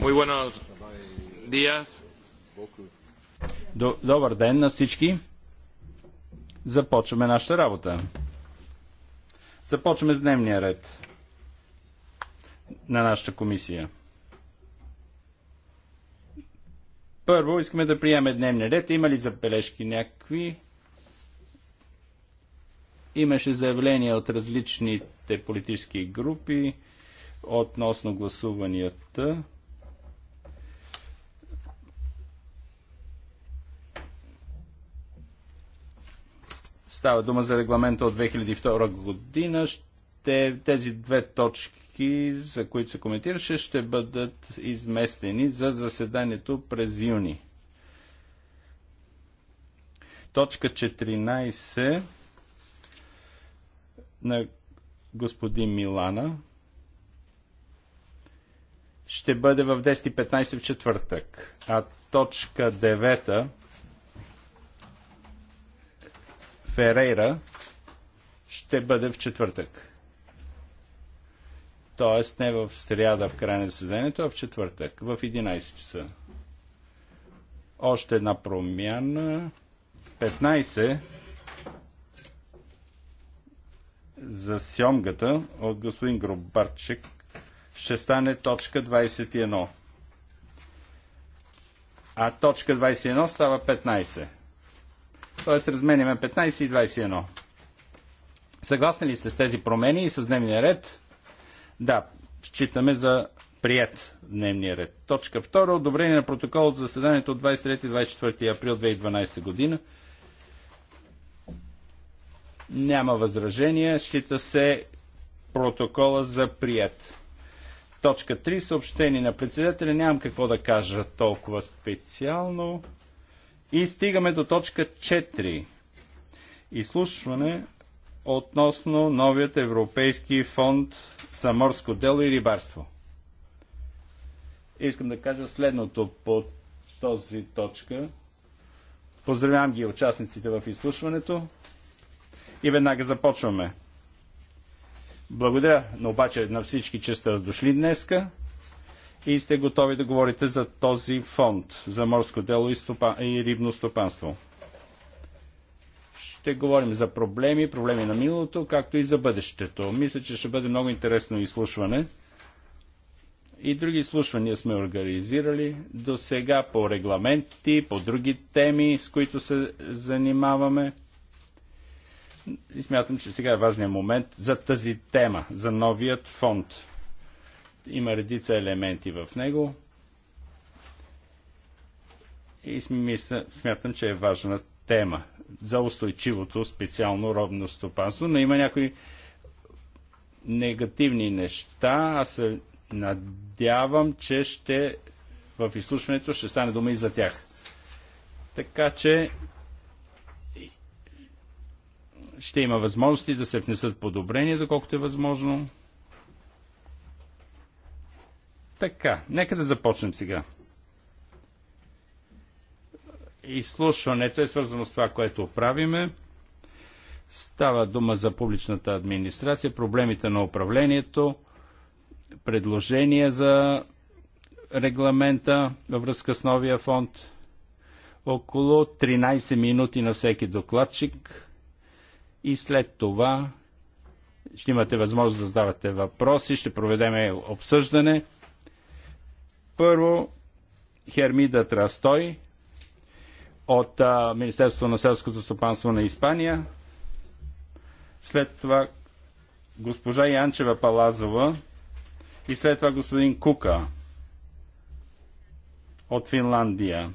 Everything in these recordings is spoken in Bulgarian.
Muy buenos días. Добър ден на всички. Започваме нашата работа. Започваме с дневния ред на нашата комисия. Първо, искаме да приемем дневния ред. Има ли забележки някакви? Имаше заявления от различните политически групи относно гласуванията. Става дума за регламента от 2002 година те, тези две точки, за които се коментираше, ще бъдат изместени за заседанието през юни. Точка 14 на господин Милана ще бъде в 10.15 в четвъртък, а точка 9 Ферейра ще бъде в четвъртък. Т.е. не в сряда в края на заседанието, а в четвъртък, в 11 часа. Още една промяна. 15 за сьомгата от господин Гробарчик ще стане точка 21. А точка 21 става 15. Тоест разменяме 15 и 21. Съгласни ли сте с тези промени и с дневния ред? Да, считаме за прият дневния ред. Точка 2. Одобрение на протокол от заседанието от 23-24 април 2012 година. Няма възражения. Счита се протокола за прият. Точка 3. Съобщение на председателя. Нямам какво да кажа толкова специално. И стигаме до точка 4. Изслушване относно новият Европейски фонд за морско дело и рибарство. Искам да кажа следното по този точка. Поздравявам ги участниците в изслушването и веднага започваме. Благодаря но обаче на всички, че сте дошли днеска и сте готови да говорите за този фонд за морско дело и, стопа... и рибно стопанство ще говорим за проблеми, проблеми на миналото, както и за бъдещето. Мисля, че ще бъде много интересно изслушване. И други изслушвания сме организирали до сега по регламенти, по други теми, с които се занимаваме. И смятам, че сега е важният момент за тази тема, за новият фонд. Има редица елементи в него. И смятам, че е важна система за устойчивото специално робно стопанство, но има някои негативни неща. Аз се надявам, че ще в изслушването ще стане дума и за тях. Така че ще има възможности да се внесат подобрения, доколкото е възможно. Така, нека да започнем сега изслушването е свързано с това, което правиме. Става дума за публичната администрация, проблемите на управлението, предложения за регламента във връзка с новия фонд. Около 13 минути на всеки докладчик и след това ще имате възможност да задавате въпроси, ще проведем обсъждане. Първо, Хермида Трастой от Министерството на селското стопанство на Испания. След това госпожа Янчева Палазова и след това господин Кука от Финландия.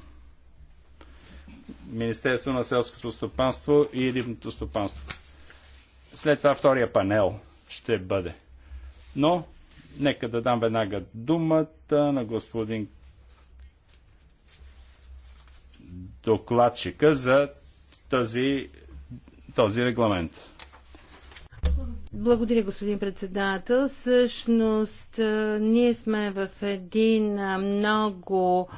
Министерство на селското стопанство и рибното стопанство. След това втория панел ще бъде. Но, нека да дам веднага думата на господин докладчика за този, този регламент. Благодаря, господин председател. Всъщност, ние сме в един много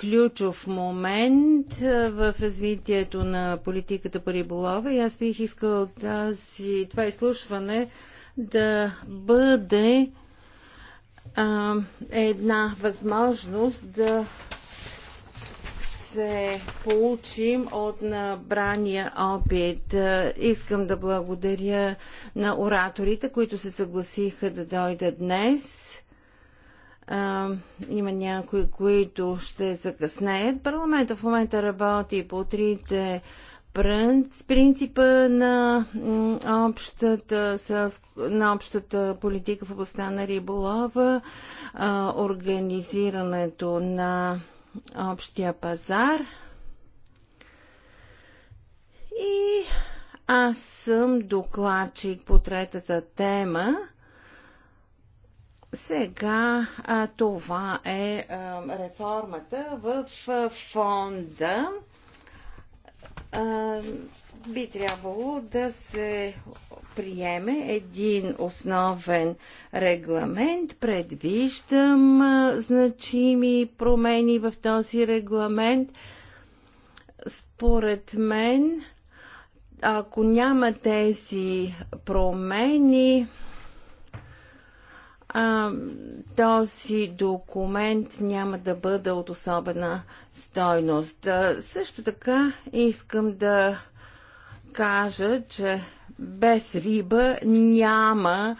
ключов момент в развитието на политиката по риболова и аз бих искал тази, това изслушване да бъде а, една възможност да се получим от набрания опит. Искам да благодаря на ораторите, които се съгласиха да дойдат днес. А, има някои, които ще закъснеят. Парламента в момента работи по трите принципа на общата, на общата политика в областта на риболова, а, организирането на общия пазар. И аз съм докладчик по третата тема. Сега а, това е а, реформата в а, фонда. А, би трябвало да се приеме един основен регламент. Предвиждам значими промени в този регламент. Според мен, ако няма тези промени, а, този документ няма да бъде от особена стойност. А, също така искам да кажа, че без риба няма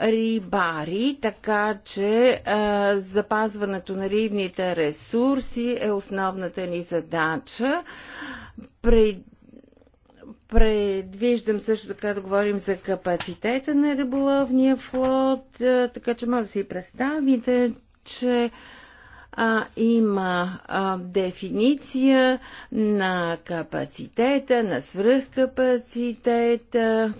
рибари, така че а, запазването на рибните ресурси е основната ни задача. При Предвиждам също така да говорим за капацитета на риболовния флот, така че може да си представите, че а, има а, дефиниция на капацитета, на свръхкапацитета.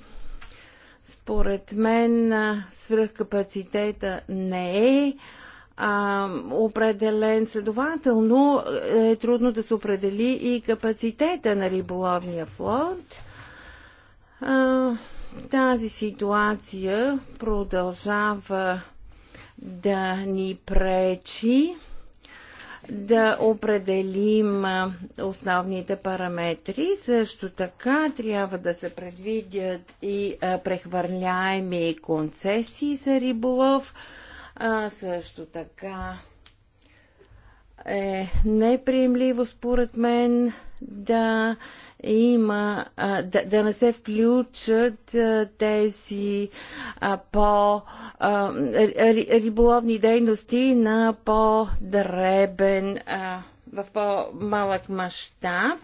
Според мен свръхкапацитета не е а, определен. Следователно е, е трудно да се определи и капацитета на риболовния флот. А, тази ситуация продължава да ни пречи да определим основните параметри. Също така трябва да се предвидят и прехвърляеми концесии за риболов. А, също така е неприемливо според мен да има, да, да не се включат а, тези а, по а, риболовни дейности на по-дребен в по-малък мащаб,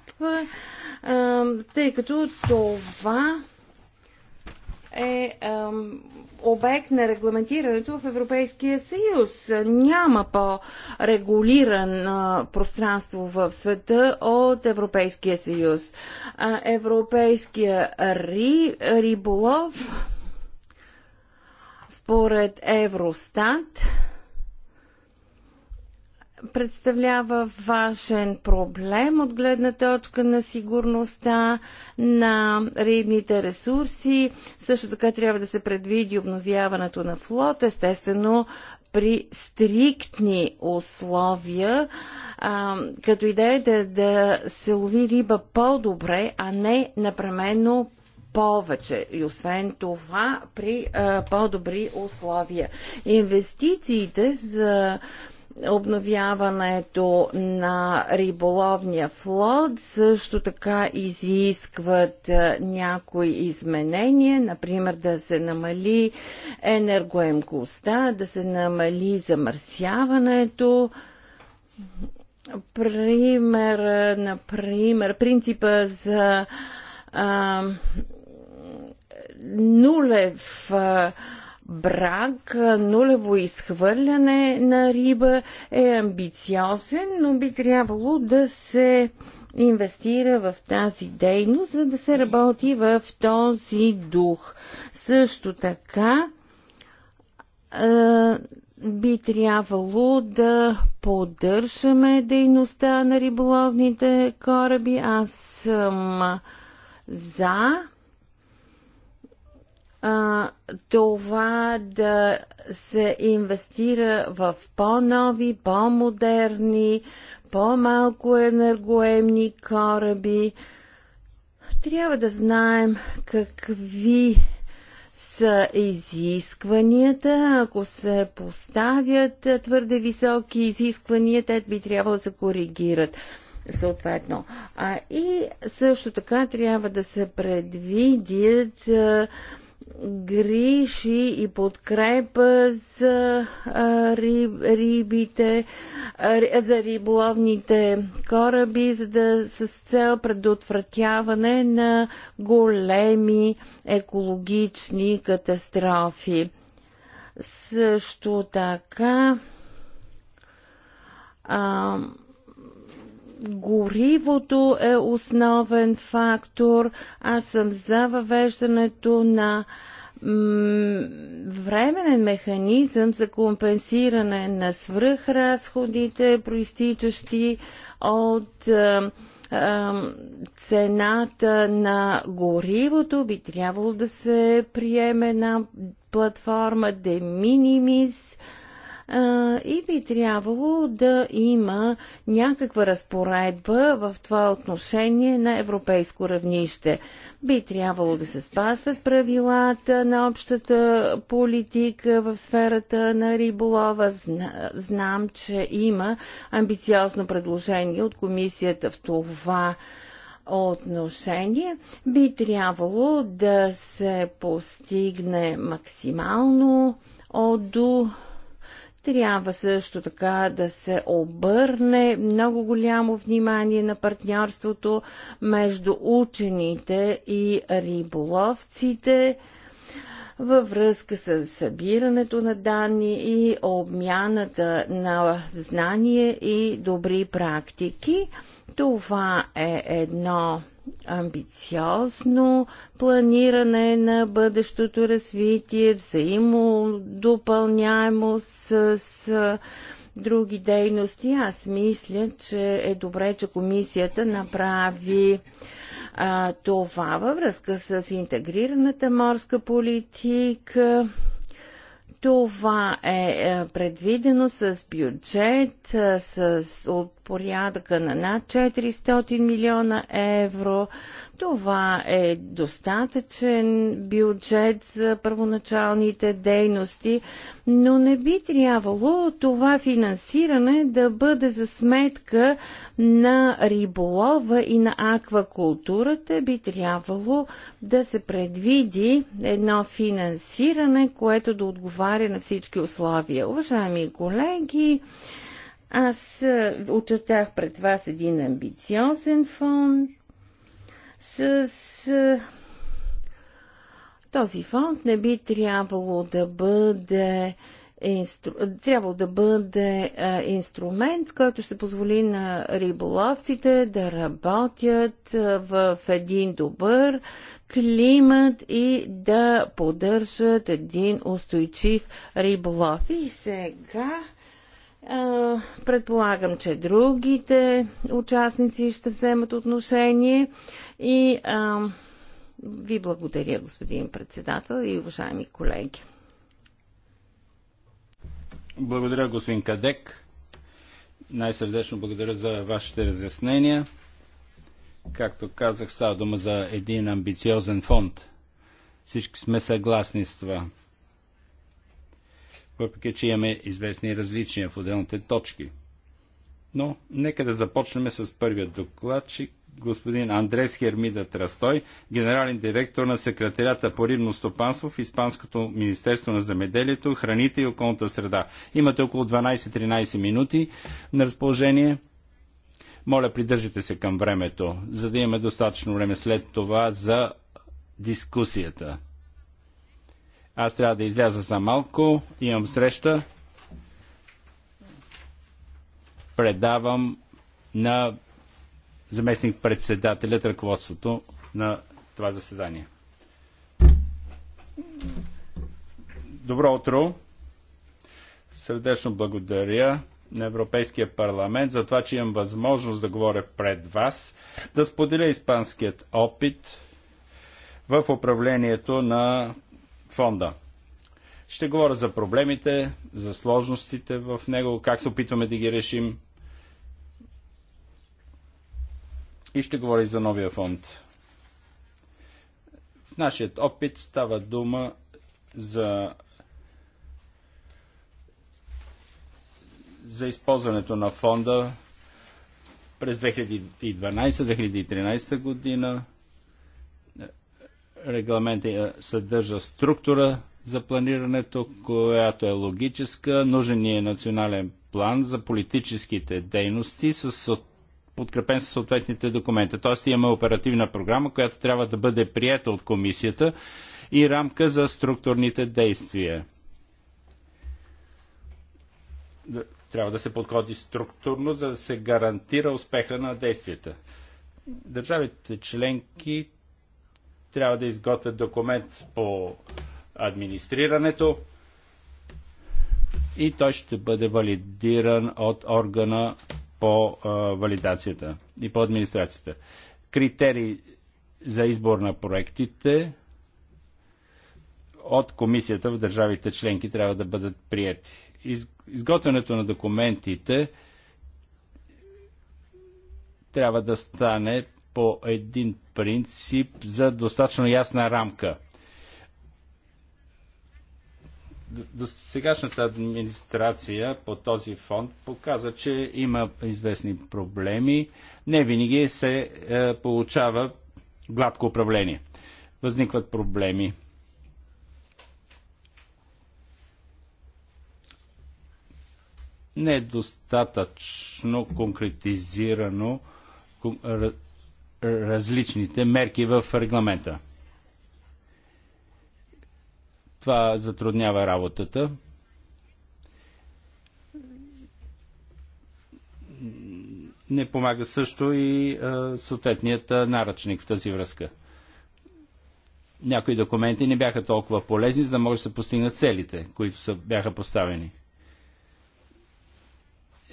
тъй като това е обект на регламентирането в Европейския съюз. Няма по-регулиран пространство в света от Европейския съюз. А, европейския ри, риболов според Евростат представлява важен проблем от гледна точка на сигурността на рибните ресурси. Също така трябва да се предвиди обновяването на флот, естествено при стриктни условия, а, като идеята е да се лови риба по-добре, а не напременно повече и освен това при по-добри условия. Инвестициите за обновяването на риболовния флот също така изискват е, някои изменения, например да се намали енергоемкостта, да се намали замърсяването. Пример, е, например, принципа за а, е, нулев а, брак, нулево изхвърляне на риба е амбициозен, но би трябвало да се инвестира в тази дейност, за да се работи в този дух. Също така би трябвало да поддържаме дейността на риболовните кораби. Аз съм за а, това да се инвестира в по-нови, по-модерни, по-малко енергоемни кораби. Трябва да знаем какви са изискванията. Ако се поставят твърде високи изисквания, те би трябвало да се коригират съответно. А и също така трябва да се предвидят а, грижи и подкрепа за а, риб, рибите, а, за риболовните кораби, за да с цел предотвратяване на големи екологични катастрофи. Също така а, горивото е основен фактор. Аз съм за въвеждането на временен механизъм за компенсиране на свръхразходите, проистичащи от а, е, а, е, цената на горивото, би трябвало да се приеме една платформа de minimis, и би трябвало да има някаква разпоредба в това отношение на европейско равнище. Би трябвало да се спазват правилата на общата политика в сферата на риболова. Знам, че има амбициозно предложение от комисията в това отношение би трябвало да се постигне максимално от до трябва също така да се обърне много голямо внимание на партньорството между учените и риболовците във връзка с събирането на данни и обмяната на знание и добри практики. Това е едно амбициозно планиране на бъдещото развитие, взаимодопълняемост с, с други дейности. Аз мисля, че е добре, че комисията направи а, това във връзка с интегрираната морска политика. Това е, е предвидено с бюджет, с, от порядъка на над 400 милиона евро. Това е достатъчен бюджет за първоначалните дейности, но не би трябвало това финансиране да бъде за сметка на риболова и на аквакултурата. Би трябвало да се предвиди едно финансиране, което да отговаря на всички условия. Уважаеми колеги, аз очертах пред вас един амбициозен фонд с този фонд не би трябвало да бъде инстру... трябвало да бъде а, инструмент, който ще позволи на риболовците да работят а, в един добър климат и да поддържат един устойчив риболов. И сега Предполагам, че другите участници ще вземат отношение и ви благодаря, господин председател и уважаеми колеги. Благодаря, господин Кадек. Най-сърдечно благодаря за вашите разяснения. Както казах, става дума за един амбициозен фонд. Всички сме съгласни с това въпреки че имаме известни различия в отделните точки. Но нека да започнем с първия докладчик, господин Андрес Хермида Трастой, генерален директор на секретарята по рибно стопанство в Испанското Министерство на земеделието, храните и околната среда. Имате около 12-13 минути на разположение. Моля, придържайте се към времето, за да имаме достатъчно време след това за дискусията. Аз трябва да изляза за малко. Имам среща. Предавам на заместник председателят ръководството на това заседание. Добро утро! Сърдечно благодаря на Европейския парламент за това, че имам възможност да говоря пред вас, да споделя испанският опит в управлението на фонда. Ще говоря за проблемите, за сложностите в него, как се опитваме да ги решим. И ще говоря и за новия фонд. В нашият опит става дума за за използването на фонда през 2012-2013 година Регламента съдържа структура за планирането, която е логическа. Нужен ни е национален план за политическите дейности, с, подкрепен със съответните документи. Тоест имаме оперативна програма, която трябва да бъде приета от комисията и рамка за структурните действия. Трябва да се подходи структурно, за да се гарантира успеха на действията. Държавите членки трябва да изготвят документ по администрирането и той ще бъде валидиран от органа по а, валидацията и по администрацията. Критерии за избор на проектите от комисията в държавите членки трябва да бъдат прияти. Из, изготвянето на документите трябва да стане по един принцип за достатъчно ясна рамка. До сегашната администрация по този фонд показа, че има известни проблеми. Не винаги се е, получава гладко управление. Възникват проблеми. недостатъчно конкретизирано различните мерки в регламента. Това затруднява работата. Не помага също и съответният наръчник в тази връзка. Някои документи не бяха толкова полезни, за да може да се постигнат целите, които са, бяха поставени.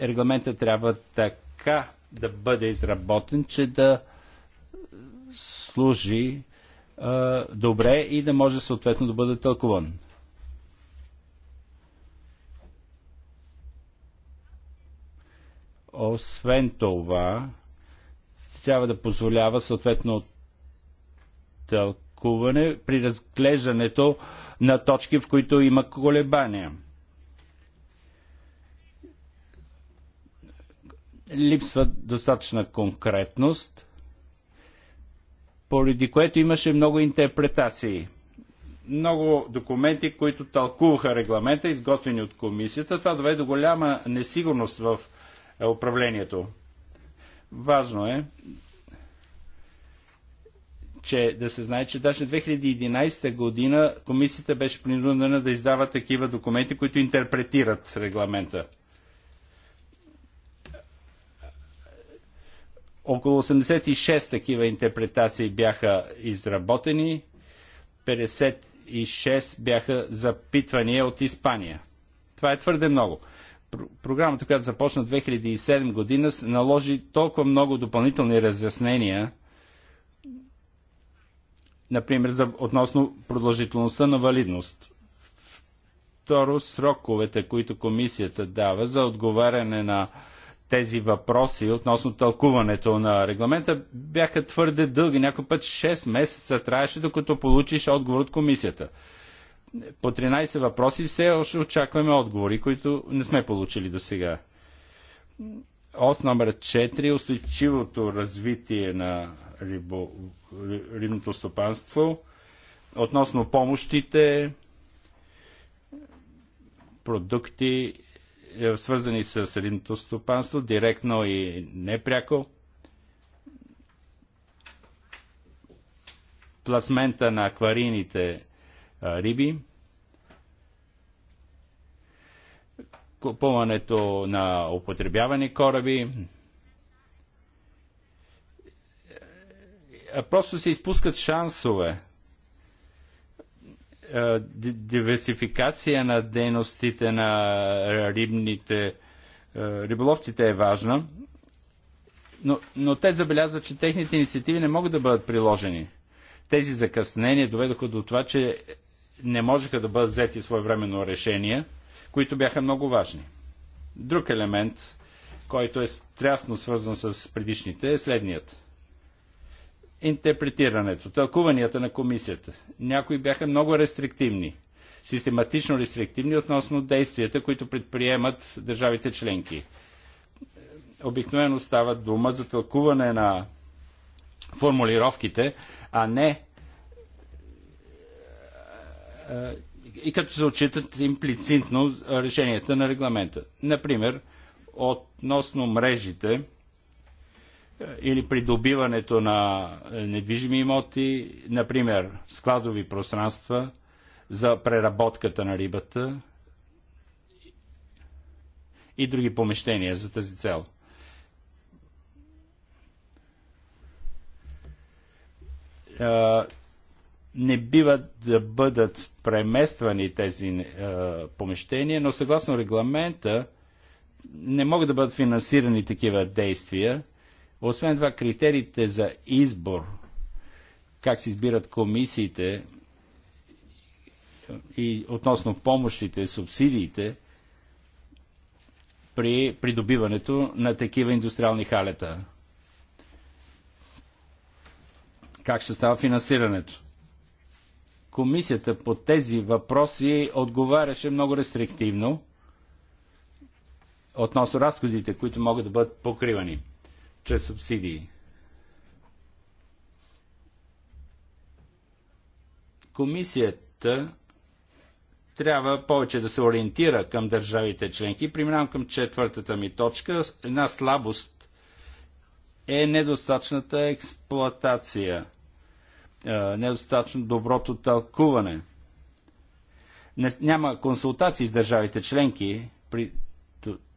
Регламентът трябва така да бъде изработен, че да служи а, добре и да може съответно да бъде тълкован. Освен това, трябва да позволява съответно тълкуване при разглеждането на точки, в които има колебания. Липсва достатъчна конкретност – поради което имаше много интерпретации. Много документи, които тълкуваха регламента, изготвени от комисията. Това доведе до голяма несигурност в е, управлението. Важно е, че да се знае, че даже 2011 година комисията беше принудена да издава такива документи, които интерпретират регламента. Около 86 такива интерпретации бяха изработени, 56 бяха запитвания от Испания. Това е твърде много. Програмата, която започна 2007 година, наложи толкова много допълнителни разяснения, например, за, относно продължителността на валидност. Второ, сроковете, които комисията дава за отговаряне на тези въпроси относно тълкуването на регламента бяха твърде дълги. Някой път 6 месеца трябваше, докато получиш отговор от комисията. По 13 въпроси все още очакваме отговори, които не сме получили до сега. Ос номер 4 устойчивото развитие на рибо, рибното стопанство относно помощите, продукти е, свързани с единното стопанство, директно и непряко. Пласмента на акварийните риби. Купуването на употребявани кораби. Е, е, просто се изпускат шансове е, диверсификация на дейностите на рибните е, риболовците е важна, но, но те забелязват, че техните инициативи не могат да бъдат приложени. Тези закъснения доведоха до това, че не можеха да бъдат взети своевременно решения, които бяха много важни. Друг елемент, който е трясно свързан с предишните, е следният – интерпретирането, тълкуванията на комисията. Някои бяха много рестриктивни, систематично рестриктивни относно действията, които предприемат държавите членки. Обикновено става дума за тълкуване на формулировките, а не и като се отчитат имплицитно решенията на регламента. Например, относно мрежите – или придобиването на недвижими имоти, например складови пространства за преработката на рибата и други помещения за тази цел. Не биват да бъдат премествани тези помещения, но съгласно регламента не могат да бъдат финансирани такива действия – освен това, критериите за избор, как се избират комисиите и относно помощите, субсидиите при придобиването на такива индустриални халета. Как ще става финансирането? Комисията по тези въпроси отговаряше много рестриктивно относно разходите, които могат да бъдат покривани чрез субсидии. Комисията трябва повече да се ориентира към държавите членки. Приминавам към четвъртата ми точка. Една слабост е недостатъчната експлоатация, недостатъчно доброто тълкуване. няма консултации с държавите членки при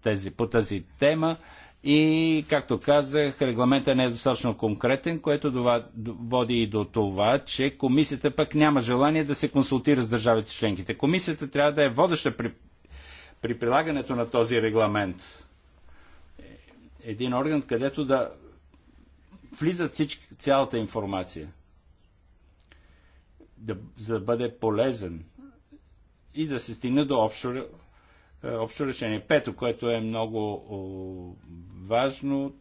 тези, по тази тема. И, както казах, регламентът не е достатъчно конкретен, което води и до това, че комисията пък няма желание да се консултира с държавите членките. Комисията трябва да е водеща при, при прилагането на този регламент. Един орган, където да влизат всички, цялата информация, да, за да бъде полезен и да се стигне до общо е, общо решение. Пето, което е много важно,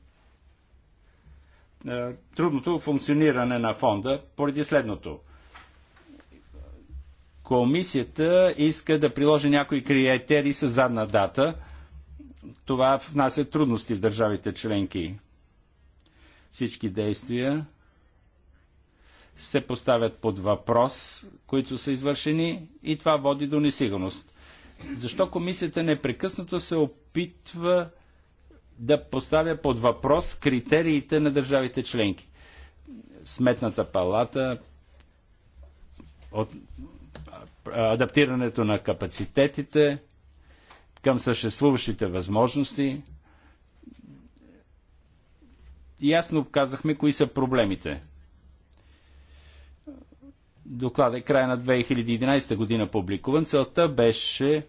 е, трудното функциониране на фонда поради следното. Комисията иска да приложи някои критерии с задна дата. Това внася трудности в държавите членки. Всички действия се поставят под въпрос, които са извършени и това води до несигурност защо комисията непрекъснато се опитва да поставя под въпрос критериите на държавите членки. Сметната палата, от, адаптирането на капацитетите към съществуващите възможности. Ясно казахме кои са проблемите – Доклад е края на 2011 година публикуван. Целта беше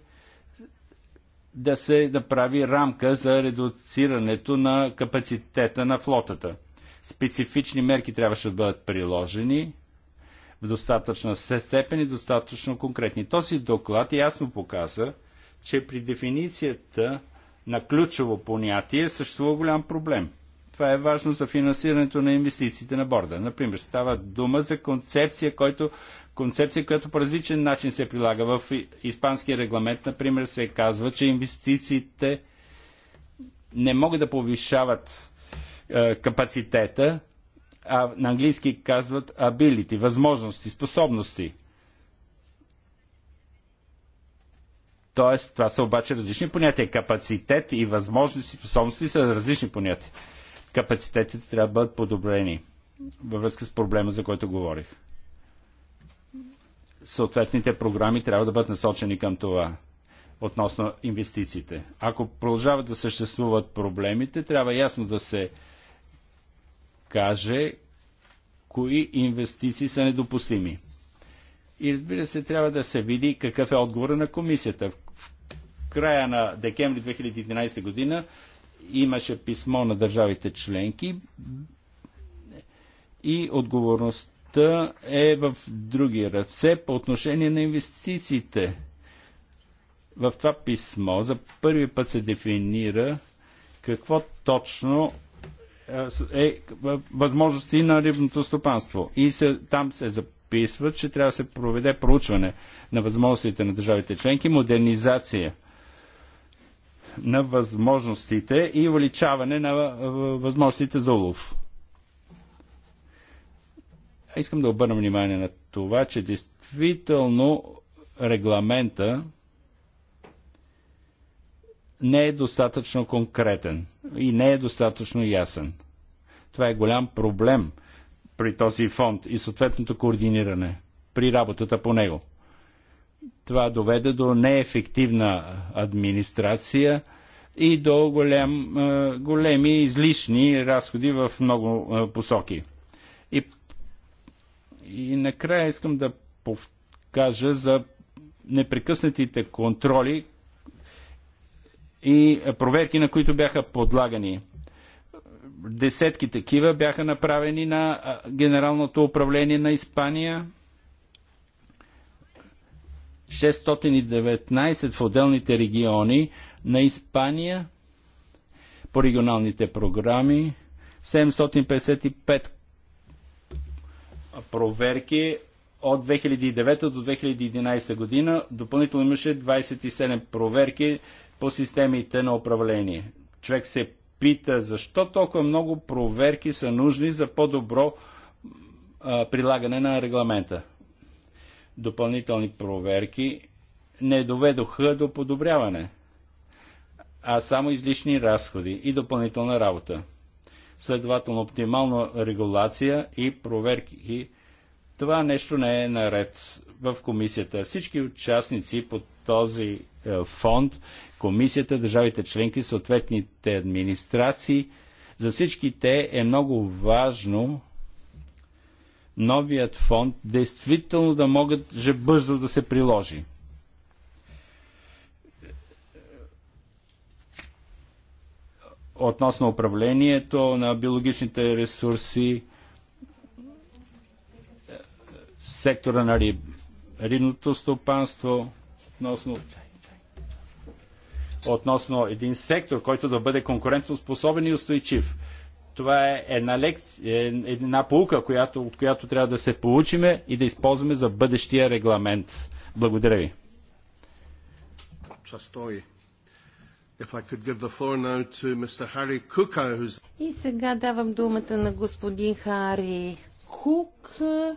да се направи рамка за редуцирането на капацитета на флотата. Специфични мерки трябваше да бъдат приложени в достатъчна степен и достатъчно конкретни. Този доклад ясно показа, че при дефиницията на ключово понятие съществува голям проблем. Това е важно за финансирането на инвестициите на борда. Например, става дума за концепция, който, концепция, която по различен начин се прилага. В испанския регламент, например, се казва, че инвестициите не могат да повишават е, капацитета, а на английски казват ability, възможности, способности. Тоест, това са обаче различни понятия. Капацитет и възможности, способности са различни понятия капацитетите трябва да бъдат подобрени във връзка с проблема, за който говорих. Съответните програми трябва да бъдат насочени към това относно инвестициите. Ако продължават да съществуват проблемите, трябва ясно да се каже кои инвестиции са недопустими. И разбира се, трябва да се види какъв е отговора на комисията. В края на декември 2011 година имаше писмо на държавите членки и отговорността е в други ръце по отношение на инвестициите. В това писмо за първи път се дефинира какво точно е, е възможности на рибното стопанство. И се, там се записва, че трябва да се проведе проучване на възможностите на държавите членки, модернизация – на възможностите и увеличаване на възможностите за улов. А искам да обърна внимание на това, че действително регламента не е достатъчно конкретен и не е достатъчно ясен. Това е голям проблем при този фонд и съответното координиране при работата по него. Това доведе до неефективна администрация и до голям, големи излишни разходи в много посоки. И, и накрая искам да кажа за непрекъснатите контроли и проверки, на които бяха подлагани. Десетки такива бяха направени на Генералното управление на Испания – 619 в отделните региони на Испания по регионалните програми, 755 проверки от 2009 до 2011 година. Допълнително имаше 27 проверки по системите на управление. Човек се пита защо толкова много проверки са нужни за по-добро прилагане на регламента допълнителни проверки не доведоха до подобряване, а само излишни разходи и допълнителна работа. Следователно, оптимална регулация и проверки. Това нещо не е наред в комисията. Всички участници по този е, фонд, комисията, държавите членки, съответните администрации, за всички те е много важно новият фонд действително да могат же бързо да се приложи. Относно управлението на биологичните ресурси, в сектора на риб, рибното стопанство, относно относно един сектор, който да бъде конкурентно способен и устойчив. Това е една, лекция, е, една полука, която, от която трябва да се получиме и да използваме за бъдещия регламент. Благодаря ви. И сега давам думата на господин Хари Кук е,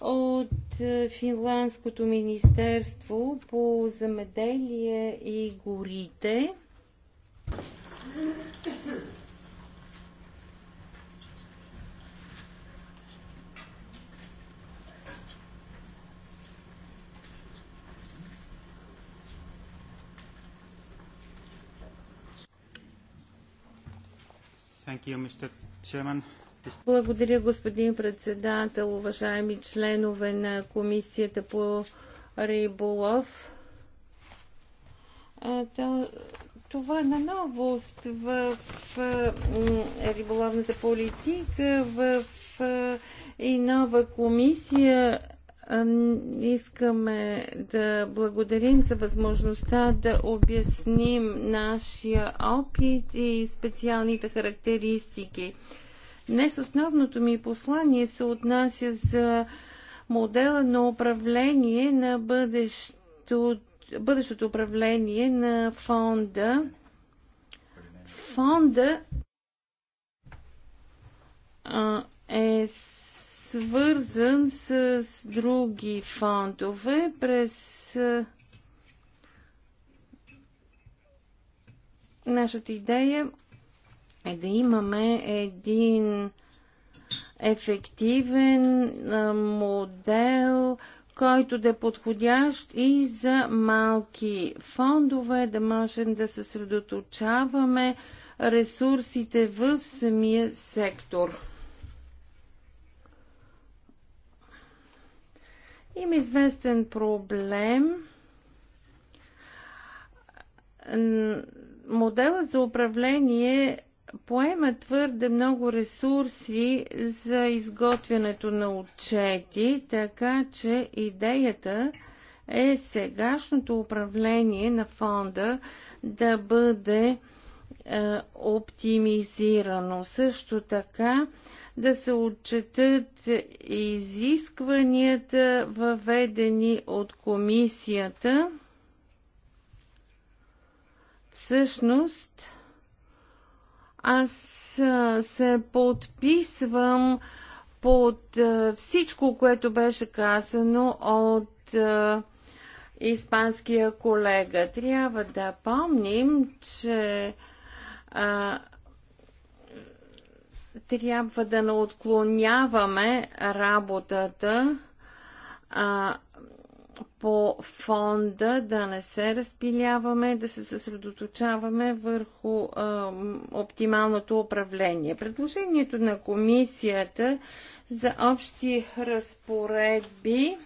от е, Финландското министерство по земеделие и горите. Благодаря, господин председател, уважаеми членове на Комисията по риболов. Това е на новост в, риболовната политика, в и нова комисия Искаме да благодарим за възможността да обясним нашия опит и специалните характеристики. Днес основното ми послание се отнася за модела на управление на бъдещото, бъдещото управление на фонда. Фонда е свързан с други фондове през нашата идея е да имаме един ефективен модел, който да е подходящ и за малки фондове, да можем да съсредоточаваме ресурсите в самия сектор. Има известен проблем. Моделът за управление поема твърде много ресурси за изготвянето на отчети, така че идеята е сегашното управление на фонда да бъде е, оптимизирано. Също така да се отчетат изискванията, въведени от комисията. Всъщност, аз се подписвам под всичко, което беше казано от испанския колега. Трябва да помним, че а, трябва да не отклоняваме работата а, по фонда, да не се разпиляваме, да се съсредоточаваме върху а, оптималното управление. Предложението на комисията за общи разпоредби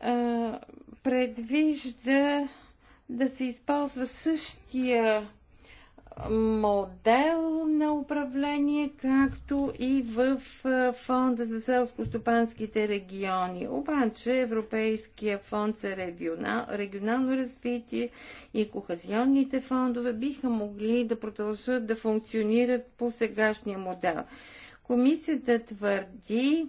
а, предвижда да се използва същия модел на управление, както и в фонда за селско-стопанските региони. Обаче Европейския фонд за регионал, регионално развитие и кохазионните фондове биха могли да продължат да функционират по сегашния модел. Комисията твърди,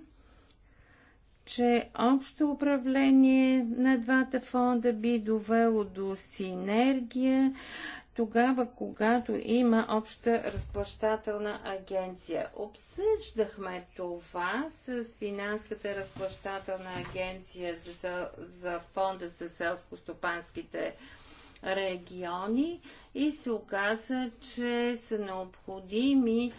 че общо управление на двата фонда би довело до синергия тогава, когато има обща разплащателна агенция. Обсъждахме това с Финанската разплащателна агенция за, за фонда за селско-стопанските региони и се оказа, че са необходими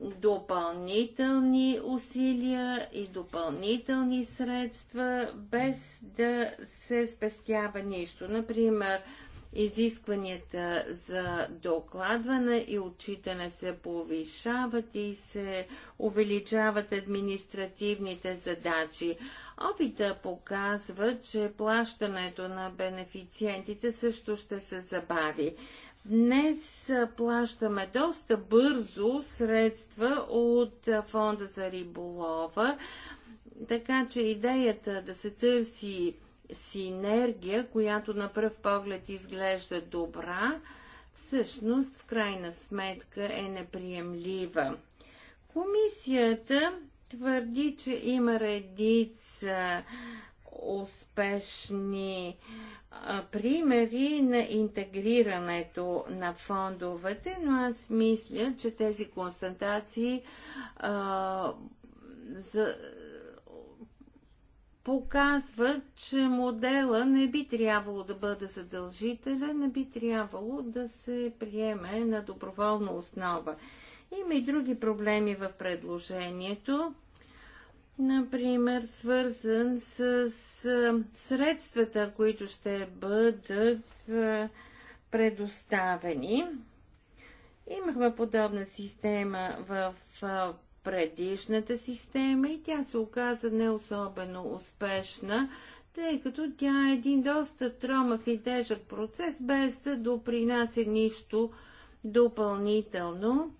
допълнителни усилия и допълнителни средства, без да се спестява нищо. Например, изискванията за докладване и отчитане се повишават и се увеличават административните задачи. Опита показва, че плащането на бенефициентите също ще се забави. Днес плащаме доста бързо средства от Фонда за риболова, така че идеята да се търси синергия, която на пръв поглед изглежда добра, всъщност в крайна сметка е неприемлива. Комисията твърди, че има редица успешни примери на интегрирането на фондовете, но аз мисля, че тези констатации а, за, показва, че модела не би трябвало да бъде задължителен, не би трябвало да се приеме на доброволна основа. Има и други проблеми в предложението, например, свързан с, средствата, които ще бъдат предоставени. Имахме подобна система в предишната система и тя се оказа не особено успешна, тъй като тя е един доста тромав и тежък процес, без да допринася нищо допълнително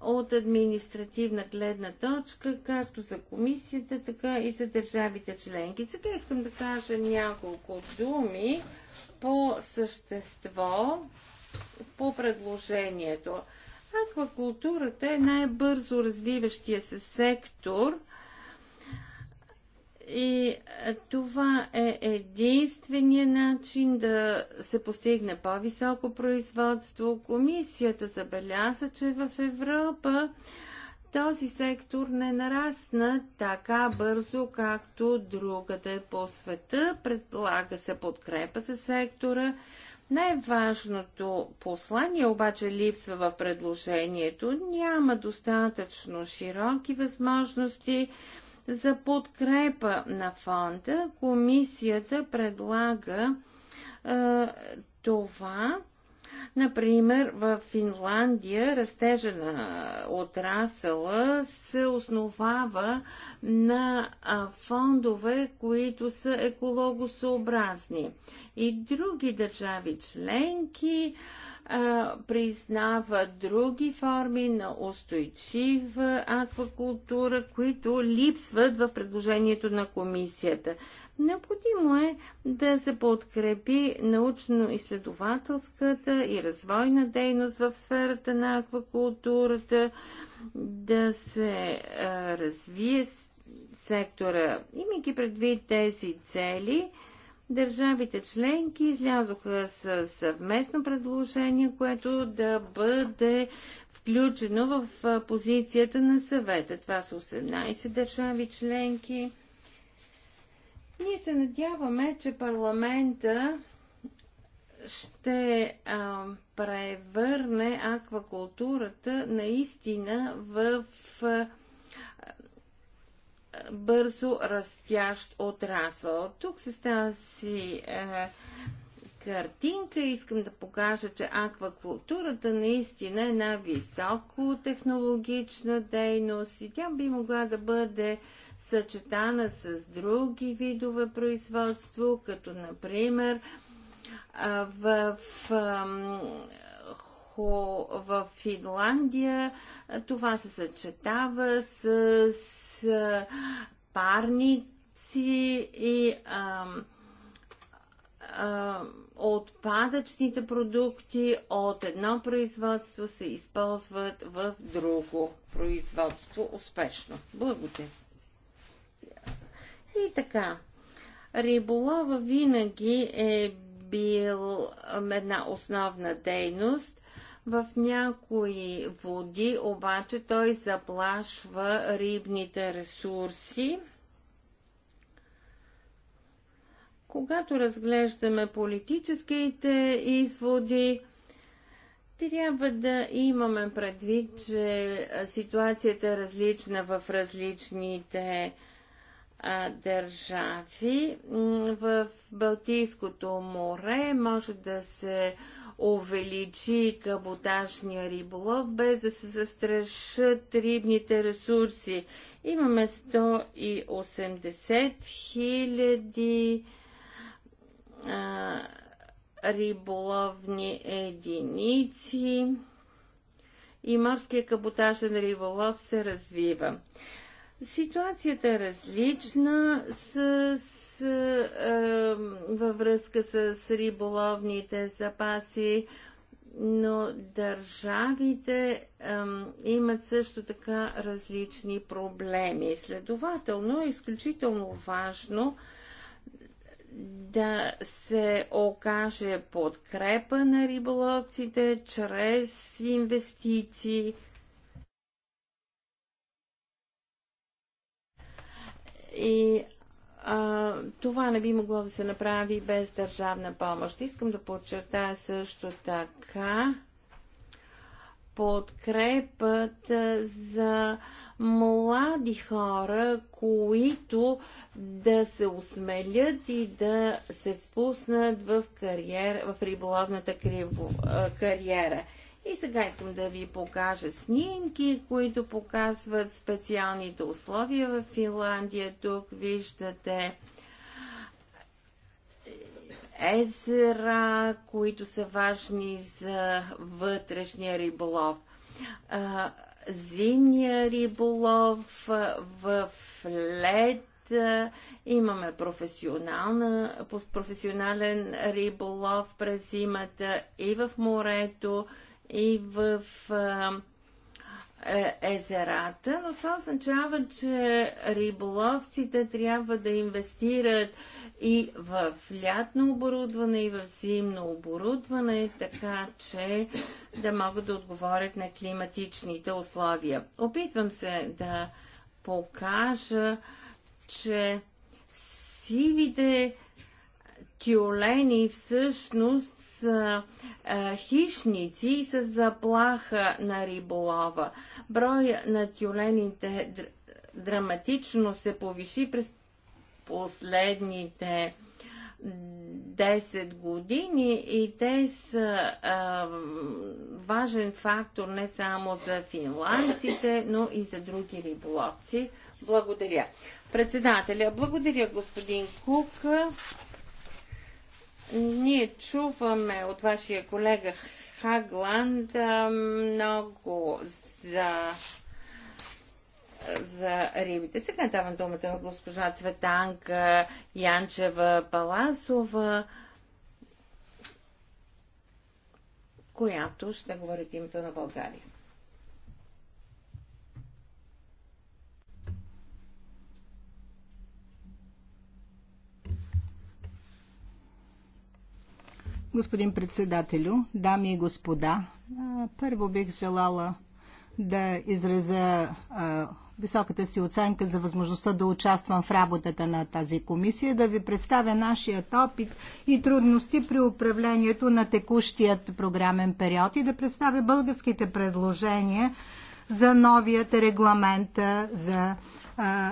от административна гледна точка, както за комисията, така и за държавите членки. Сега искам да кажа няколко думи по същество, по предложението. Аквакултурата е най-бързо развиващия се сектор и това е единствения начин да се постигне по-високо производство. Комисията забеляза, че в Европа този сектор не нарасна така бързо, както е по света. Предлага се подкрепа за сектора най-важното послание обаче липсва в предложението. Няма достатъчно широки възможности за подкрепа на фонда. Комисията предлага е, това Например, в Финландия растежа на отрасъла се основава на фондове, които са екологосъобразни. И други държави членки признават признава други форми на устойчива аквакултура, които липсват в предложението на комисията. Необходимо е да се подкрепи научно-изследователската и развойна дейност в сферата на аквакултурата, да се развие сектора. Имайки предвид тези цели, държавите членки излязоха с съвместно предложение, което да бъде включено в позицията на съвета. Това са 18 държави членки. Ние се надяваме, че парламента ще а, превърне аквакултурата наистина в а, бързо растящ отрасъл. Тук с тази а, картинка искам да покажа, че аквакултурата наистина е една високо технологична дейност и тя би могла да бъде а, съчетана с други видове производство, като например в, в Финландия това се съчетава с, с парници и а, а, отпадъчните продукти от едно производство се използват в друго производство успешно. Благодаря. И така, риболова винаги е бил една основна дейност. В някои води обаче той заплашва рибните ресурси. Когато разглеждаме политическите изводи, трябва да имаме предвид, че ситуацията е различна в различните държави. В Балтийското море може да се увеличи каботажния риболов, без да се застрашат рибните ресурси. Имаме 180 хиляди риболовни единици и морския каботажен риболов се развива. Ситуацията е различна с, с, е, във връзка с риболовните запаси, но държавите е, имат също така различни проблеми. Следователно е изключително важно да се окаже подкрепа на риболовците чрез инвестиции, И а, това не би могло да се направи без държавна помощ. Искам да подчертая също така подкрепата за млади хора, които да се осмелят и да се впуснат в, кариера, в риболовната кариера. И сега искам да ви покажа снимки, които показват специалните условия в Финландия. Тук виждате езера, които са важни за вътрешния риболов. Зимния риболов в лед имаме професионален риболов през зимата и в морето, и в е, езерата, но това означава, че риболовците трябва да инвестират и в лятно оборудване, и в зимно оборудване, така че да могат да отговорят на климатичните условия. Опитвам се да покажа, че сивите тюлени всъщност са а, хищници и са заплаха на риболова. брой на тюлените др... драматично се повиши през последните 10 години и те са а, важен фактор не само за финландците, но и за други риболовци. Благодаря. Председателя, благодаря господин Кук. Ние чуваме от вашия колега Хагланд много за за рибите. Сега давам думата на госпожа Цветанка Янчева Паласова, която ще говори от името на България. Господин председателю, дами и господа, първо бих желала да изразя високата си оценка за възможността да участвам в работата на тази комисия, да ви представя нашият опит и трудности при управлението на текущият програмен период и да представя българските предложения за новият регламент за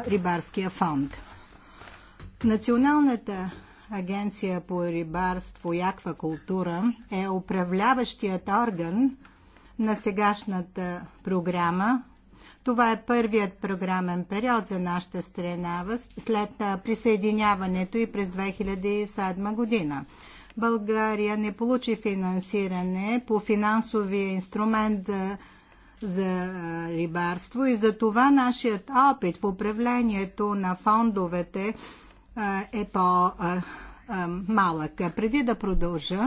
рибарския фонд. Националната Агенция по рибарство и аквакултура е управляващият орган на сегашната програма. Това е първият програмен период за нашата страна след присъединяването и през 2007 година. България не получи финансиране по финансовия инструмент за рибарство и за това нашият опит в управлението на фондовете е по-малък. Преди да продължа,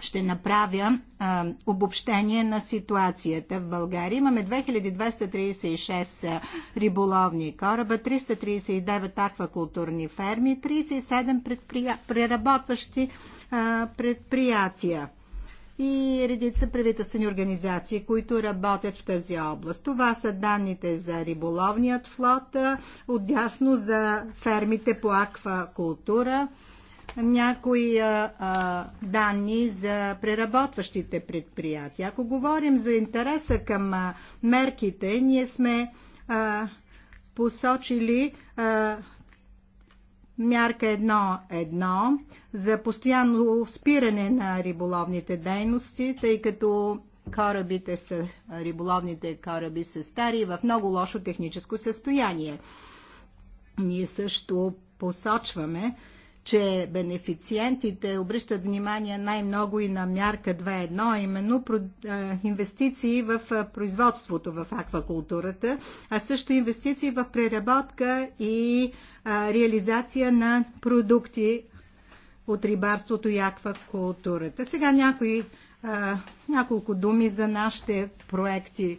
ще направя а, обобщение на ситуацията в България. Имаме 2236 риболовни кораба, 339 аквакултурни ферми, 37 преработващи а, предприятия и редица правителствени организации, които работят в тази област. Това са данните за риболовният флот, отясно за фермите по аквакултура, някои а, данни за преработващите предприятия. Ако говорим за интереса към а, мерките, ние сме а, посочили а, мярка 1.1 за постоянно спиране на риболовните дейности, тъй като корабите са, риболовните кораби са стари в много лошо техническо състояние. Ние също посочваме, че бенефициентите обръщат внимание най-много и на мярка 2.1, именно е, инвестиции в е, производството в аквакултурата, а също инвестиции в преработка и реализация на продукти от рибарството и аквакултурата. Сега някои, а, няколко думи за нашите проекти.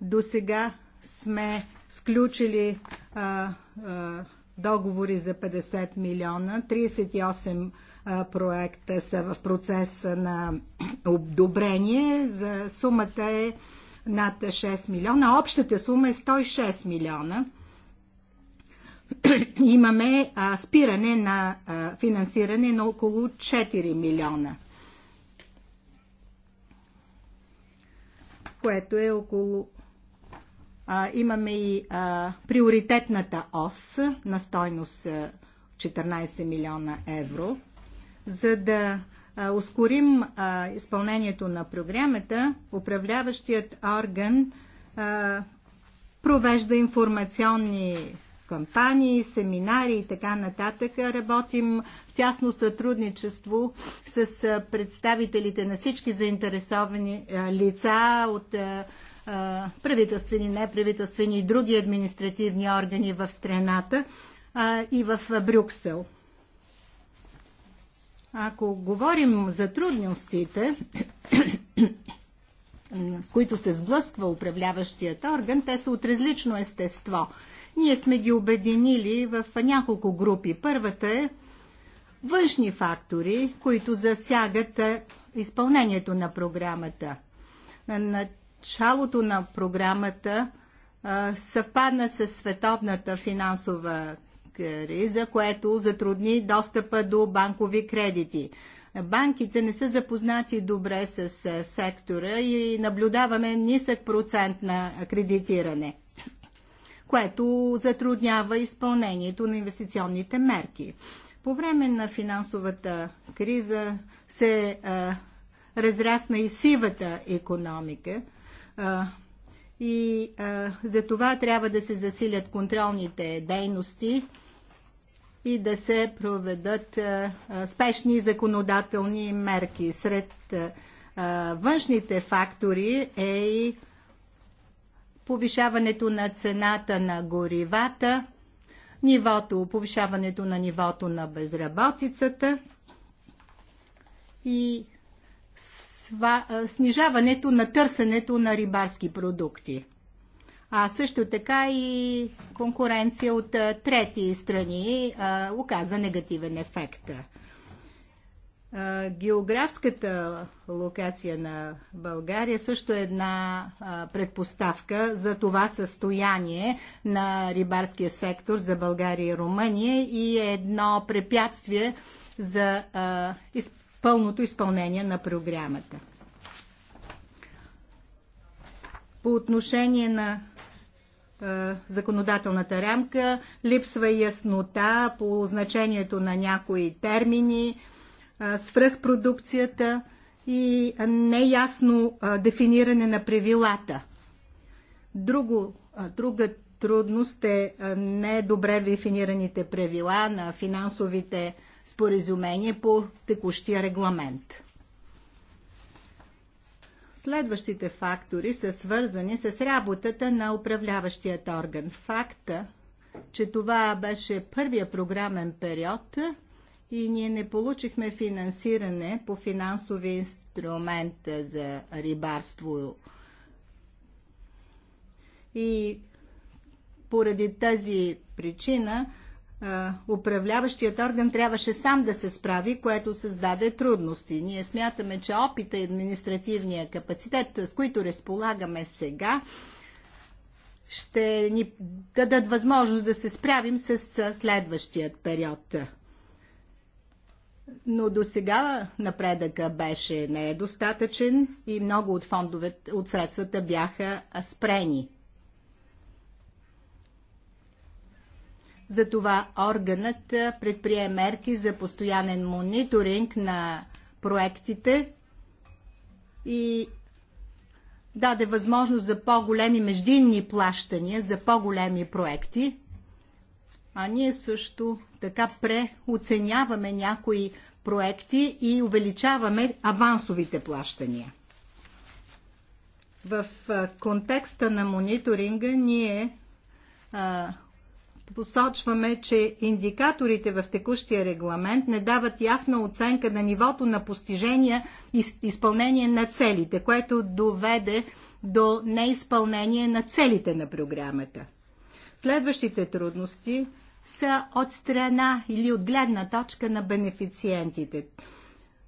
До сега сме сключили а, а, договори за 50 милиона, 38 а, проекта са в процес на одобрение, за сумата е над 6 милиона, общата сума е 106 милиона. имаме а, спиране на а, финансиране на около 4 милиона. Което е около. А, имаме и а, приоритетната ОС на стойност 14 милиона евро. За да а, ускорим а, изпълнението на програмата, управляващият орган а, провежда информационни кампании, семинари и така нататък. Работим в тясно сътрудничество с представителите на всички заинтересовани лица от правителствени, неправителствени и други административни органи в страната и в Брюксел. Ако говорим за трудностите, с които се сблъсква управляващият орган, те са от различно естество – ние сме ги обединили в няколко групи. Първата е външни фактори, които засягат изпълнението на програмата. началото на програмата съвпадна с световната финансова криза, което затрудни достъпа до банкови кредити. Банките не са запознати добре с сектора и наблюдаваме нисък процент на кредитиране което затруднява изпълнението на инвестиционните мерки. По време на финансовата криза се а, разрасна и сивата економика. А, и а, за това трябва да се засилят контролните дейности и да се проведат а, спешни законодателни мерки. Сред а, външните фактори е и повишаването на цената на горивата, нивото, повишаването на нивото на безработицата и снижаването на търсенето на рибарски продукти. А също така и конкуренция от трети страни оказа негативен ефект. Географската локация на България също е една предпоставка за това състояние на рибарския сектор за България и Румъния и е едно препятствие за пълното изпълнение на програмата. По отношение на законодателната рамка липсва яснота по значението на някои термини, свръхпродукцията и неясно дефиниране на правилата. Друго, друга трудност е недобре дефинираните правила на финансовите споразумения по текущия регламент. Следващите фактори са свързани с работата на управляващият орган. Факта, че това беше първия програмен период – и ние не получихме финансиране по финансови инструмент за рибарство. И поради тази причина управляващият орган трябваше сам да се справи, което създаде трудности. Ние смятаме, че опита и административния капацитет, с които разполагаме сега, ще ни дадат възможност да се справим с следващият период но до сега напредъка беше недостатъчен и много от фондовете, от средствата бяха спрени. Затова органът предприе мерки за постоянен мониторинг на проектите и даде възможност за по-големи междинни плащания, за по-големи проекти. А ние също така преоценяваме някои проекти и увеличаваме авансовите плащания. В контекста на мониторинга ние а, посочваме, че индикаторите в текущия регламент не дават ясна оценка на нивото на постижения и изпълнение на целите, което доведе до неизпълнение на целите на програмата. Следващите трудности са от страна или от гледна точка на бенефициентите,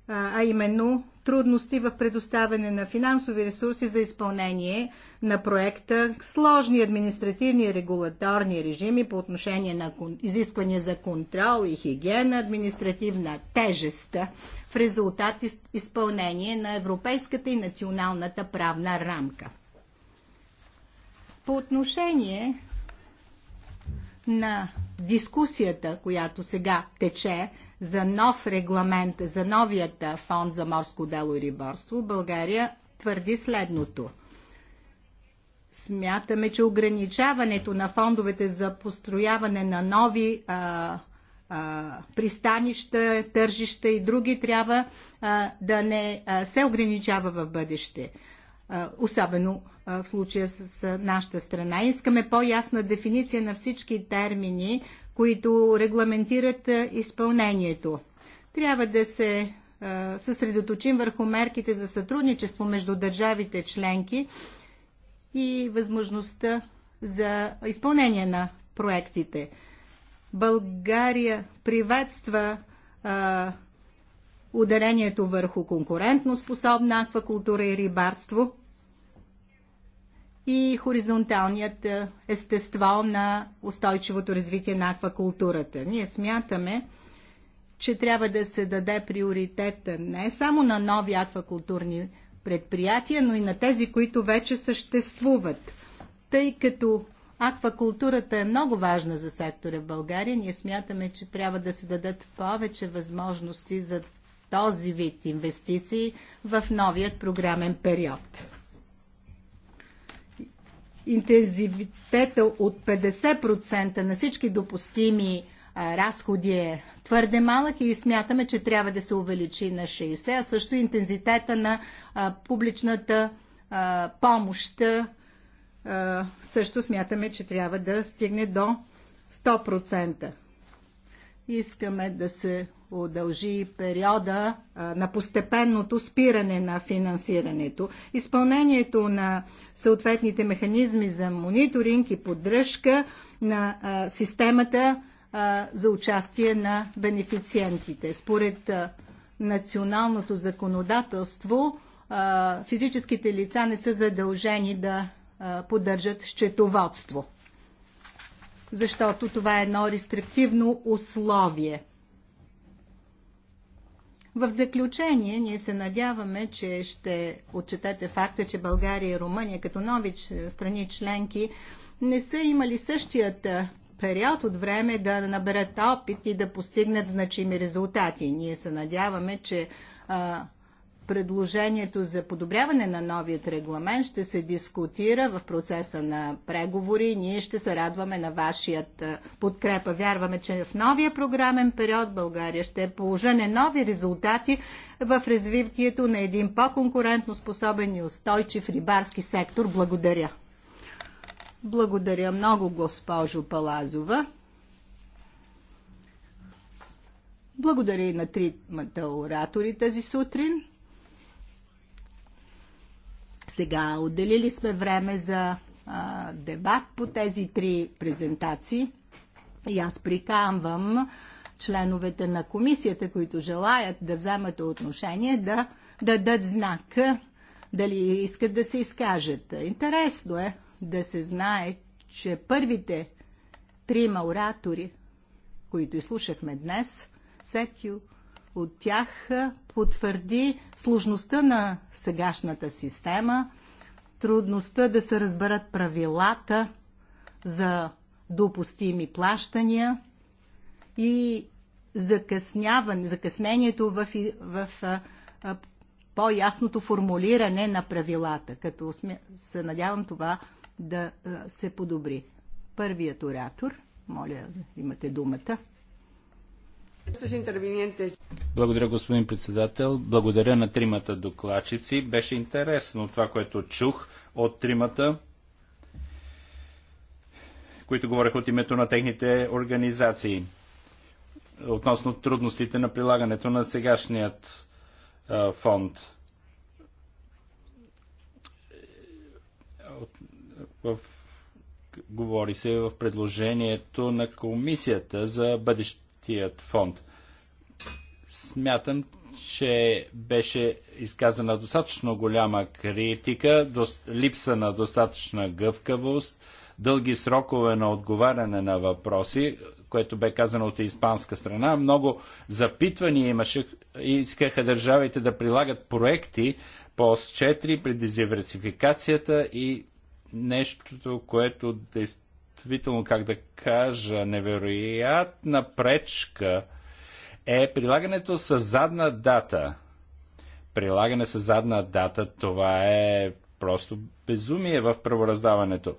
а именно трудности в предоставяне на финансови ресурси за изпълнение на проекта, сложни административни и регулаторни режими по отношение на изисквания за контрол и хигиена, административна тежест в резултат изпълнение на европейската и националната правна рамка. По отношение на дискусията, която сега тече за нов регламент, за новият фонд за морско дело и риборство, България твърди следното. Смятаме, че ограничаването на фондовете за построяване на нови а, а, пристанища, тържища и други трябва а, да не а, се ограничава в бъдеще особено в случая с нашата страна. Искаме по-ясна дефиниция на всички термини, които регламентират изпълнението. Трябва да се съсредоточим върху мерките за сътрудничество между държавите членки и възможността за изпълнение на проектите. България приветства ударението върху конкурентно способна аквакултура и рибарство и хоризонталният е, естество на устойчивото развитие на аквакултурата. Ние смятаме, че трябва да се даде приоритет не само на нови аквакултурни предприятия, но и на тези, които вече съществуват. Тъй като аквакултурата е много важна за сектора в България, ние смятаме, че трябва да се дадат повече възможности за този вид инвестиции в новият програмен период. Интензивитета от 50% на всички допустими разходи е твърде малък и смятаме, че трябва да се увеличи на 60, а също интензитета на публичната помощ също смятаме, че трябва да стигне до 100%. Искаме да се удължи периода на постепенното спиране на финансирането. Изпълнението на съответните механизми за мониторинг и поддръжка на системата за участие на бенефициентите. Според националното законодателство, физическите лица не са задължени да поддържат счетоводство, защото това е едно рестриктивно условие в заключение, ние се надяваме, че ще отчетете факта, че България и Румъния като нови страни членки не са имали същият период от време да наберат опит и да постигнат значими резултати. Ние се надяваме, че а, предложението за подобряване на новият регламент ще се дискутира в процеса на преговори. Ние ще се радваме на вашият е, подкрепа. Вярваме, че в новия програмен период България ще положене нови резултати в развитието на един по-конкурентно способен и устойчив рибарски сектор. Благодаря. Благодаря много, госпожо Палазова. Благодаря и на тримата оратори тази сутрин. Сега отделили сме време за а, дебат по тези три презентации и аз приканвам членовете на комисията, които желаят да вземат отношение, да дадат знак дали искат да се изкажат. Интересно е да се знае, че първите трима оратори, които изслушахме днес, всеки от тях потвърди сложността на сегашната система, трудността да се разберат правилата за допустими плащания и закъсняване, закъснението в, в, в по-ясното формулиране на правилата, като сме, се надявам това да се подобри. Първият оратор, моля, имате думата. Благодаря, господин председател. Благодаря на тримата докладчици. Беше интересно това, което чух от тримата, които говорех от името на техните организации относно трудностите на прилагането на сегашният а, фонд. От, в, говори се в предложението на комисията за бъдещето тият фонд. Смятам, че беше изказана достатъчно голяма критика, до, липса на достатъчна гъвкавост, дълги срокове на отговаряне на въпроси, което бе казано от испанска страна. Много запитвания имаше и искаха държавите да прилагат проекти по ОС 4 при диверсификацията и нещото, което действително действително, как да кажа, невероятна пречка е прилагането с задна дата. Прилагане с задна дата, това е просто безумие в правораздаването.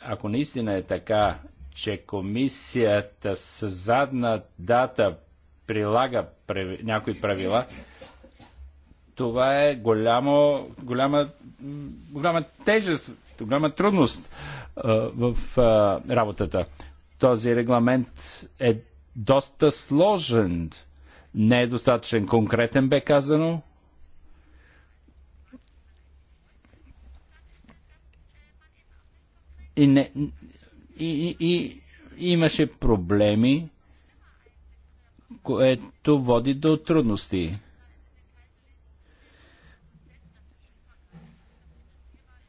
Ако наистина е така, че комисията с задна дата прилага някои правила, това е голямо, голяма, голяма тежест голяма трудност в работата. Този регламент е доста сложен. Не е достатъчен конкретен, бе казано. И, не, и, и, и имаше проблеми, което води до трудности.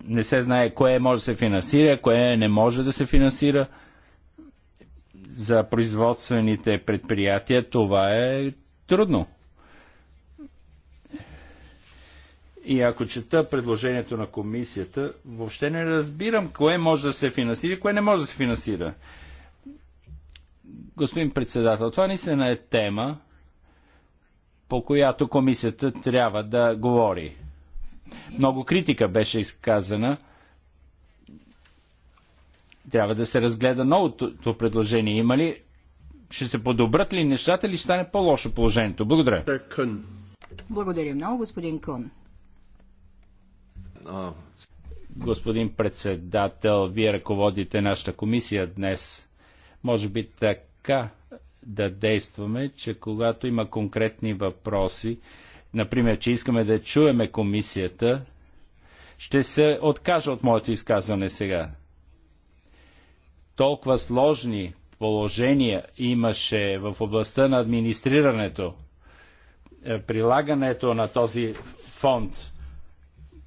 не се знае кое може да се финансира, кое не може да се финансира. За производствените предприятия това е трудно. И ако чета предложението на комисията, въобще не разбирам кое може да се финансира и кое не може да се финансира. Господин председател, това наистина е тема, по която комисията трябва да говори. Много критика беше изказана. Трябва да се разгледа новото предложение. Има ли? Ще се подобрат ли нещата или ще стане по-лошо положението? Благодаря. Благодаря много, господин Кун. Господин председател, вие ръководите нашата комисия днес. Може би така да действаме, че когато има конкретни въпроси, например, че искаме да чуеме комисията, ще се откажа от моето изказване сега. Толкова сложни положения имаше в областта на администрирането, е, прилагането на този фонд.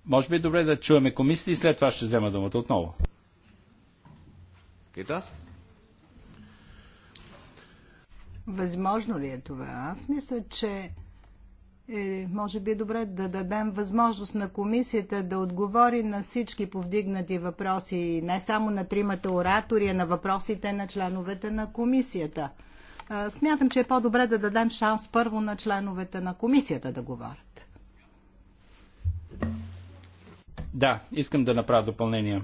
Може би е добре да чуеме комисията и след това ще взема думата отново. Възможно ли е това? Аз мисля, че е, може би е добре да дадем възможност на комисията да отговори на всички повдигнати въпроси, не само на тримата оратори, а на въпросите на членовете на комисията. Е, смятам, че е по-добре да дадем шанс първо на членовете на комисията да говорят. Да, искам да направя допълнение.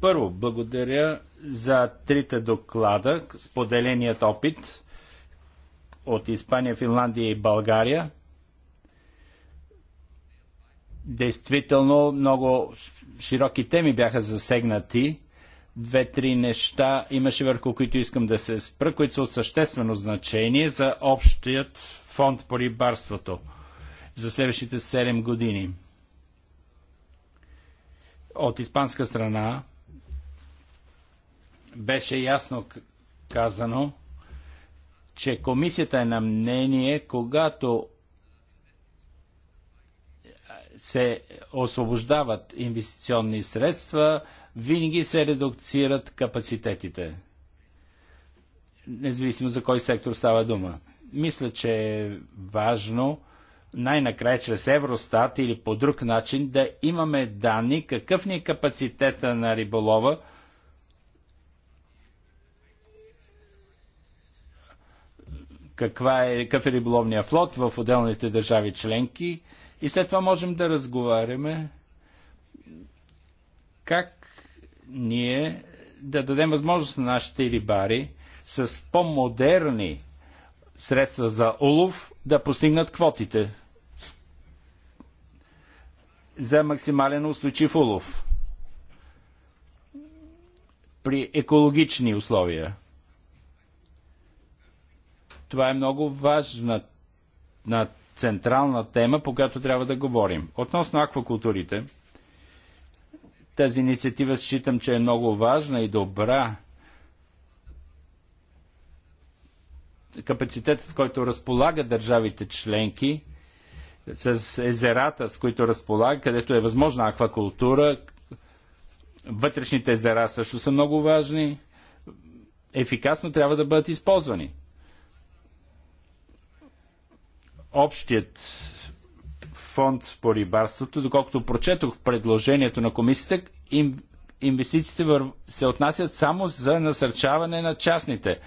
Първо, благодаря за трите доклада, споделеният опит от Испания, Финландия и България. Действително много широки теми бяха засегнати. Две-три неща имаше върху които искам да се спра, които са от съществено значение за общият фонд по рибарството за следващите 7 години. От испанска страна беше ясно казано, че комисията е на мнение, когато се освобождават инвестиционни средства, винаги се редукцират капацитетите. Независимо за кой сектор става дума. Мисля, че е важно най-накрая чрез Евростат или по друг начин да имаме данни какъв ни е капацитета на риболова – каква е, какъв е риболовния флот в отделните държави членки и след това можем да разговаряме как ние да дадем възможност на нашите рибари с по-модерни средства за улов да постигнат квотите за максимален устойчив улов при екологични условия. Това е много важна на централна тема, по която трябва да говорим. Относно аквакултурите, тази инициатива считам, че е много важна и добра. Капацитетът, с който разполагат държавите членки, с езерата, с които разполага, където е възможна аквакултура. Вътрешните езера също са много важни. Ефикасно трябва да бъдат използвани общият фонд по рибарството, доколкото прочетох предложението на комисията, им, инвестициите вър... се отнасят само за насърчаване на частните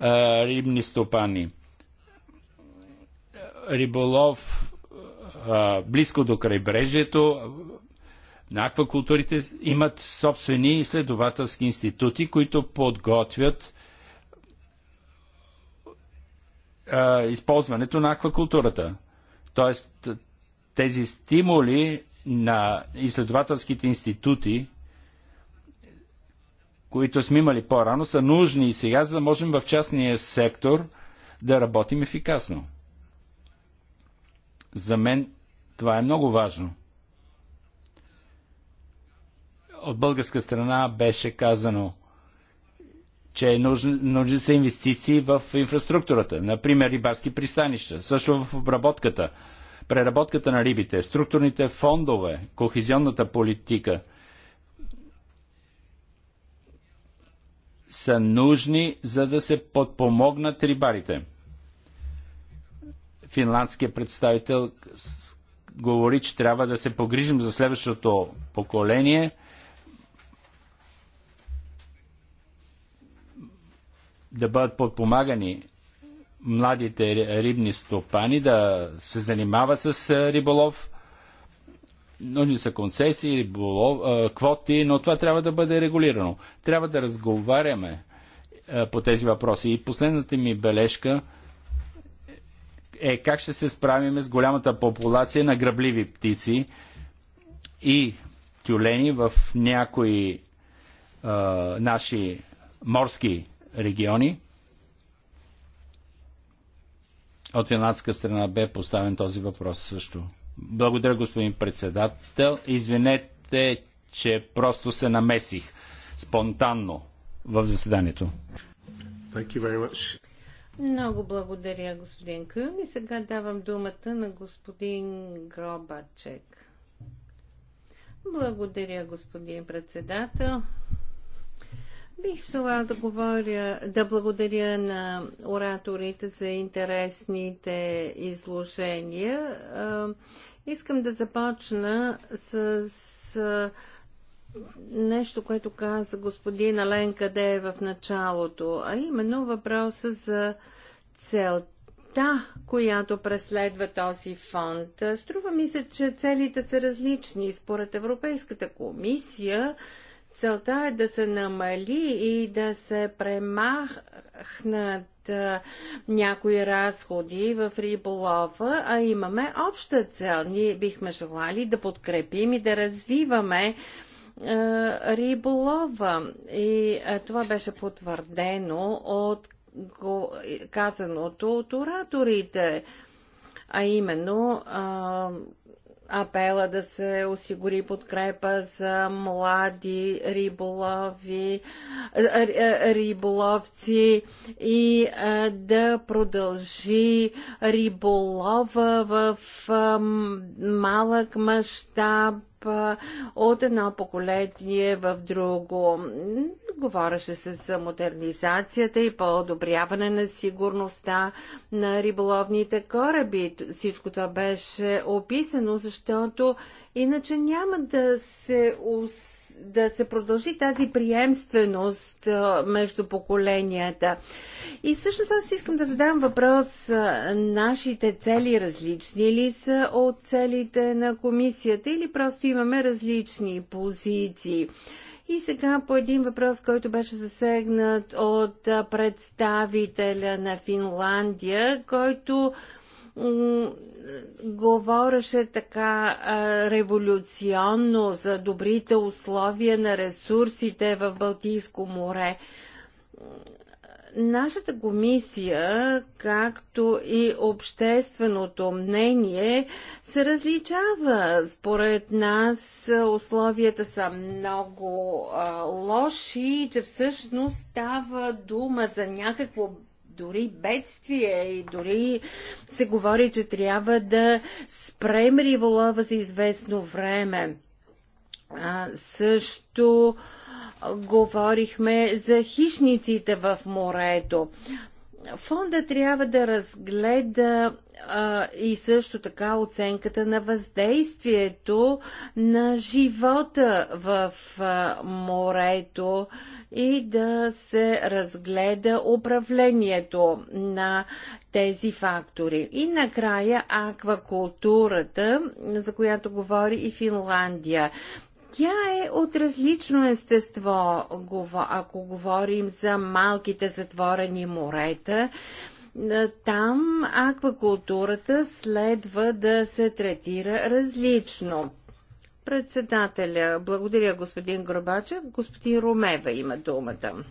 а, рибни стопани. Риболов а, близко до крайбрежието, на аквакултурите имат собствени изследователски институти, които подготвят а, използването на аквакултурата. Тоест, тези стимули на изследователските институти, които сме имали по-рано, са нужни и сега, за да можем в частния сектор да работим ефикасно. За мен това е много важно. От българска страна беше казано – че е нужни, нужни са инвестиции в инфраструктурата, например рибарски пристанища, също в обработката, преработката на рибите, структурните фондове, кохезионната политика са нужни, за да се подпомогнат рибарите. Финландският представител говори, че трябва да се погрижим за следващото поколение – да бъдат подпомагани младите рибни стопани да се занимават с риболов. Нужни са концесии, риболов, квоти, но това трябва да бъде регулирано. Трябва да разговаряме по тези въпроси. И последната ми бележка е, е как ще се справим с голямата популация на гръбливи птици и тюлени в някои а, наши морски региони. От финландска страна бе поставен този въпрос също. Благодаря, господин председател. Извинете, че просто се намесих спонтанно в заседанието. Много благодаря, господин Кън. И сега давам думата на господин Гробачек. Благодаря, господин председател. Бих желала да говоря, да благодаря на ораторите за интересните изложения. Искам да започна с, нещо, което каза господин Ален къде е в началото, а именно въпроса за целта, която преследва този фонд. Струва ми се, че целите са различни. Според Европейската комисия, Целта е да се намали и да се премахнат някои разходи в риболова, а имаме обща цел. Ние бихме желали да подкрепим и да развиваме риболова. И това беше потвърдено от казаното от ораторите, а именно апела да се осигури подкрепа за млади риболови, риболовци и да продължи риболова в малък мащаб от едно поколение в друго. Говореше се за модернизацията и по-одобряване на сигурността на риболовните кораби. Всичко това беше описано, защото иначе няма да се усеща да се продължи тази приемственост между поколенията. И всъщност аз искам да задам въпрос. Нашите цели различни ли са от целите на комисията или просто имаме различни позиции? И сега по един въпрос, който беше засегнат от представителя на Финландия, който говореше така революционно за добрите условия на ресурсите в Балтийско море. Нашата комисия, както и общественото мнение, се различава. Според нас условията са много а, лоши, че всъщност става дума за някакво дори бедствие и дори се говори, че трябва да спрем риволова за известно време. А, също говорихме за хищниците в морето. Фонда трябва да разгледа и също така оценката на въздействието на живота в а, морето и да се разгледа управлението на тези фактори. И накрая аквакултурата, за която говори и Финландия. Тя е от различно естество, ако говорим за малките затворени морета. Е, там аквакултурата следва да се третира различно. Председателя, благодаря господин Горбачев. Господин Ромева има думата.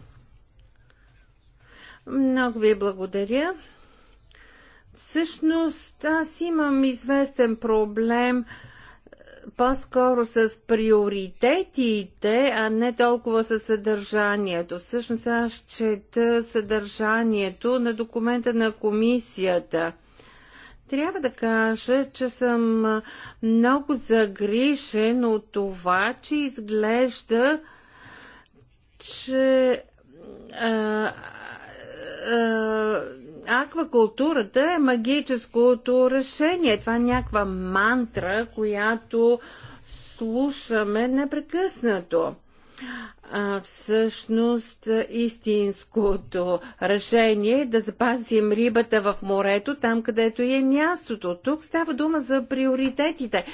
Много ви благодаря. Всъщност аз имам известен проблем а, по-скоро с приоритетите, а не толкова с съдържанието. Всъщност аз чета съдържанието на документа на комисията. Трябва да кажа, че съм много загрижен от това, че изглежда, че а, а, аквакултурата е магическото решение. Това е някаква мантра, която слушаме непрекъснато. А, всъщност истинското решение е да запазим рибата в морето, там където е мястото. Тук става дума за приоритетите.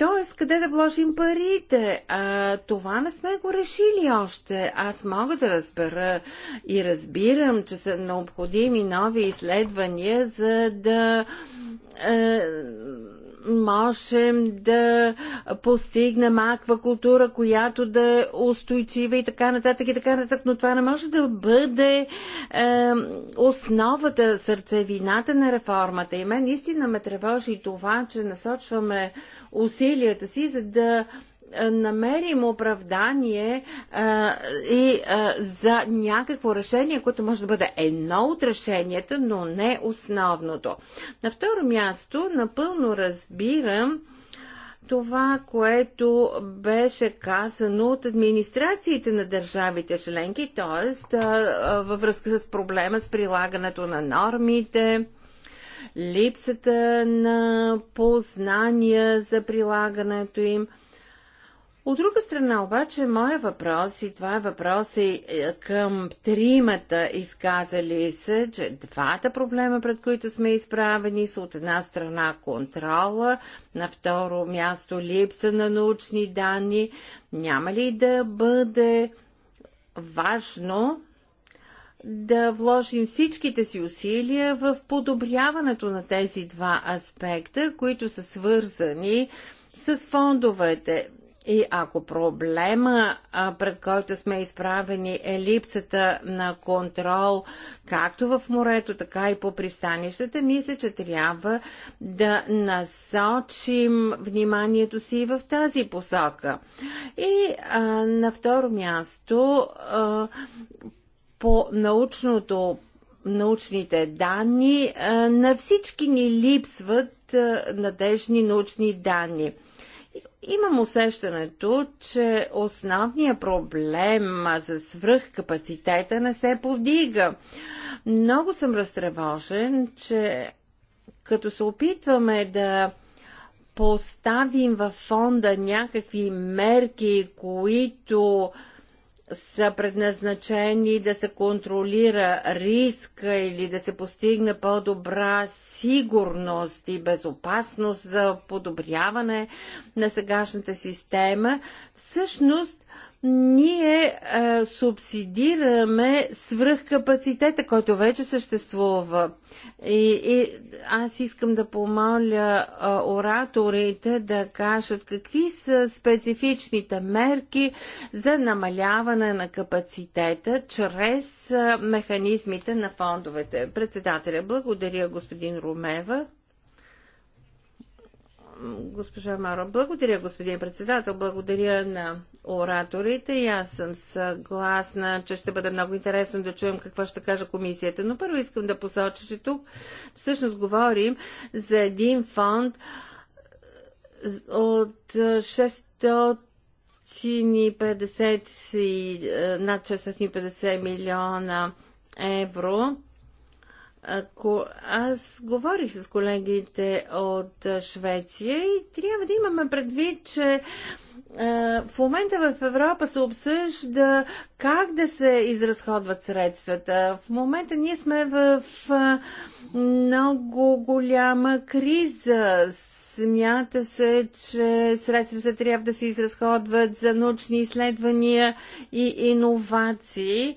Тоест, къде да вложим парите? А, това не сме го решили още. Аз мога да разбера и разбирам, че са необходими нови изследвания, за да. А, е, можем да постигнем аквакултура, която да е устойчива и така нататък и така нататък, но това не може да бъде е, основата, сърцевината на реформата. И мен наистина ме тревожи това, че насочваме усилията си, за да е, намерим оправдание а, е, и а, е, за някакво решение, което може да бъде едно от решенията, но не основното. На второ място, напълно разбирам това, което беше казано от администрациите на държавите членки, т.е. във връзка с проблема с прилагането на нормите, липсата на познания за прилагането им – от друга страна обаче, моя въпрос и това е въпрос и е, към тримата изказали се, че двата проблема, пред които сме изправени, са от една страна контрола, на второ място липса на научни данни. Няма ли да бъде важно да вложим всичките си усилия в подобряването на тези два аспекта, които са свързани с фондовете. И ако проблема, пред който сме изправени, е липсата на контрол, както в морето, така и по пристанищата, мисля, че трябва да насочим вниманието си и в тази посока. И а, на второ място, а, по научното научните данни, на всички ни липсват надежни научни данни. Имам усещането, че основният проблем за свръхкапацитета не се повдига. Много съм разтревожен, че като се опитваме да поставим във фонда някакви мерки, които са предназначени да се контролира риска или да се постигне по-добра сигурност и безопасност за подобряване на сегашната система, всъщност ние а, е, субсидираме свръхкапацитета, който вече съществува. И, и аз искам да помоля а, е, ораторите да кажат какви са специфичните мерки за намаляване на капацитета чрез а, е, механизмите на фондовете. Председателя, благодаря господин Румева госпожа Мара. Благодаря, господин председател. Благодаря на ораторите. И аз съм съгласна, че ще бъде много интересно да чуем какво ще каже комисията. Но първо искам да посоча, че тук всъщност говорим за един фонд от 600 650, е, над 650 милиона евро ако аз говорих с колегите от Швеция и трябва да имаме предвид, че в момента в Европа се обсъжда как да се изразходват средствата. В момента ние сме в много голяма криза. Смята се, че средствата трябва да се изразходват за научни изследвания и иновации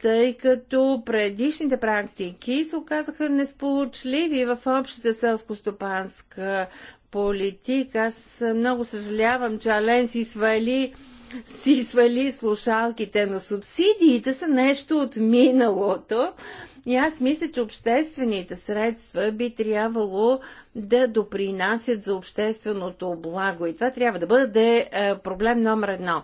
тъй като предишните практики се оказаха несполучливи в общата селско-стопанска политика. Аз много съжалявам, че Ален си свали си свали слушалките, но субсидиите са нещо от миналото. И аз мисля, че обществените средства би трябвало да допринасят за общественото благо. И това трябва да бъде е, проблем номер едно.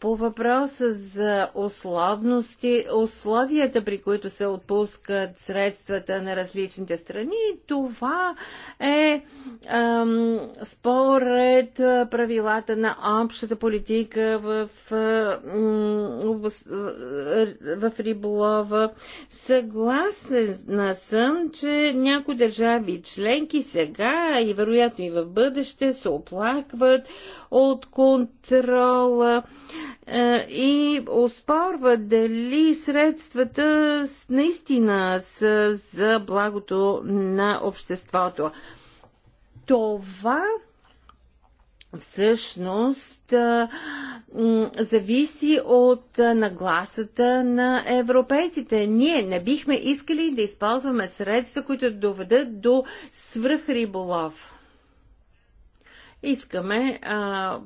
По въпроса за условности, условията, при които се отпускат средствата на различните страни, това е ам, според е, правилата на общата политика в, е, в, в риболова. Съгласна съм, че някои държави членки членки сега и вероятно и в бъдеще се оплакват от контрола е, и оспорват дали средствата наистина са за благото на обществото. Това всъщност зависи от нагласата на европейците. Ние не бихме искали да използваме средства, които доведат до свръхриболов. Искаме а,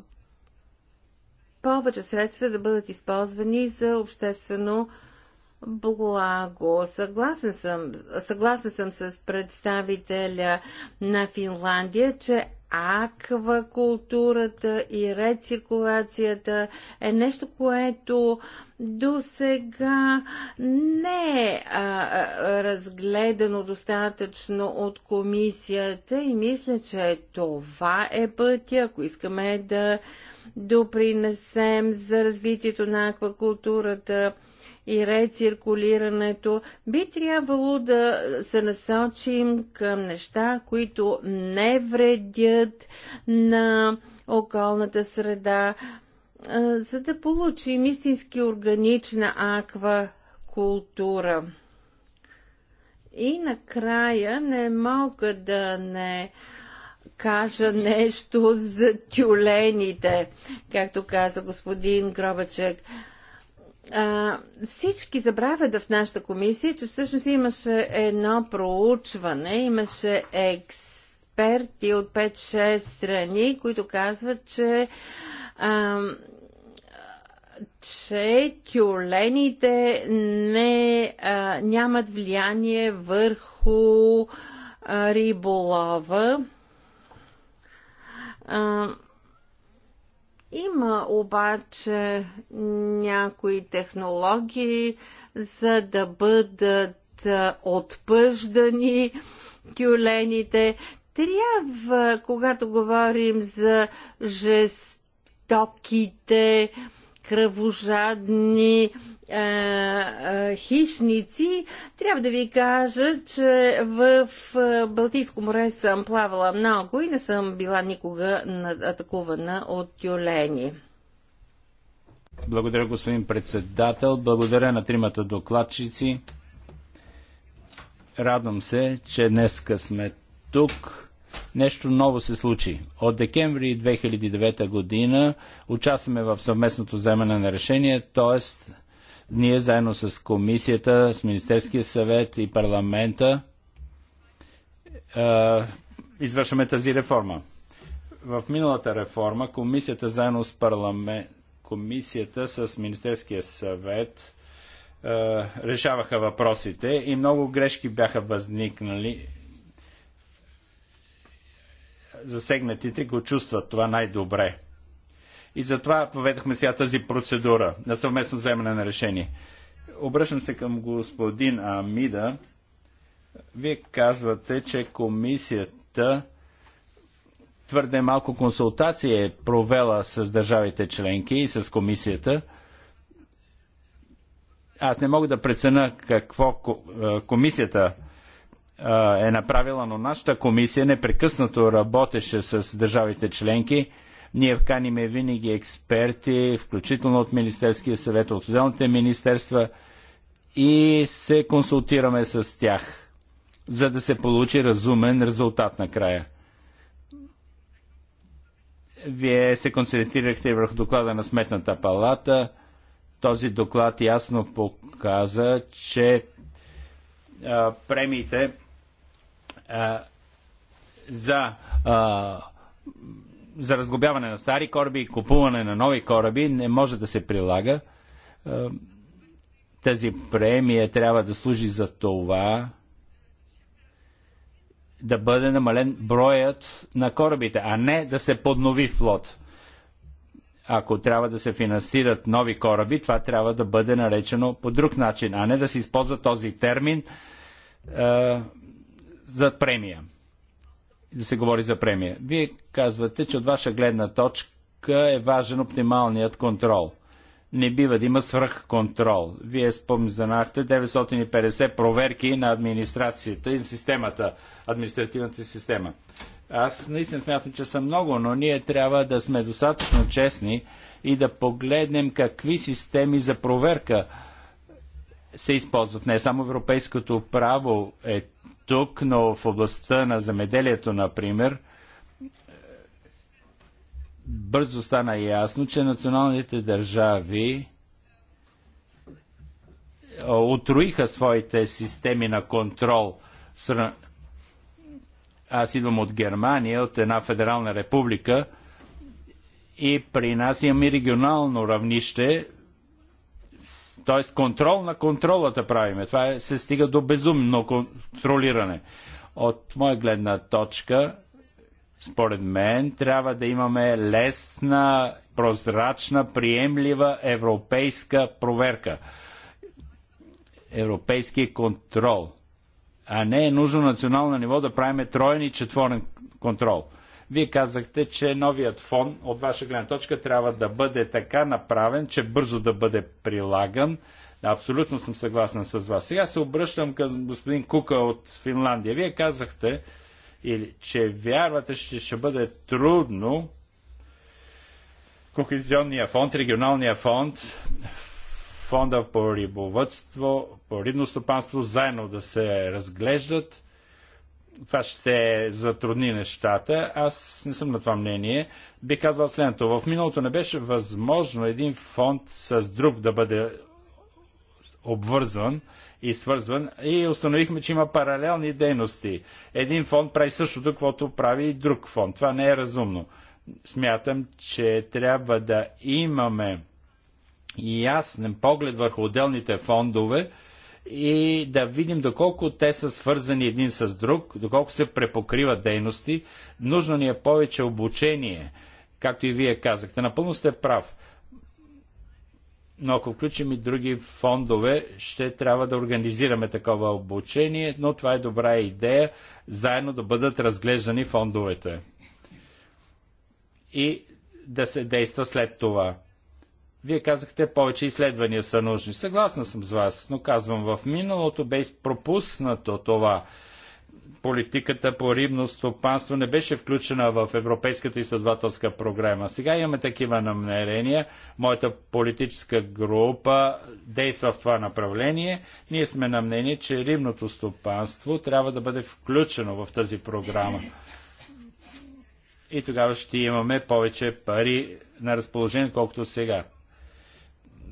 повече средства да бъдат използвани за обществено благо. Съгласен съм, съгласен съм с представителя на Финландия, че аквакултурата и рециркулацията е нещо, което до сега не е а, разгледано достатъчно от комисията и мисля, че това е пътя, ако искаме да допринесем за развитието на аквакултурата и рециркулирането, би трябвало да се насочим към неща, които не вредят на околната среда, за да получим истински органична аквакултура. И накрая не мога да не кажа нещо за тюлените, както каза господин Гробачек а, всички забравят в нашата комисия, че всъщност имаше едно проучване, имаше експерти от 5-6 страни, които казват, че а, че тюлените не, а, нямат влияние върху а, риболова. А, има обаче някои технологии, за да бъдат отпъждани тюлените. Трябва, когато говорим за жестоките, кръвожадни, а, а, хищници, трябва да ви кажа, че в Балтийско море съм плавала много и не съм била никога атакувана от тюлени. Благодаря, господин председател. Благодаря на тримата докладчици. Радвам се, че днес сме тук. Нещо ново се случи. От декември 2009 година участваме в съвместното вземане на решение, т.е ние заедно с комисията, с Министерския съвет и парламента е, извършваме тази реформа. В миналата реформа комисията заедно с парламент, комисията с Министерския съвет е, решаваха въпросите и много грешки бяха възникнали засегнатите го чувстват това най-добре. И затова проведахме сега тази процедура на съвместно вземане на решение. Обръщам се към господин Амида. Вие казвате, че комисията твърде малко консултации е провела с държавите членки и с комисията. Аз не мога да прецена какво комисията е направила, но нашата комисия непрекъснато работеше с държавите членки – ние каниме винаги експерти, включително от Министерския съвет, от отделните министерства и се консултираме с тях, за да се получи разумен резултат накрая. Вие се концентрирахте върху доклада на Сметната палата. Този доклад ясно показа, че а, премиите а, за а, за разглобяване на стари кораби и купуване на нови кораби не може да се прилага. Е, тази премия трябва да служи за това да бъде намален броят на корабите, а не да се поднови флот. Ако трябва да се финансират нови кораби, това трябва да бъде наречено по друг начин, а не да се използва този термин е, за премия да се говори за премия. Вие казвате, че от ваша гледна точка е важен оптималният контрол. Не бива да има свръхконтрол. Вие споменахте 950 проверки на администрацията и системата, административната система. Аз наистина смятам, че са много, но ние трябва да сме достатъчно честни и да погледнем какви системи за проверка се използват. Не само европейското право е тук, но в областта на земеделието, например, бързо стана ясно, че националните държави отруиха своите системи на контрол. Аз идвам от Германия, от една федерална република и при нас имаме регионално равнище, Тоест контрол на контролата правиме. Това е, се стига до безумно контролиране. От моя гледна точка, според мен, трябва да имаме лесна, прозрачна, приемлива европейска проверка. Европейски контрол. А не е нужно национално ниво да правиме троен и четворен контрол. Вие казахте, че новият фон от ваша гледна точка трябва да бъде така направен, че бързо да бъде прилаган. Абсолютно съм съгласен с вас. Сега се обръщам към господин Кука от Финландия. Вие казахте, или, че вярвате, че ще бъде трудно Кохезионния фонд, регионалния фонд, фонда по рибовътство, по рибно стопанство заедно да се разглеждат това ще затрудни нещата. Аз не съм на това мнение. Би казал следното. В миналото не беше възможно един фонд с друг да бъде обвързван и свързван и установихме, че има паралелни дейности. Един фонд прави същото, каквото прави и друг фонд. Това не е разумно. Смятам, че трябва да имаме ясен поглед върху отделните фондове, и да видим доколко те са свързани един с друг, доколко се препокриват дейности. Нужно ни е повече обучение, както и вие казахте. Напълно сте прав. Но ако включим и други фондове, ще трябва да организираме такова обучение, но това е добра идея, заедно да бъдат разглеждани фондовете. И да се действа след това. Вие казахте, повече изследвания са нужни. Съгласна съм с вас, но казвам, в миналото бе пропуснато това. Политиката по рибно стопанство не беше включена в Европейската изследователска програма. Сега имаме такива намерения. Моята политическа група действа в това направление. Ние сме на мнение, че рибното стопанство трябва да бъде включено в тази програма. И тогава ще имаме повече пари на разположение, колкото сега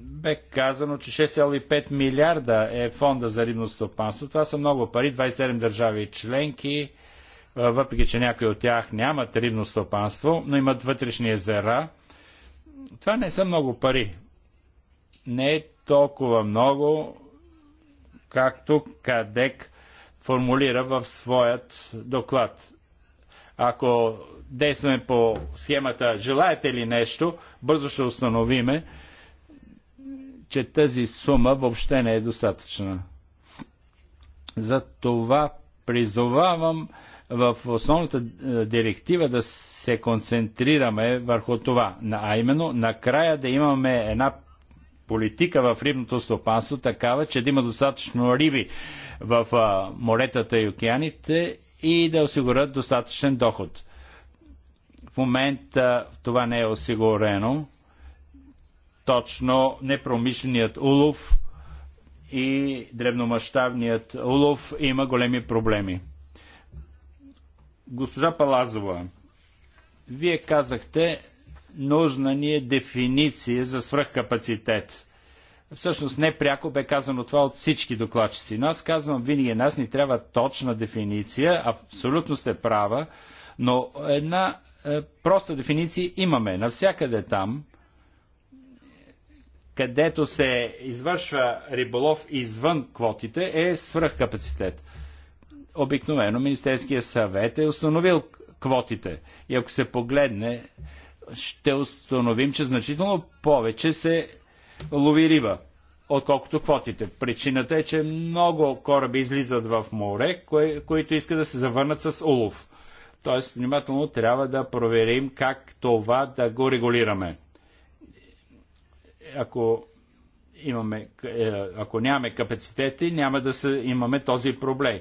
бе казано, че 6,5 милиарда е фонда за рибно стопанство. Това са много пари, 27 държави членки, въпреки че някои от тях нямат рибно стопанство, но имат вътрешни езера. Това не са много пари. Не е толкова много, както Кадек формулира в своят доклад. Ако действаме по схемата желаете ли нещо, бързо ще установиме, че тази сума въобще не е достатъчна. За това призовавам в основната е, директива да се концентрираме върху това, а именно накрая да имаме една политика в рибното стопанство такава, че да има достатъчно риби в е, моретата и океаните и да осигурят достатъчен доход. В момента е, това не е осигурено точно непромишленият улов и древномащабният улов има големи проблеми. Госпожа Палазова, вие казахте, нужна ни е дефиниция за свръхкапацитет. Всъщност не пряко бе казано това от всички докладчици, но аз казвам винаги, е нас ни трябва точна дефиниция, абсолютно сте права, но една е, проста дефиниция имаме навсякъде там, където се извършва риболов извън квотите, е свръхкапацитет. Обикновено Министерския съвет е установил квотите. И ако се погледне, ще установим, че значително повече се лови риба, отколкото квотите. Причината е, че много кораби излизат в море, кои, които искат да се завърнат с улов. Тоест, внимателно трябва да проверим как това да го регулираме ако имаме, е, ако нямаме капацитети, няма да се, имаме този проблем.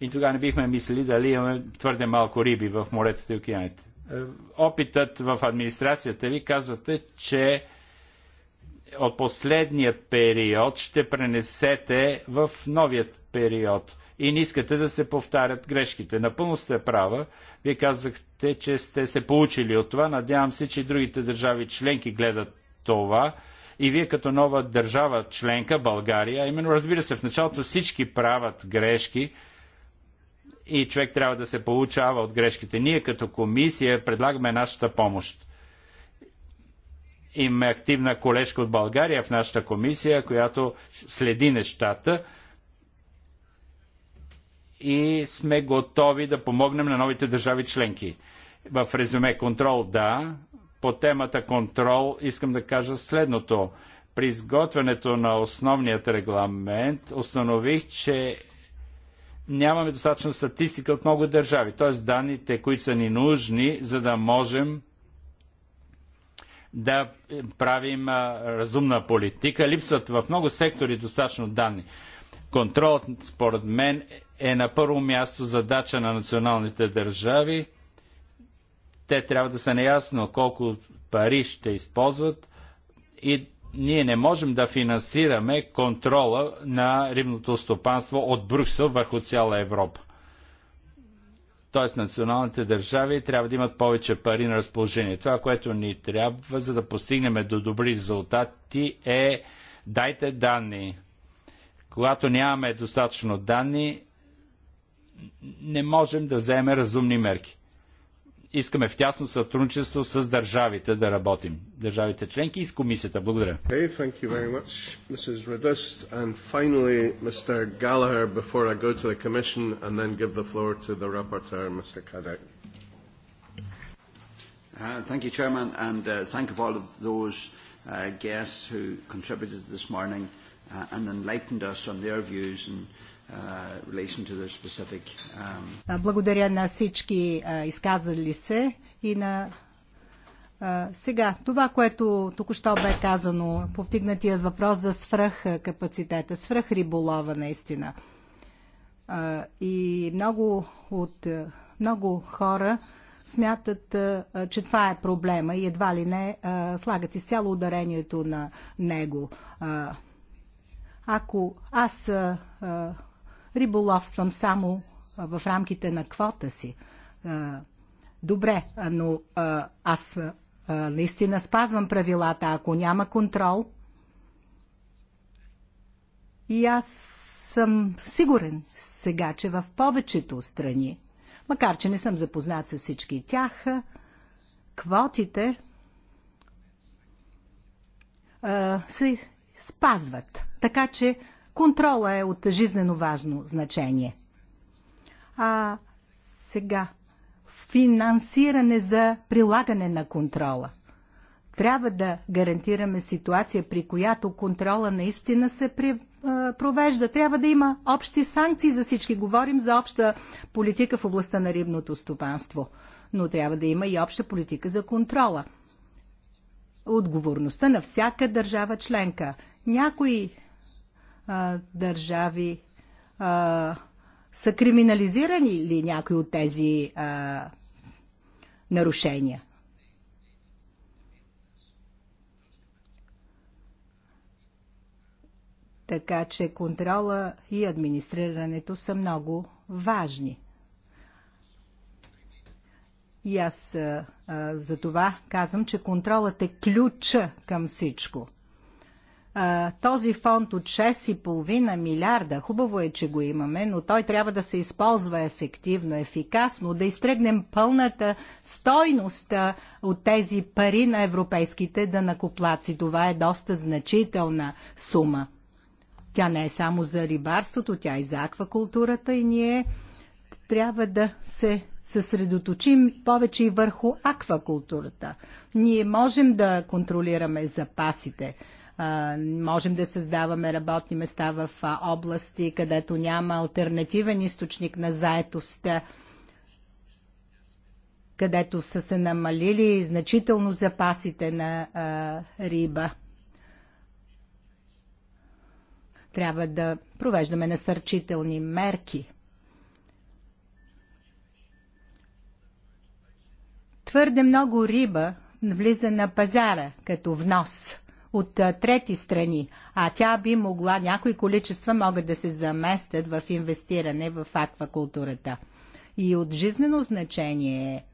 И тогава не бихме мислили дали имаме твърде малко риби в моретата и океаните. Е, опитът в администрацията ви казвате, че от последния период ще пренесете в новият период. И не искате да се повтарят грешките. Напълно сте права. Вие казахте, че сте се получили от това. Надявам се, че другите държави членки гледат това и вие като нова държава членка, България, именно разбира се, в началото всички правят грешки и човек трябва да се получава от грешките. Ние като комисия предлагаме нашата помощ. Имаме активна колежка от България в нашата комисия, която следи нещата и сме готови да помогнем на новите държави членки. В резюме контрол да, по темата контрол искам да кажа следното. При изготвянето на основният регламент установих, че нямаме достатъчна статистика от много държави, т.е. данните, които са ни нужни, за да можем да правим а, разумна политика. Липсват в много сектори достатъчно данни. Контролът, според мен, е на първо място задача на националните държави – те трябва да са неясно колко пари ще използват и ние не можем да финансираме контрола на рибното стопанство от Брюксел върху цяла Европа. Тоест националните държави трябва да имат повече пари на разположение. Това, което ни трябва, за да постигнем до добри резултати е дайте данни. Когато нямаме достатъчно данни, не можем да вземем разумни мерки искаме в тясно сътрудничество с държавите да работим. Държавите членки и с комисията. Благодаря. Okay, thank you very much, Mrs. Redust. And finally, Mr. Gallagher, before I go to the Commission and then give the floor to the rapporteur, Mr. Kadek. Uh, thank you, Chairman, and uh, thank of all of those uh, guests who contributed this morning uh, and enlightened us on their views and uh, Uh, um, благодаря на всички изказали се и на сега, това, което току-що бе казано, повдигнатият въпрос за свръхкапацитета, свръхриболова наистина. И много от много хора смятат, че това е проблема и едва ли не слагат изцяло ударението на него. Ако аз риболовствам само в рамките на квота си. Добре, но аз наистина спазвам правилата. Ако няма контрол, и аз съм сигурен сега, че в повечето страни, макар че не съм запознат с всички тях, квотите а, се спазват. Така че контрола е от жизнено важно значение. А сега, финансиране за прилагане на контрола. Трябва да гарантираме ситуация, при която контрола наистина се при, провежда. Трябва да има общи санкции за всички. Говорим за обща политика в областта на рибното стопанство, но трябва да има и обща политика за контрола. Отговорността на всяка държава членка. Някои а, държави а, са криминализирани ли някои от тези а, нарушения? Така че контрола и администрирането са много важни. И аз а, за това казвам, че контролът е ключа към всичко – а, този фонд от 6,5 милиарда, хубаво е, че го имаме, но той трябва да се използва ефективно, ефикасно, да изтръгнем пълната стойност от тези пари на европейските дънакоплаци. Това е доста значителна сума. Тя не е само за рибарството, тя е и за аквакултурата и ние трябва да се съсредоточим повече и върху аквакултурата. Ние можем да контролираме запасите можем да създаваме работни места в области, където няма альтернативен източник на заетост. където са се намалили значително запасите на риба. Трябва да провеждаме насърчителни мерки. Твърде много риба влиза на пазара като внос от трети страни, а тя би могла, някои количества могат да се заместят в инвестиране в аквакултурата. И от жизнено значение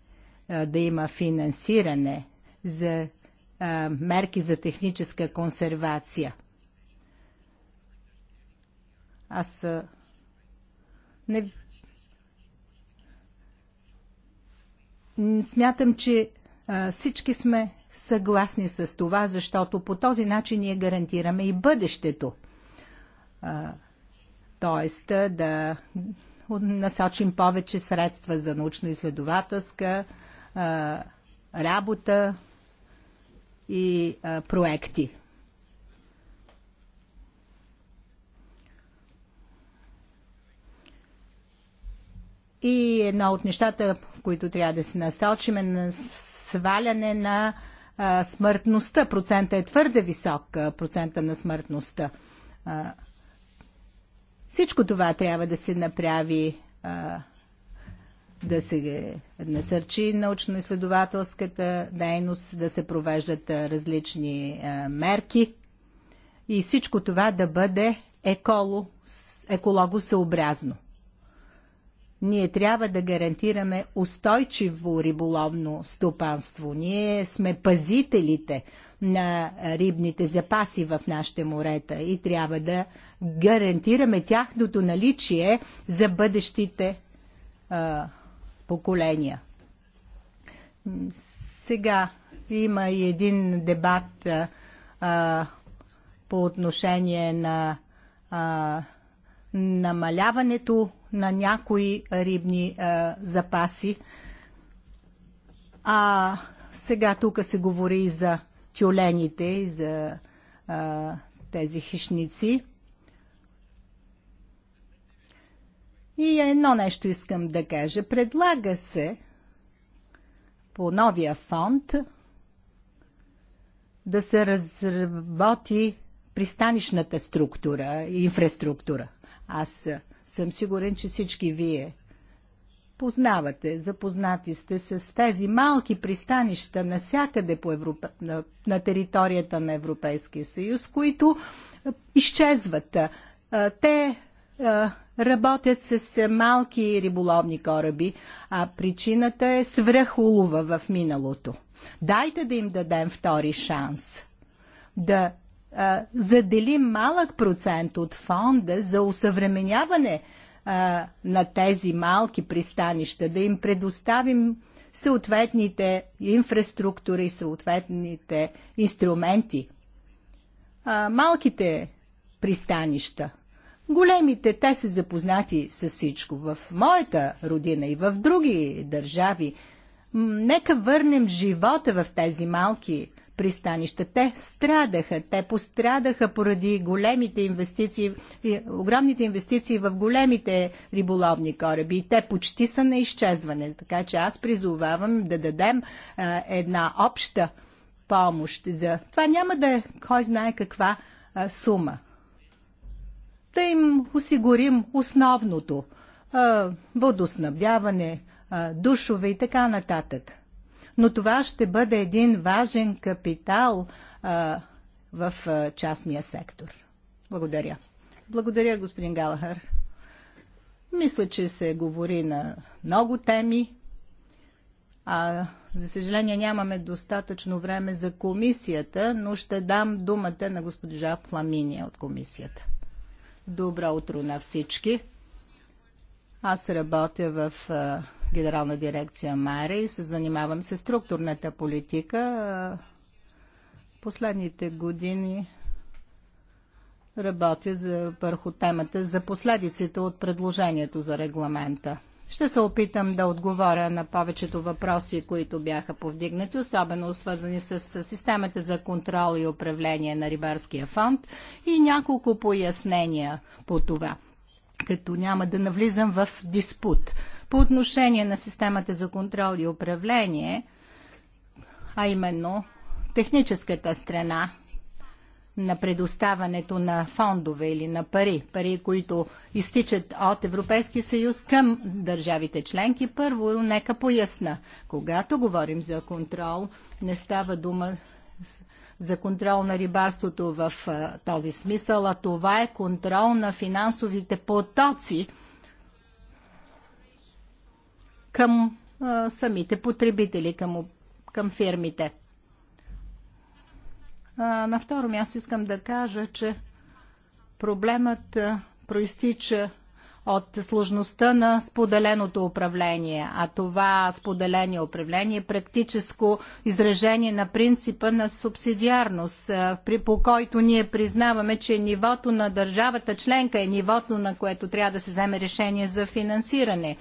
е да има финансиране за мерки за техническа консервация. Аз не. Смятам, че а, всички сме съгласни с това, защото по този начин ние гарантираме и бъдещето. Тоест да насочим повече средства за научно-изследователска работа и проекти. И едно от нещата, в които трябва да се насочим е на сваляне на смъртността. Процента е твърде висок, процента на смъртността. всичко това трябва да се направи, да се насърчи научно-изследователската дейност, да се провеждат различни мерки и всичко това да бъде еколо, екологосъобразно. Ние трябва да гарантираме устойчиво риболовно стопанство. Ние сме пазителите на рибните запаси в нашите морета и трябва да гарантираме тяхното наличие за бъдещите а, поколения. Сега има и един дебат а, по отношение на а, намаляването на някои рибни а, е, запаси. А сега тук се говори и за тюлените, и за а, е, тези хищници. И едно нещо искам да кажа. Предлага се по новия фонд да се разработи пристанищната структура, инфраструктура. Аз съм сигурен, че всички вие познавате, запознати сте с тези малки пристанища навсякъде по Европа, на, на територията на Европейския съюз, които изчезват. Те работят с малки риболовни кораби, а причината е свръхулова в миналото. Дайте да им дадем втори шанс да задели малък процент от фонда за усъвременяване а, на тези малки пристанища, да им предоставим съответните инфраструктури, съответните инструменти. А, малките пристанища, големите, те са запознати с всичко. В моята родина и в други държави, нека върнем живота в тези малки пристанища. Те страдаха, те пострадаха поради големите инвестиции, огромните инвестиции в големите риболовни кораби. И те почти са на изчезване. Така че аз призовавам да дадем а, една обща помощ за... Това няма да е кой знае каква а, сума. Да им осигурим основното. А, водоснабдяване, а, душове и така нататък но това ще бъде един важен капитал а, в а, частния сектор. Благодаря. Благодаря, господин Галахар. Мисля, че се говори на много теми. А, за съжаление нямаме достатъчно време за комисията, но ще дам думата на госпожа Фламиния от комисията. Добро утро на всички! Аз работя в генерална дирекция МАРИ, и се занимавам с структурната политика. Последните години работя за, върху темата за последиците от предложението за регламента. Ще се опитам да отговоря на повечето въпроси, които бяха повдигнати, особено свързани с, с системата за контрол и управление на Рибарския фонд и няколко пояснения по това като няма да навлизам в диспут. По отношение на системата за контрол и управление, а именно техническата страна на предоставането на фондове или на пари, пари, които изтичат от Европейския съюз към държавите членки, първо нека поясна. Когато говорим за контрол, не става дума за контрол на рибарството в а, този смисъл, а това е контрол на финансовите потоци към а, самите потребители, към, към фирмите. А, на второ място искам да кажа, че проблемът проистича от сложността на споделеното управление. А това споделение управление е практическо изражение на принципа на субсидиарност, при, по който ние признаваме, че нивото на държавата членка е нивото, на което трябва да се вземе решение за финансиране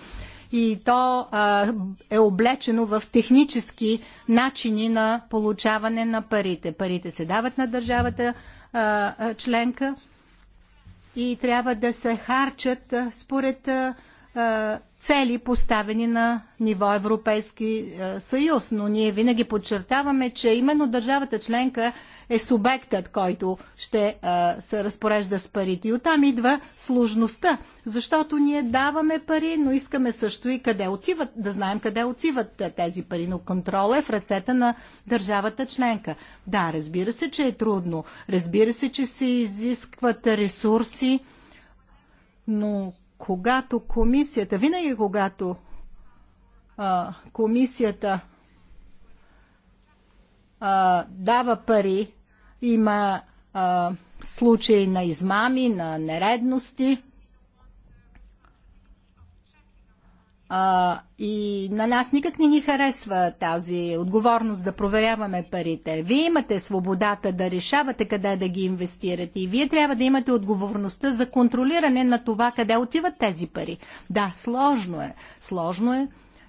и то а, е облечено в технически начини на получаване на парите. Парите се дават на държавата а, членка и трябва да се харчат според е, цели поставени на ниво Европейски е, съюз, но ние винаги подчертаваме, че именно държавата членка е субектът, който ще е, се разпорежда с парите. И оттам идва сложността, защото ние даваме пари, но искаме също и къде отиват, да знаем къде отиват тези пари, но контрол е в ръцете на държавата членка. Да, разбира се, че е трудно, разбира се, че се изискват ресурси, но когато комисията, винаги когато а, комисията а, дава пари, има а, случаи на измами, на нередности – А, и на нас никак не ни харесва тази отговорност да проверяваме парите. Вие имате свободата да решавате къде да ги инвестирате и вие трябва да имате отговорността за контролиране на това къде отиват тези пари. Да, сложно е. Сложно е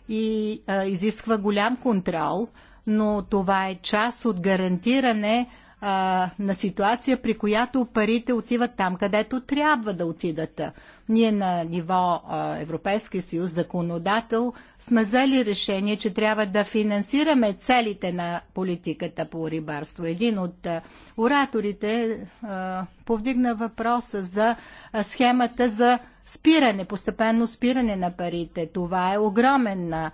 и а, изисква голям контрол, но това е част от гарантиране а, на ситуация, при която парите отиват там, където трябва да отидат. Ние на ниво а, Европейски съюз, законодател, сме взели решение, че трябва да финансираме целите на политиката по рибарство. Един от а, ораторите а, повдигна въпроса за а, схемата за спиране, постепенно спиране на парите. Това е огромен а,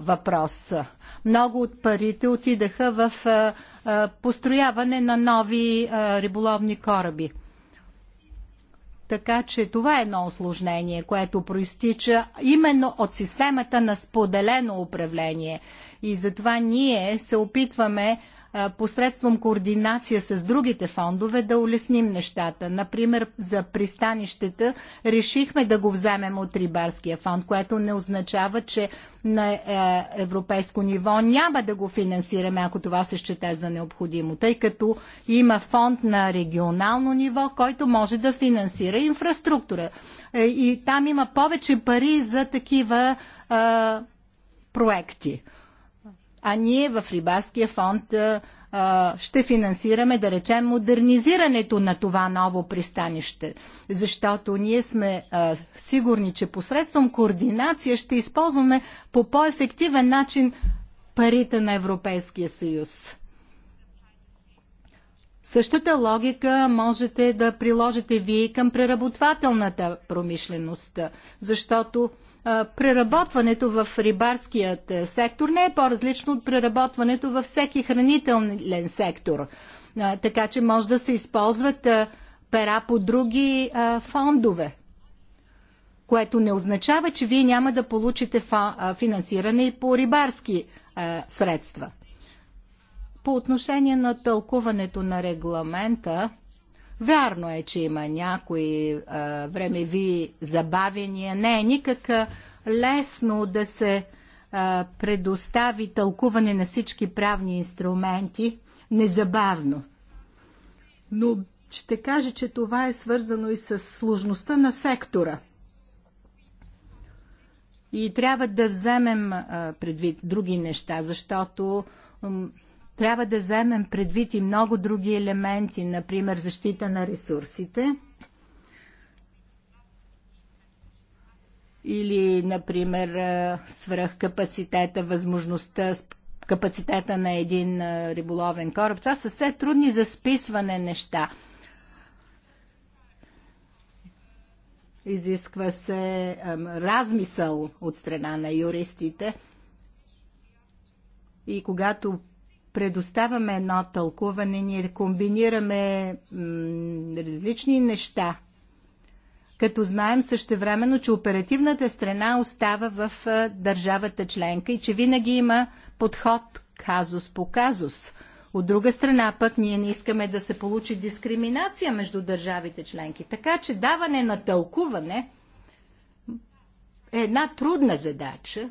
въпрос. Много от парите отидаха в а, а, построяване на нови а, риболовни кораби. Така че това е едно осложнение, което проистича именно от системата на споделено управление. И затова ние се опитваме посредством координация с другите фондове да улесним нещата. Например, за пристанищата решихме да го вземем от Рибарския фонд, което не означава, че на е, европейско ниво няма да го финансираме, ако това се счете за необходимо, тъй като има фонд на регионално ниво, който може да финансира инфраструктура. Е, и там има повече пари за такива проекти а ние в Рибарския фонд ще финансираме, да речем, модернизирането на това ново пристанище. Защото ние сме а, сигурни, че посредством координация ще използваме по по-ефективен начин парите на Европейския съюз. Същата логика можете да приложите вие към преработвателната промишленост, защото преработването в рибарският е, сектор не е по-различно от преработването във всеки хранителен сектор. Така че може да се използват пера по други фондове, което не означава, че вие няма да получите финансиране и по рибарски средства. По отношение на тълкуването на регламента, Вярно е, че има някои а, времеви забавения. Не е никак лесно да се а, предостави тълкуване на всички правни инструменти незабавно. Но ще кажа, че това е свързано и с сложността на сектора. И трябва да вземем а, предвид други неща, защото трябва да вземем предвид и много други елементи, например защита на ресурсите или, например, е, свръхкапацитета, възможността, капацитета на един е, риболовен кораб. Това са все трудни за списване неща. Изисква се размисъл от страна на юристите. И когато предоставяме едно тълкуване, ние комбинираме различни неща, като знаем същевременно, че оперативната страна остава в държавата членка и че винаги има подход казус по казус. От друга страна пък ние не искаме да се получи дискриминация между държавите членки. Така че даване на тълкуване е една трудна задача,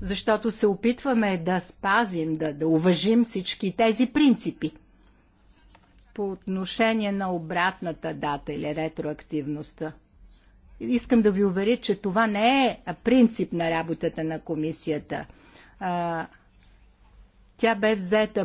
защото се опитваме да спазим, да, да уважим всички тези принципи. По отношение на обратната дата или ретроактивността. Искам да ви уверя, че това не е принцип на работата на комисията. Тя бе взета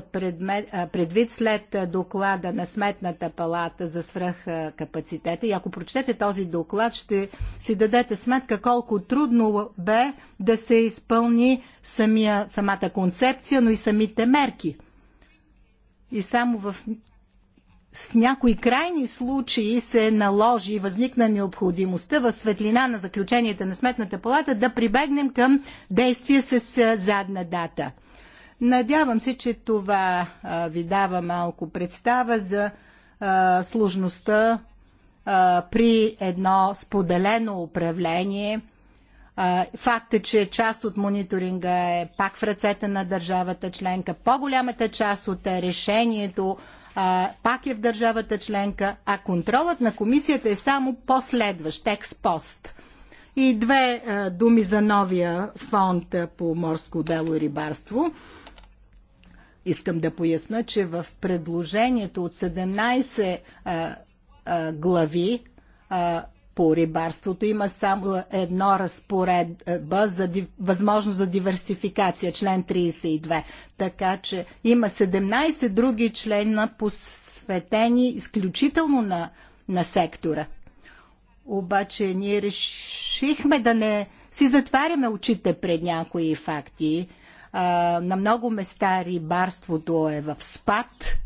предвид след доклада на Сметната палата за свръхкапацитета. И ако прочетете този доклад, ще си дадете сметка колко трудно бе да се изпълни самия, самата концепция, но и самите мерки. И само в в някои крайни случаи се наложи и възникна необходимостта в светлина на заключенията на Сметната палата да прибегнем към действие с задна дата – Надявам се, че това ви дава малко представа за сложността при едно споделено управление. Факта, е, че част от мониторинга е пак в ръцете на държавата членка. По-голямата част от решението пак е в държавата членка, а контролът на комисията е само последващ, експост. И две думи за новия фонд по морско дело и рибарство. Искам да поясна, че в предложението от 17 а, а, глави а, по рибарството има само едно разпоредба за ди, възможност за диверсификация, член 32. Така че има 17 други члена посветени изключително на, на сектора. Обаче ние решихме да не си затваряме очите пред някои факти на много места рибарството е в спад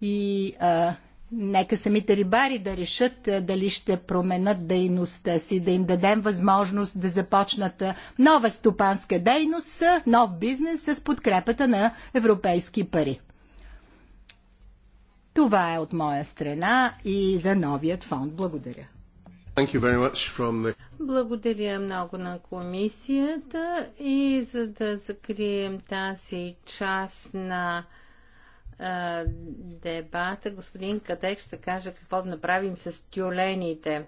и а, нека самите рибари да решат а, дали ще променят дейността си, да им дадем възможност да започнат нова стопанска дейност, нов бизнес с подкрепата на европейски пари. Това е от моя страна и за новият фонд. Благодаря. The... Благодаря много на комисията и за да закрием тази част на а, дебата, господин Кадек ще каже какво да направим с тюлените.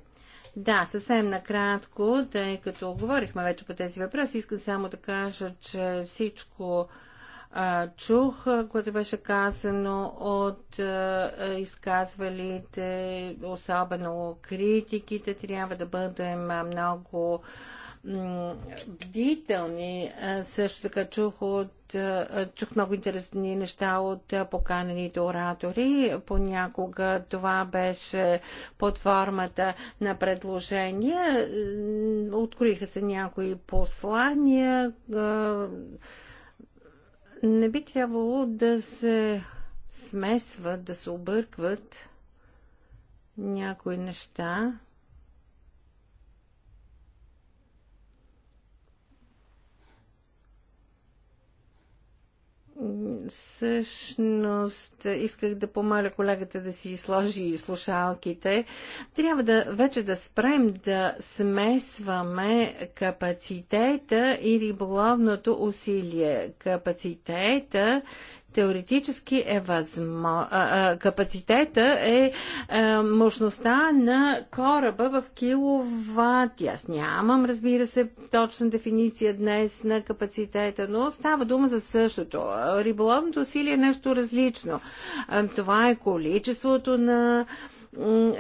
Да, съвсем накратко, тъй като говорихме вече по тези въпроси, искам само да кажа, че всичко чух, което беше казано от изказвалите, особено критиките, трябва да бъдем много бдителни. Също така чух, от, чух много интересни неща от поканените оратори. Понякога това беше под формата на предложения. Откроиха се някои послания не би трябвало да се смесват, да се объркват някои неща. Всъщност исках да помоля колегата да си сложи слушалките. Трябва да вече да спрем да смесваме капацитета и риболовното усилие. Капацитета теоретически е възможно. Капацитета е мощността на кораба в киловати. Аз нямам, разбира се, точна дефиниция днес на капацитета, но става дума за същото. Риболовното усилие е нещо различно. Това е количеството на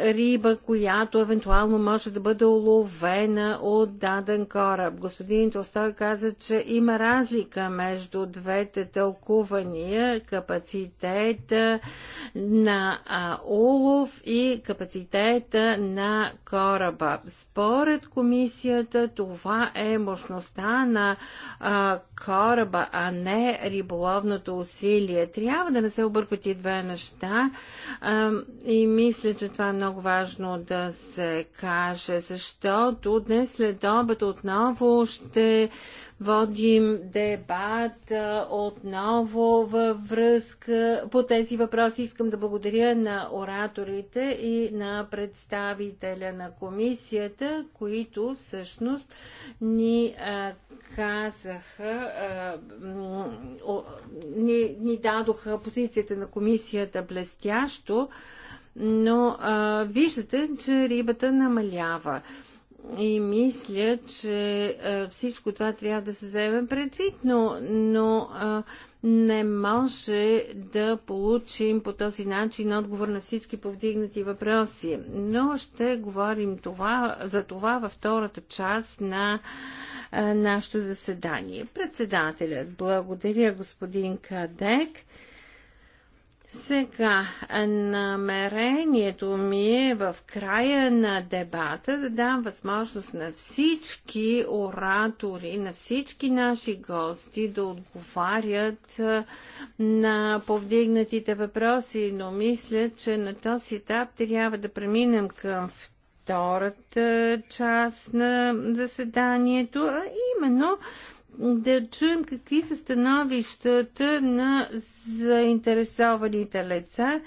риба, която евентуално може да бъде уловена от даден кораб. Господин Толстой каза, че има разлика между двете тълкувания, капацитета на улов и капацитета на кораба. Според комисията това е мощността на а, кораба, а не риболовното усилие. Трябва да не се объркват и две неща а, и мисля, че това е много важно да се каже, защото днес след обед отново ще водим дебат отново във връзка по тези въпроси. Искам да благодаря на ораторите и на представителя на комисията, които всъщност ни а, казаха, а, ни, ни дадоха позицията на комисията блестящо но а, виждате, че рибата намалява. И мисля, че а, всичко това трябва да се вземе предвид, но, но а, не може да получим по този начин отговор на всички повдигнати въпроси. Но ще говорим това, за това във втората част на а, нашето заседание. Председателят, благодаря господин Кадек. Сега, намерението ми е в края на дебата да дам възможност на всички оратори, на всички наши гости да отговарят на повдигнатите въпроси, но мисля, че на този етап трябва да преминем към втората част на заседанието, а именно да чуем какви са становищата на заинтересованите лица.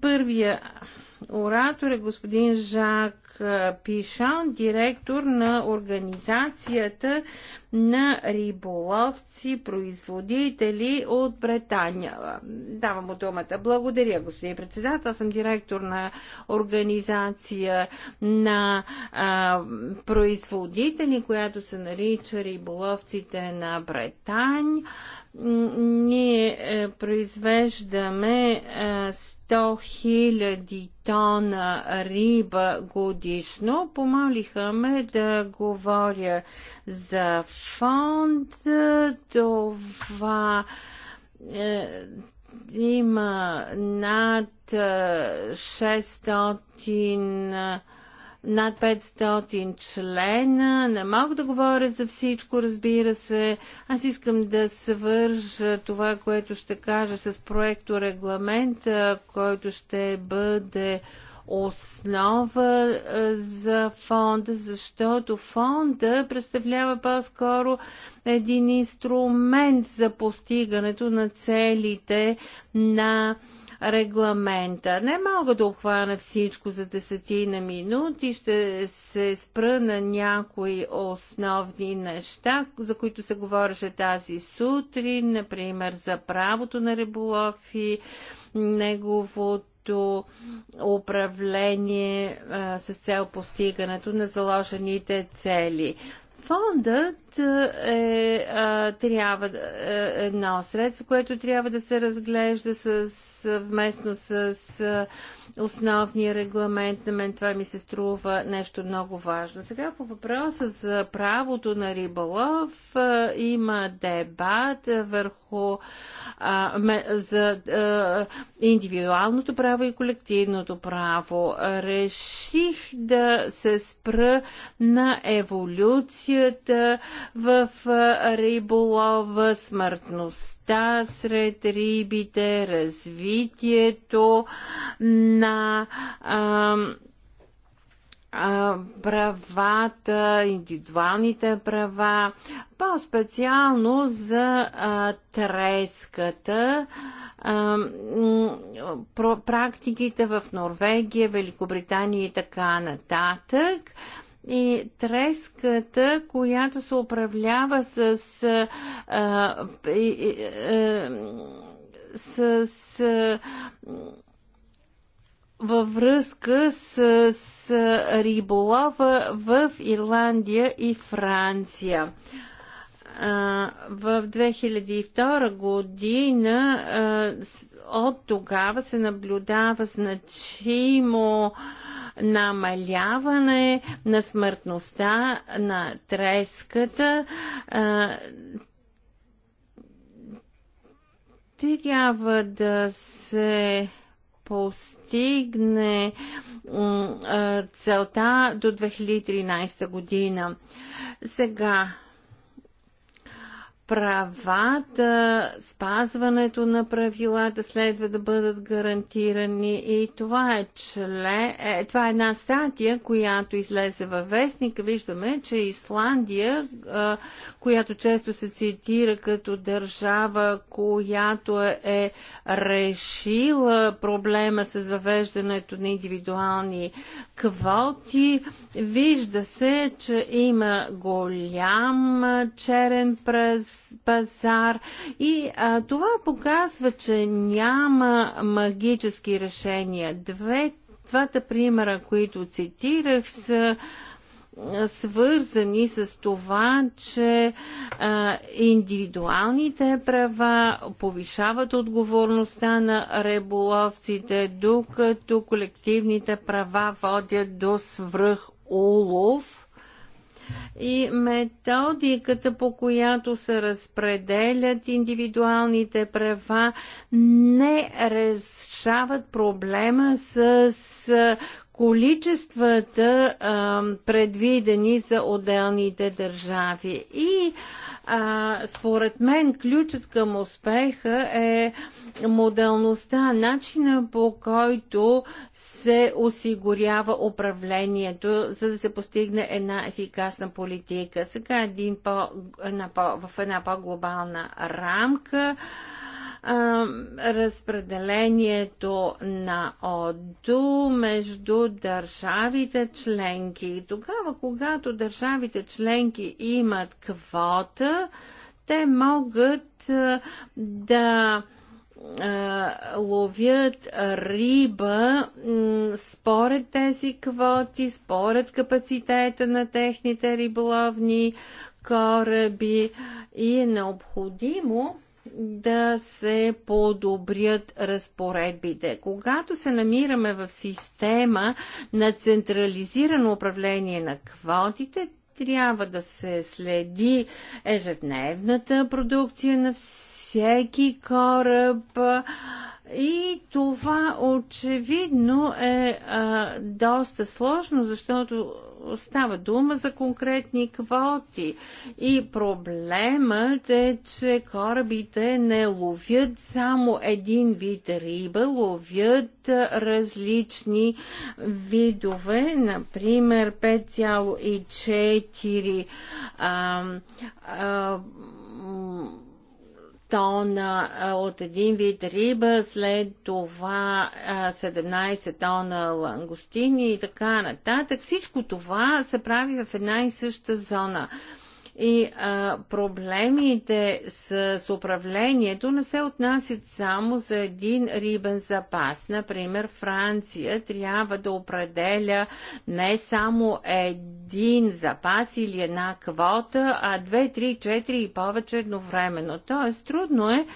Първия оратор е господин Жак Пишан, директор на Организацията на риболовци, производители от Британия. Давам му думата. Благодаря, господин председател. Аз съм директор на Организация на а, производители, която се нарича Риболовците на Британия ние е, произвеждаме 100 е, 000 тона риба годишно годишно. Помолиха ме да говоря за фонд. Това е, има над 600 е, е, над 500 члена. Не мога да говоря за всичко, разбира се. Аз искам да свържа това, което ще кажа с проекто регламента, който ще бъде основа за фонда, защото фонда представлява по-скоро един инструмент за постигането на целите на регламента. Не мога да обхвана всичко за десетина минути. Ще се спра на някои основни неща, за които се говореше тази сутрин, например за правото на риболов и неговото ефективното управление а, с цел постигането на заложените цели. Фондът е, а, трябва е, едно средство, което трябва да се разглежда съвместно с а, основния регламент. На мен това ми се струва нещо много важно. Сега по въпроса за правото на риболов има дебат върху а, за а, индивидуалното право и колективното право. Реших да се спра на еволюцията в риболова, смъртност бедността сред рибите, развитието на а, а, правата, индивидуалните права, по-специално за а, треската практиките в Норвегия, Великобритания и така нататък и треската, която се управлява с. А, и, а, с, а, във връзка с, с риболова в Ирландия и Франция. А, в 2002 година а, от тогава се наблюдава значимо а, намаляване на смъртността на треската. Трябва да се постигне целта до 2013 година. Сега правата, спазването на правилата следва да бъдат гарантирани и това е, чле, е, това е една статия, която излезе във вестник. Виждаме, че Исландия, е, която често се цитира като държава, която е, е решила проблема с въвеждането на индивидуални квоти, вижда се, че има голям черен пръст пазар. И а, това показва, че няма магически решения. Две, двата примера, които цитирах, са свързани с това, че а, индивидуалните права повишават отговорността на риболовците, докато колективните права водят до свръх улов и методиката, по която се разпределят индивидуалните права, не решават проблема с количествата, а, предвидени за отделните държави. И а, според мен ключът към успеха е моделността, начина по който се осигурява управлението, за да се постигне една ефикасна политика. Сега един по, една по, в една по-глобална рамка разпределението на ОДУ между държавите членки. И тогава, когато държавите членки имат квота, те могат да ловят риба според тези квоти, според капацитета на техните риболовни кораби и е необходимо да се подобрят разпоредбите. Когато се намираме в система на централизирано управление на квотите, трябва да се следи ежедневната продукция на всеки кораб. И това очевидно е а, доста сложно, защото става дума за конкретни квоти. И проблемът е, че корабите не ловят само един вид риба, ловят различни видове, например 5,4 тона от един вид риба, след това 17 тона лангостини и така нататък. Всичко това се прави в една и съща зона. И а, проблемите с, с управлението не се отнасят само за един рибен запас. Например, Франция трябва да определя не само един запас или една квота, а две, три, четири и повече едновременно. Тоест, трудно е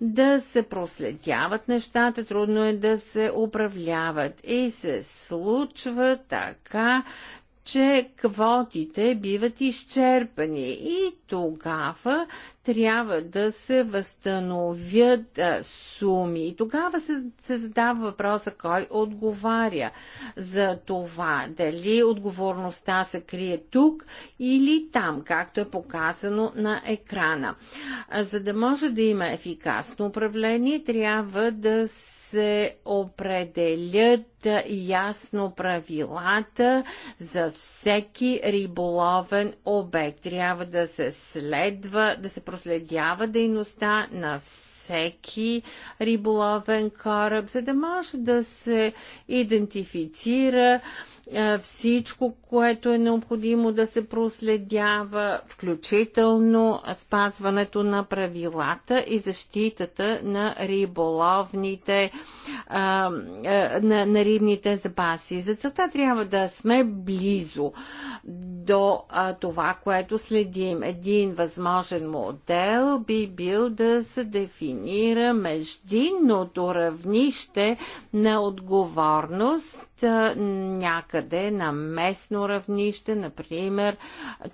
да се проследяват нещата, трудно е да се управляват. И се случва така, че квотите биват изчерпани и тогава трябва да се възстановят а, суми. И тогава се, се задава въпроса кой отговаря за това. Дали отговорността се крие тук или там, както е показано на екрана. А, за да може да има ефикасно управление, трябва да се се определят ясно правилата за всеки риболовен обект. Трябва да се следва, да се проследява дейността на всеки риболовен кораб, за да може да се идентифицира е, всичко, което е необходимо да се проследява, включително спазването на правилата и защитата на риболовните, на, на рибните запаси. За целта трябва да сме близо до това, което следим. Един възможен модел би бил да се дефинира междинното равнище на отговорност някъде някъде на местно равнище, например,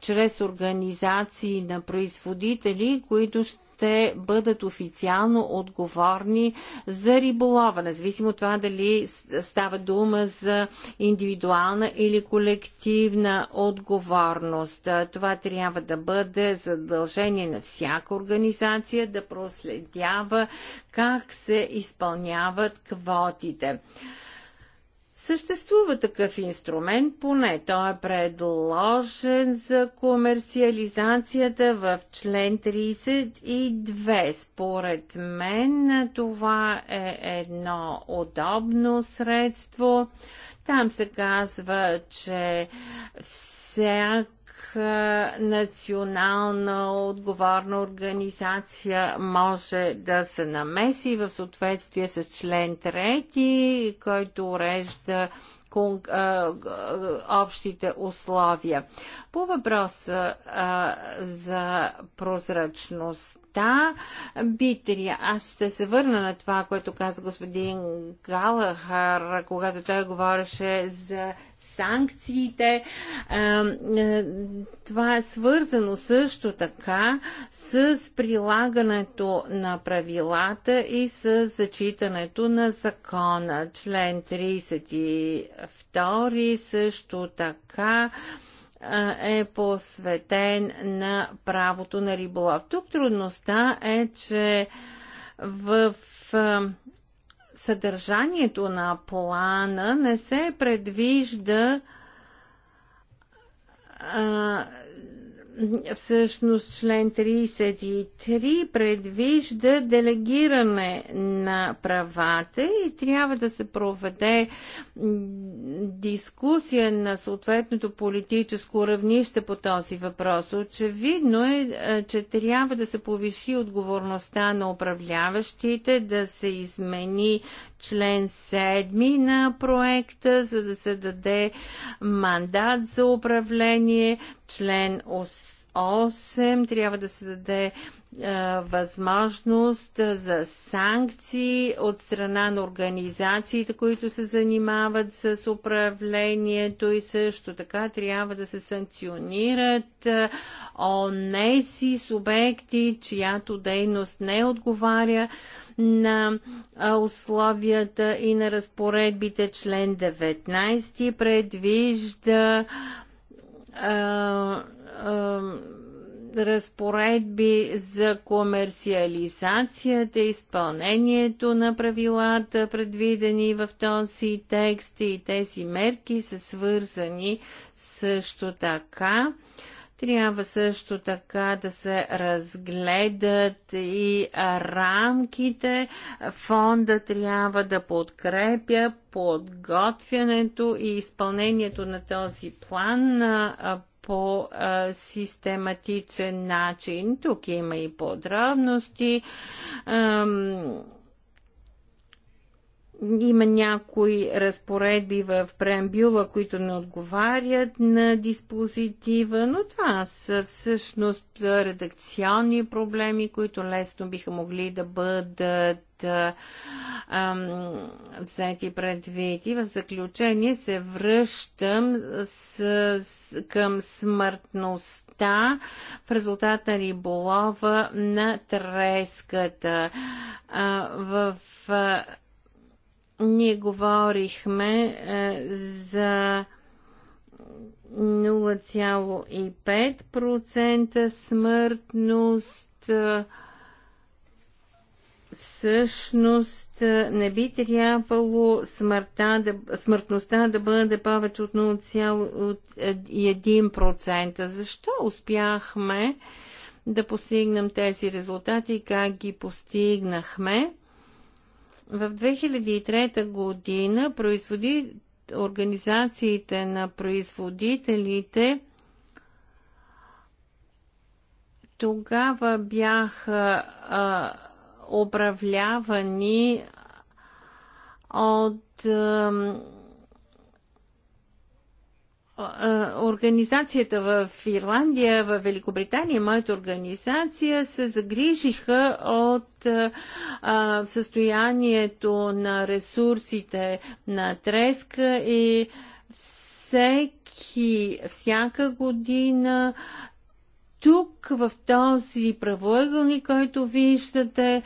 чрез организации на производители, които ще бъдат официално отговорни за риболова, независимо от това дали става дума за индивидуална или колективна отговорност. Това трябва да бъде задължение на всяка организация да проследява как се изпълняват квотите. Съществува такъв инструмент, поне той е предложен за комерциализацията в член 32. Според мен това е едно удобно средство. Там се казва, че всяка национална отговорна организация може да се намеси в съответствие с член 3, който урежда общите условия. По въпроса за прозрачността, би аз ще се върна на това, което каза господин Галахар, когато той говореше за санкциите. Е, това е свързано също така с прилагането на правилата и с зачитането на закона. Член 32 също така е посветен на правото на риболов. Тук трудността е, че в съдържанието на плана не се предвижда а, всъщност член 33 предвижда делегиране на правата и трябва да се проведе дискусия на съответното политическо равнище по този въпрос. Очевидно е, е че трябва да се повиши отговорността на управляващите, да се измени член 7 на проекта, за да се даде мандат за управление член 8 трябва да се даде възможност за санкции от страна на организациите, които се занимават с управлението и също така трябва да се санкционират онеси субекти, чиято дейност не отговаря на условията и на разпоредбите. Член 19 предвижда разпоредби за комерциализацията, изпълнението на правилата, предвидени в този текст и тези мерки са свързани също така трябва също така да се разгледат и рамките. Фонда трябва да подкрепя подготвянето и изпълнението на този план по систематичен начин. Тук има и подробности има някои разпоредби в преамбюла, които не отговарят на диспозитива, но това са всъщност редакционни проблеми, които лесно биха могли да бъдат ам, взети предвид. И в заключение се връщам с, с, към смъртността в резултат на риболова на треската. А, в а, ние говорихме е, за 0,5% смъртност. Е, всъщност е, не би трябвало смъртта да, смъртността да бъде повече от 0,1%. Защо успяхме да постигнем тези резултати и как ги постигнахме? В 2003 година производи... организациите на производителите тогава бяха а, управлявани от а, организацията в Ирландия, в Великобритания, моята организация, се загрижиха от а, състоянието на ресурсите на треска и всеки, всяка година тук в този правоъгълник, който виждате,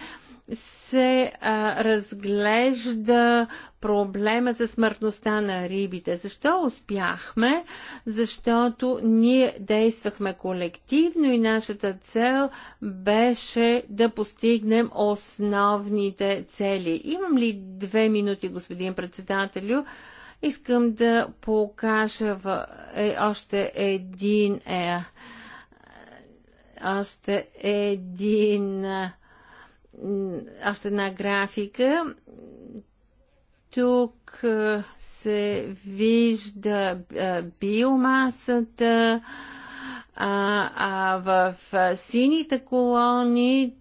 се а, разглежда проблема за смъртността на рибите. Защо успяхме? Защото ние действахме колективно и нашата цел беше да постигнем основните цели. Имам ли две минути, господин председателю? Искам да покажа в, е, още един е, още един е, още една графика. Тук се вижда биомасата, а, а в сините колони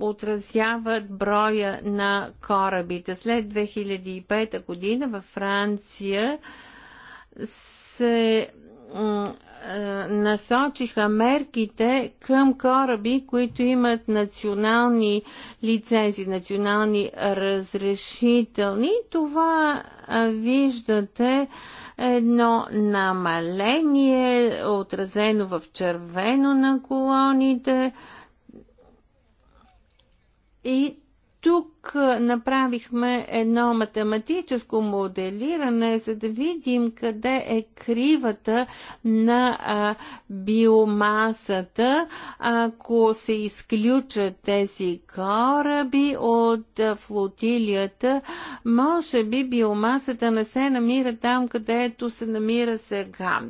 отразяват броя на корабите. След 2005 година във Франция се е, насочиха мерките към кораби, които имат национални лицензи, национални разрешителни. Това е, виждате едно намаление, отразено в червено на колоните. И тук направихме едно математическо моделиране, за да видим къде е кривата на а, биомасата, ако се изключат тези кораби от а, флотилията. Може би биомасата не се намира там, където се намира сега.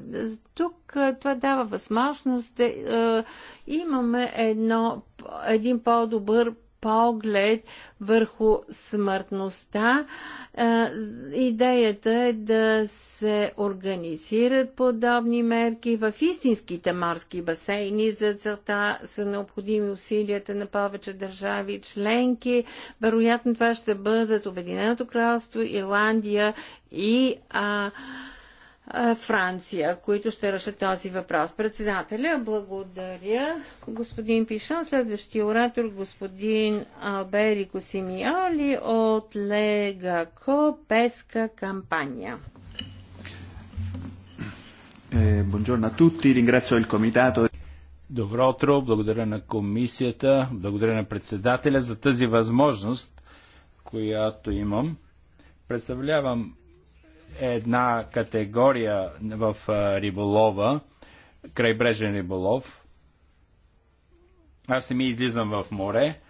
Тук а, това дава възможност да а, имаме едно, един по-добър поглед върху смъртността. Идеята е да се организират подобни мерки в истинските морски басейни. За целта са необходими усилията на повече държави и членки. Вероятно това ще бъдат Обединеното кралство, Ирландия и а, Франция, които ще решат този въпрос. Председателя, благодаря. Господин Пишан, следващия оратор, господин Берико Симиоли от Легако Копеска кампания. Е, Добро утро, благодаря на комисията, благодаря на председателя за тази възможност, която имам. Представлявам една категория в риболова, крайбрежен риболов. Аз сами излизам в море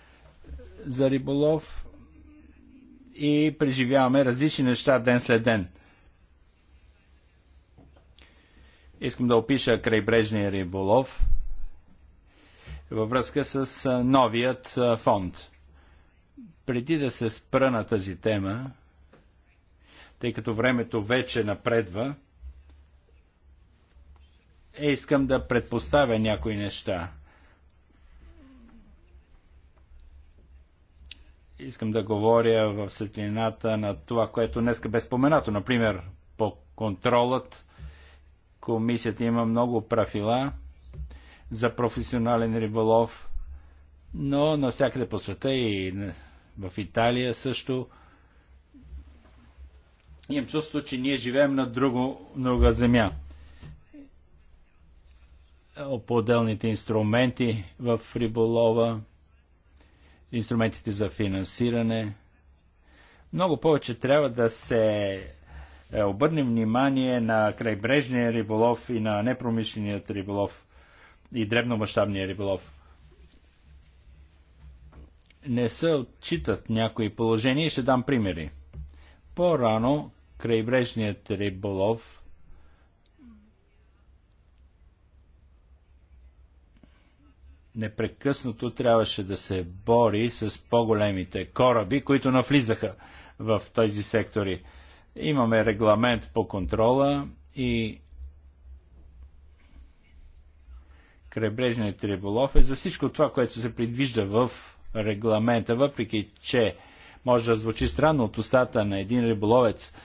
за риболов и преживяваме различни неща ден след ден. Искам да опиша крайбрежния риболов във връзка с новият фонд. Преди да се спра на тази тема, тъй като времето вече напредва, е, искам да предпоставя някои неща. Искам да говоря в светлината на това, което днеска бе споменато. Например, по контролът комисията има много правила за професионален риболов, но навсякъде по света и в Италия също – имам чувство, че ние живеем на друго, друга земя. По отделните инструменти в риболова, инструментите за финансиране. Много повече трябва да се е, обърнем внимание на крайбрежния риболов и на непромишленият риболов и дребномащабния риболов. Не се отчитат някои положения и ще дам примери. По-рано крайбрежният риболов непрекъснато трябваше да се бори с по-големите кораби, които навлизаха в тези сектори. Имаме регламент по контрола и крайбрежният риболов е за всичко това, което се предвижда в регламента, въпреки че може да звучи странно от устата на един риболовец –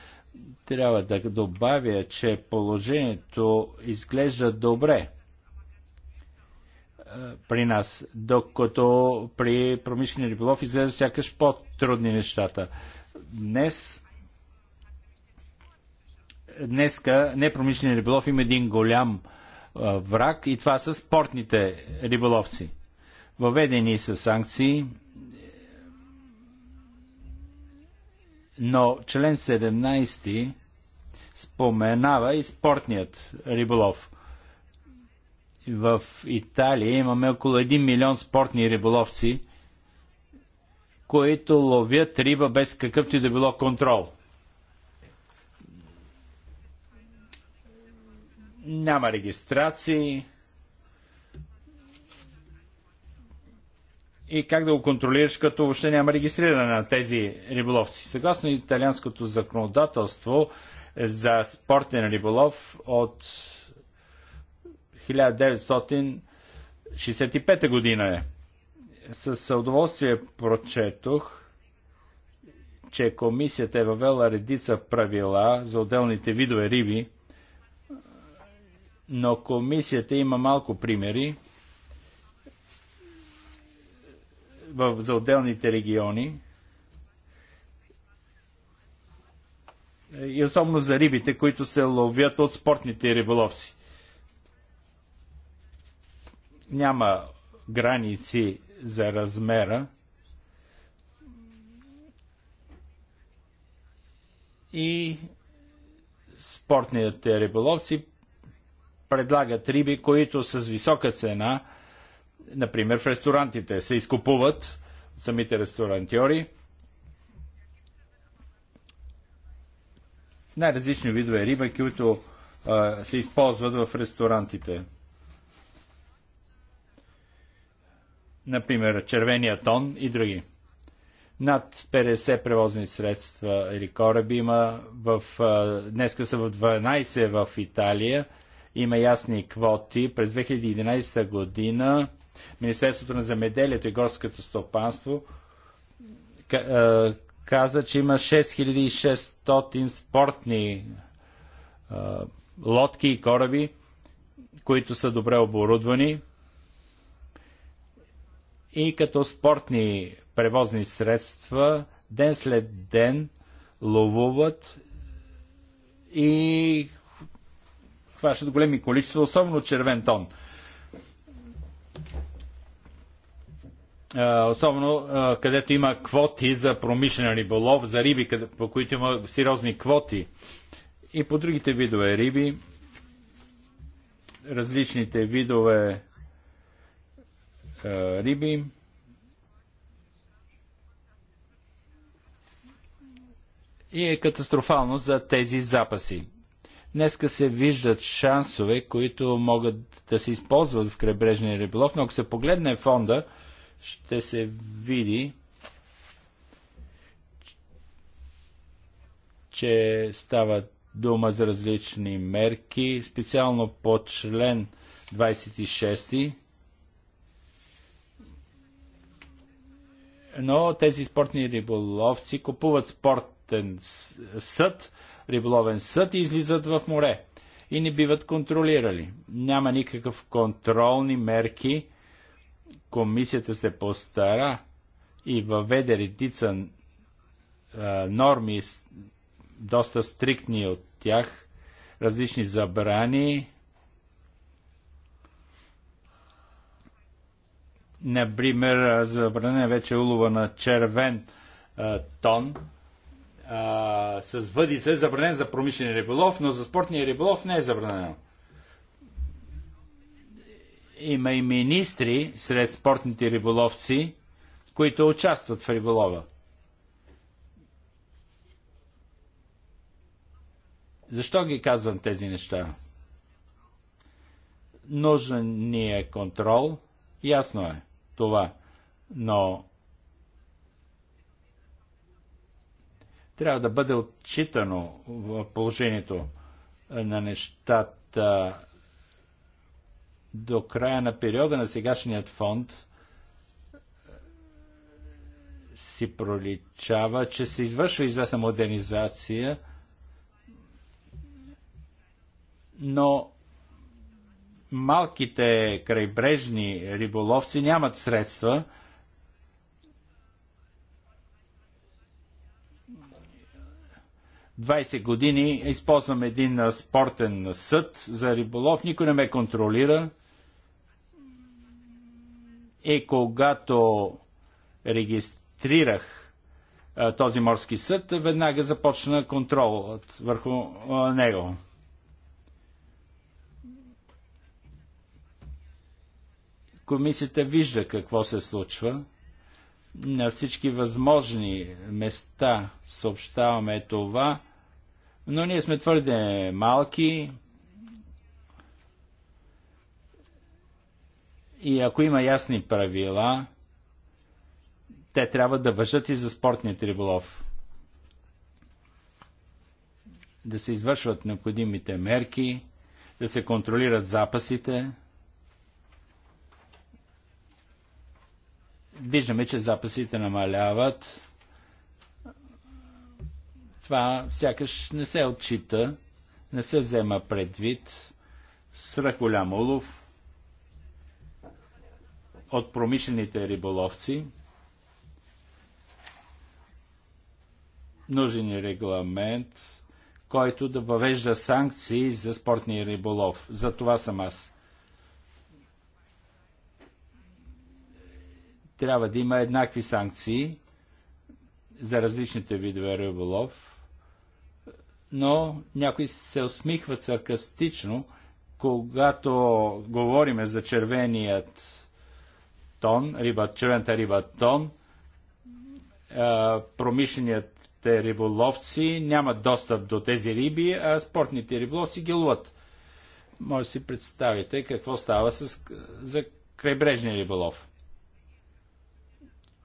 трябва да добавя, че положението изглежда добре при нас, докато при промишлени риболов изглежда сякаш по-трудни нещата. Днес днеска непромишлен риболов има един голям враг и това са спортните риболовци. Въведени са санкции – Но член 17 споменава и спортният риболов. В Италия имаме около 1 милион спортни риболовци, които ловят риба без какъвто и да било контрол. Няма регистрации, и как да го контролираш, като въобще няма регистриране на тези риболовци. Съгласно италианското законодателство за спортен риболов от 1965 година е. С удоволствие прочетох, че комисията е въвела редица правила за отделните видове риби, но комисията има малко примери – в, за отделните региони и особено за рибите, които се ловят от спортните риболовци. Няма граници за размера и спортните риболовци предлагат риби, които с висока цена – Например, в ресторантите се изкупуват самите ресторантьори. Най-различни видове риба, които а, се използват в ресторантите. Например, червения тон и други. Над 50 превозни средства или кораби има в... А, днеска са в 12 в Италия. Има ясни квоти. През 2011 година Министерството на земеделието и горското стопанство е, каза, че има 6600 спортни е, лодки и кораби, които са добре оборудвани и като спортни превозни средства ден след ден ловуват и хващат големи количества, особено червен тон – особено където има квоти за промишлен риболов, за риби, по които има сериозни квоти. И по другите видове риби, различните видове риби. И е катастрофално за тези запаси. Днеска се виждат шансове, които могат да се използват в крайбрежния риболов, но ако се погледне фонда, ще се види, че става дума за различни мерки, специално по член 26. Но тези спортни риболовци купуват спортен съд, риболовен съд и излизат в море. И не биват контролирали. Няма никакъв контролни мерки комисията се постара и въведе редица а, норми, доста стриктни от тях, различни забрани. Например, забранена е вече улова на червен а, тон а, с въдица е забранен за промишлен риболов, но за спортния риболов не е забранено. Има и министри сред спортните риболовци, които участват в риболова. Защо ги казвам тези неща? Нужен ни е контрол, ясно е това, но трябва да бъде отчитано в положението на нещата до края на периода на сегашният фонд е, си проличава, че се извършва известна модернизация, но малките крайбрежни риболовци нямат средства. Двайсет години използвам един спортен съд за риболов, никой не ме контролира – е, когато регистрирах а, този морски съд, веднага започна контрол върху а, него. Комисията вижда какво се случва. На всички възможни места съобщаваме това, но ние сме твърде малки, И ако има ясни правила, те трябва да въжат и за спортният риболов. Да се извършват необходимите мерки, да се контролират запасите. Виждаме, че запасите намаляват. Това сякаш не се отчита, не се взема предвид. Сръх голям улов, от промишлените риболовци. Нужен е регламент, който да въвежда санкции за спортния риболов. За това съм аз. Трябва да има еднакви санкции за различните видове риболов, но някои се усмихват саркастично, когато говориме за червеният тон, риба, червената риба тон, промишленият риболовци нямат достъп до тези риби, а спортните риболовци ги луват. Може да си представите какво става с, за крайбрежния риболов.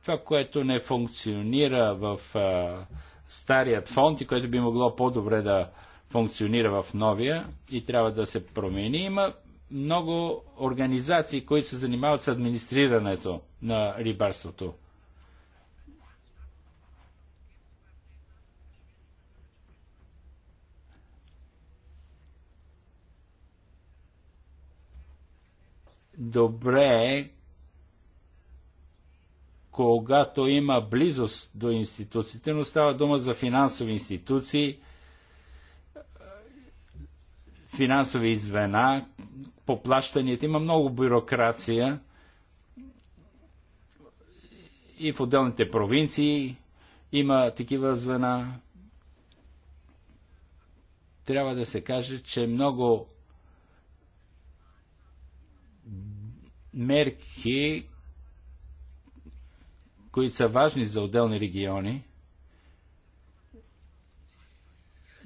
Това, което не функционира в а, старият фонд и което би могло по-добре да функционира в новия и трябва да се промени, има много организации, които се занимават с администрирането на рибарството. Добре е, когато има близост до институциите, но става дума за финансови институции – финансови звена по плащанията. Има много бюрокрация и в отделните провинции има такива звена. Трябва да се каже, че много мерки, които са важни за отделни региони,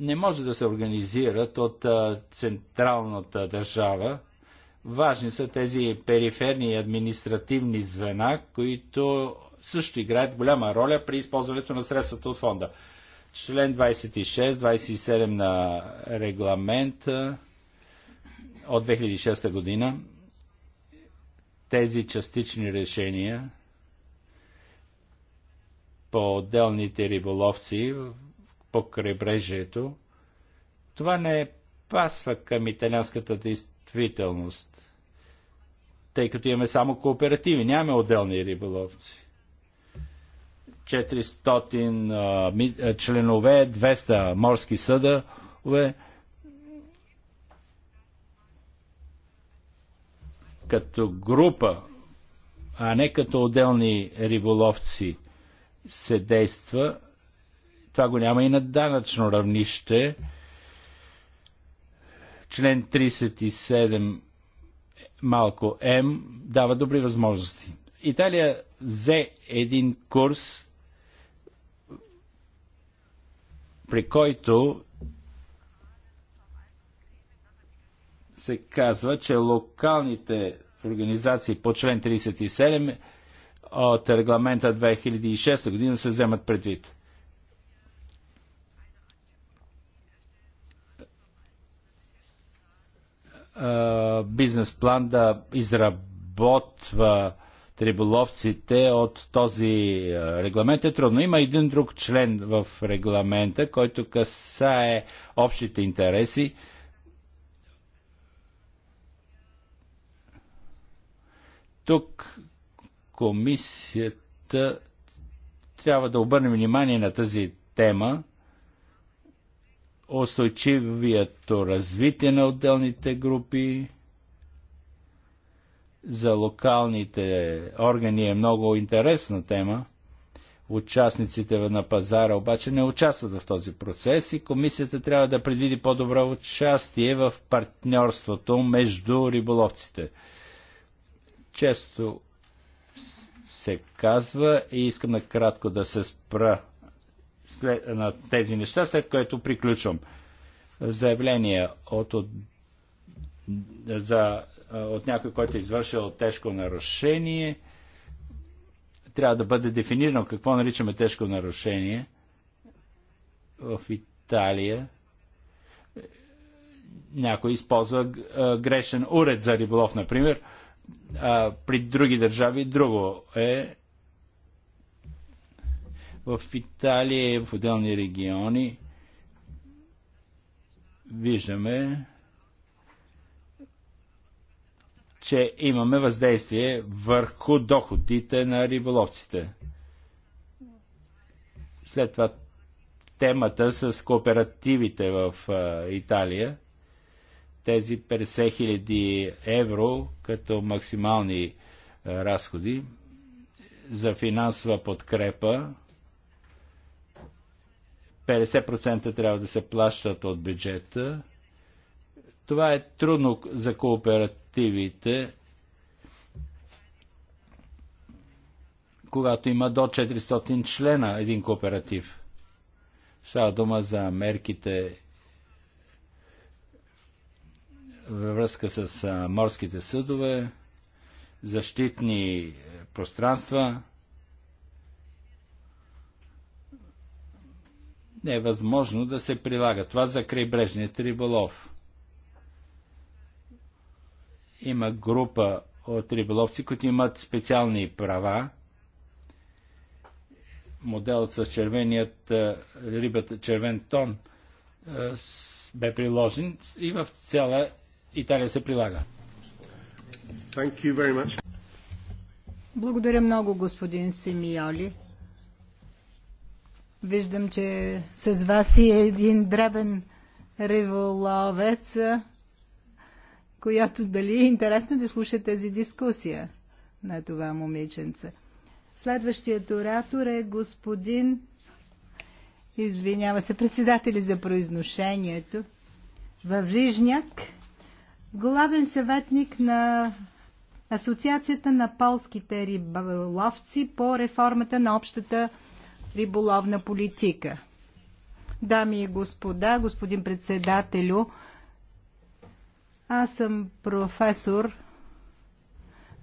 не може да се организират от централната държава. Важни са тези периферни административни звена, които също играят голяма роля при използването на средствата от фонда. Член 26-27 на регламент от 2006 година тези частични решения по отделните риболовци по крайбрежието, това не пасва към италианската действителност, тъй като имаме само кооперативи, нямаме отделни риболовци. 400 членове, 200 морски съда. Като група, а не като отделни риболовци се действа – това го няма и на данъчно равнище. Член 37 малко М дава добри възможности. Италия взе един курс, при който се казва, че локалните организации по член 37 от регламента 2006 година се вземат предвид. бизнес план да изработва риболовците от този регламент е трудно. Има един друг член в регламента, който касае общите интереси. Тук комисията трябва да обърне внимание на тази тема устойчивието развитие на отделните групи. За локалните органи е много интересна тема. Участниците на пазара обаче не участват в този процес и комисията трябва да предвиди по-добро участие в партньорството между риболовците. Често се казва и искам накратко да се спра след, на тези неща, след което приключвам. Заявление от, от, за, от някой, който е извършил тежко нарушение, трябва да бъде дефинирано какво наричаме тежко нарушение в Италия. Някой използва грешен уред за риболов, например. А при други държави друго е в Италия и в отделни региони виждаме, че имаме въздействие върху доходите на риболовците. След това темата с кооперативите в Италия. Тези 50 000 евро като максимални разходи за финансова подкрепа 50% трябва да се плащат от бюджета. Това е трудно за кооперативите, когато има до 400 члена един кооператив. Става дума за мерките във връзка с морските съдове, защитни пространства, не е възможно да се прилага. Това за крайбрежният риболов. Има група от риболовци, които имат специални права. Модел с червеният е, рибата, червен тон е, бе приложен и в цяла Италия се прилага. Thank you very much. Благодаря много, господин Семиоли. Виждам, че с вас е един дребен револовец, която дали е интересно да слуша тази дискусия на това момиченце. Следващият оратор е господин извинява се, председатели за произношението, Въврижняк, главен съветник на Асоциацията на полските риболовци по реформата на общата риболовна политика. Дами и господа, господин председателю, аз съм професор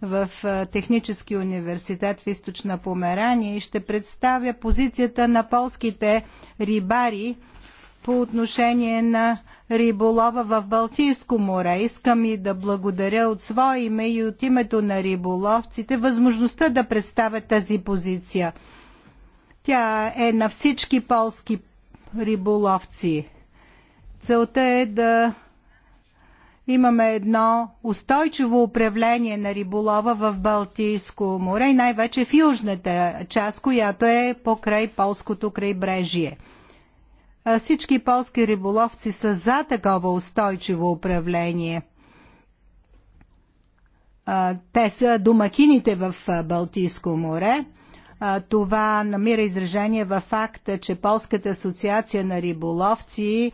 в Технически университет в Източна Померания и ще представя позицията на полските рибари по отношение на риболова в Балтийско море. Искам и да благодаря от свое име и от името на риболовците възможността да представя тази позиция. Тя е на всички полски риболовци. Целта е да имаме едно устойчиво управление на риболова в Балтийско море и най-вече в южната част, която е покрай полското крайбрежие. Всички полски риболовци са за такова устойчиво управление. Те са домакините в Балтийско море това намира изражение във факта, че Полската асоциация на риболовци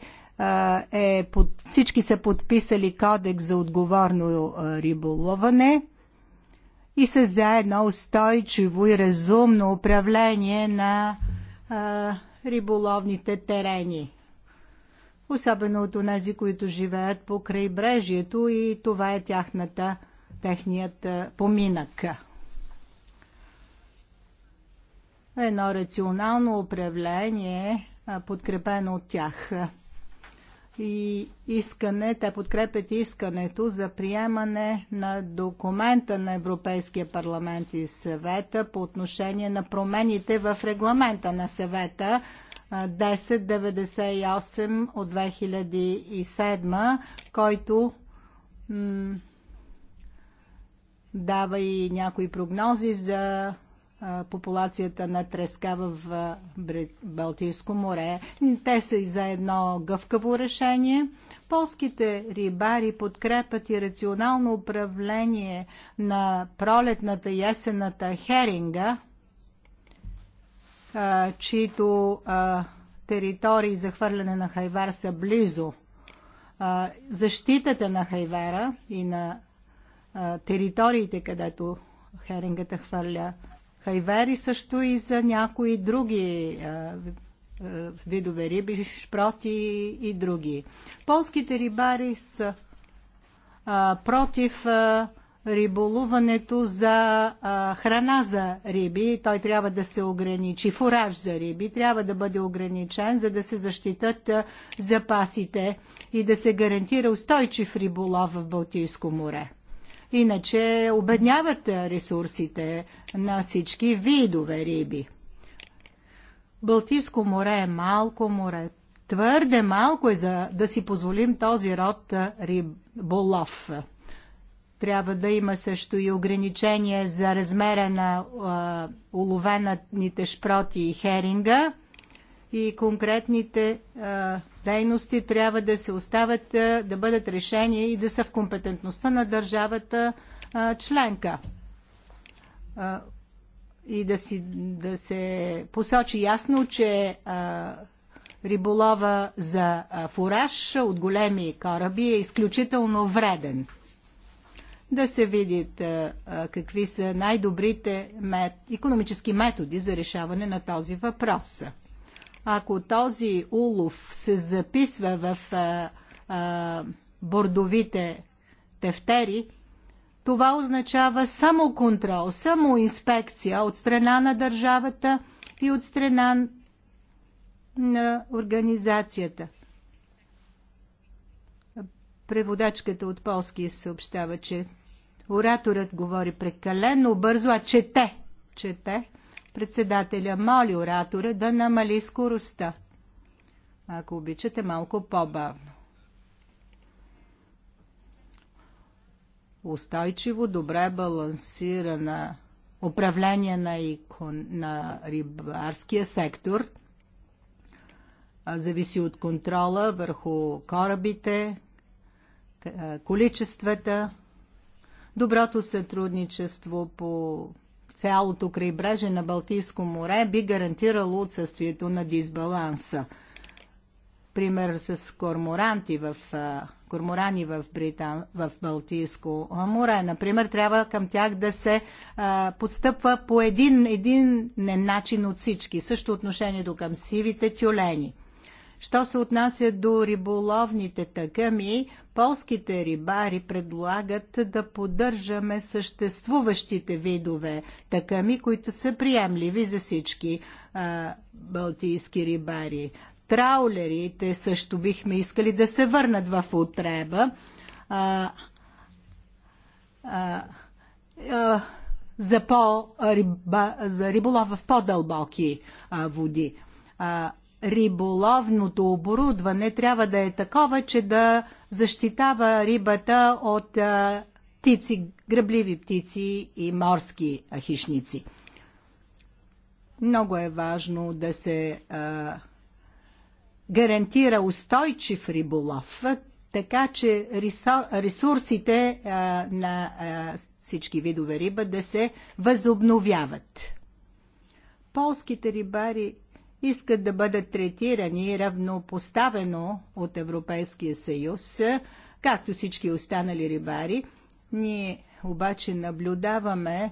е под, всички са подписали кодекс за отговорно риболоване и са за едно устойчиво и разумно управление на риболовните терени. Особено от онези, които живеят по крайбрежието и това е тяхната, техният поминък. едно рационално управление, подкрепено от тях. И искане, те подкрепят искането за приемане на документа на Европейския парламент и съвета по отношение на промените в регламента на съвета 1098 от 2007, който дава и някои прогнози за популацията на треска в Балтийско море. Те са и за едно гъвкаво решение. Полските рибари подкрепят и рационално управление на пролетната и есената херинга, чието територии за хвърляне на хайвар са близо. Защитата на хайвара и на териториите, където херингата хвърля хайвери, също и за някои други видове риби, шпроти и други. Полските рибари са а, против а, риболуването за а, храна за риби. Той трябва да се ограничи. Фураж за риби трябва да бъде ограничен, за да се защитат а, запасите и да се гарантира устойчив риболов в Балтийско море иначе обедняват ресурсите на всички видове риби. Балтийско море е малко море. Твърде малко е за да си позволим този род риболов. Трябва да има също и ограничение за размера на а, уловените шпроти и херинга и конкретните дейности трябва да се остават да бъдат решени и да са в компетентността на държавата членка. И да, си, да се посочи ясно, че риболова за фураж от големи кораби е изключително вреден. Да се видят какви са най-добрите мет... економически методи за решаване на този въпрос. Ако този улов се записва в а, а, бордовите тефтери, това означава само контрол, само инспекция от страна на държавата и от страна на организацията. Преводачката от полски съобщава, че ораторът говори прекалено бързо, а чете. Чете. Председателя моли оратора да намали скоростта. Ако обичате малко по-бавно. Устойчиво, добре балансирана управление на, икон, на рибарския сектор зависи от контрола върху корабите, количествата, доброто сътрудничество по цялото крайбреже на Балтийско море би гарантирало отсъствието на дисбаланса. Пример с корморанти в, корморани в, Британ, в Балтийско море. Например, трябва към тях да се а, подстъпва по един, един начин от всички. Също отношението към сивите тюлени – Що се отнася до риболовните тъкъми, полските рибари предлагат да поддържаме съществуващите видове тъкъми, които са приемливи за всички а, балтийски рибари. Траулерите също бихме искали да се върнат в отреба. А, а, а, за, по, риба, за риболов в по-дълбоки води. А, риболовното оборудване трябва да е такова, че да защитава рибата от птици, гръбливи птици и морски хищници. Много е важно да се а, гарантира устойчив риболов, така че ресурсите а, на а, всички видове риба да се възобновяват. Полските рибари искат да бъдат третирани равнопоставено от Европейския съюз, както всички останали рибари. Ние обаче наблюдаваме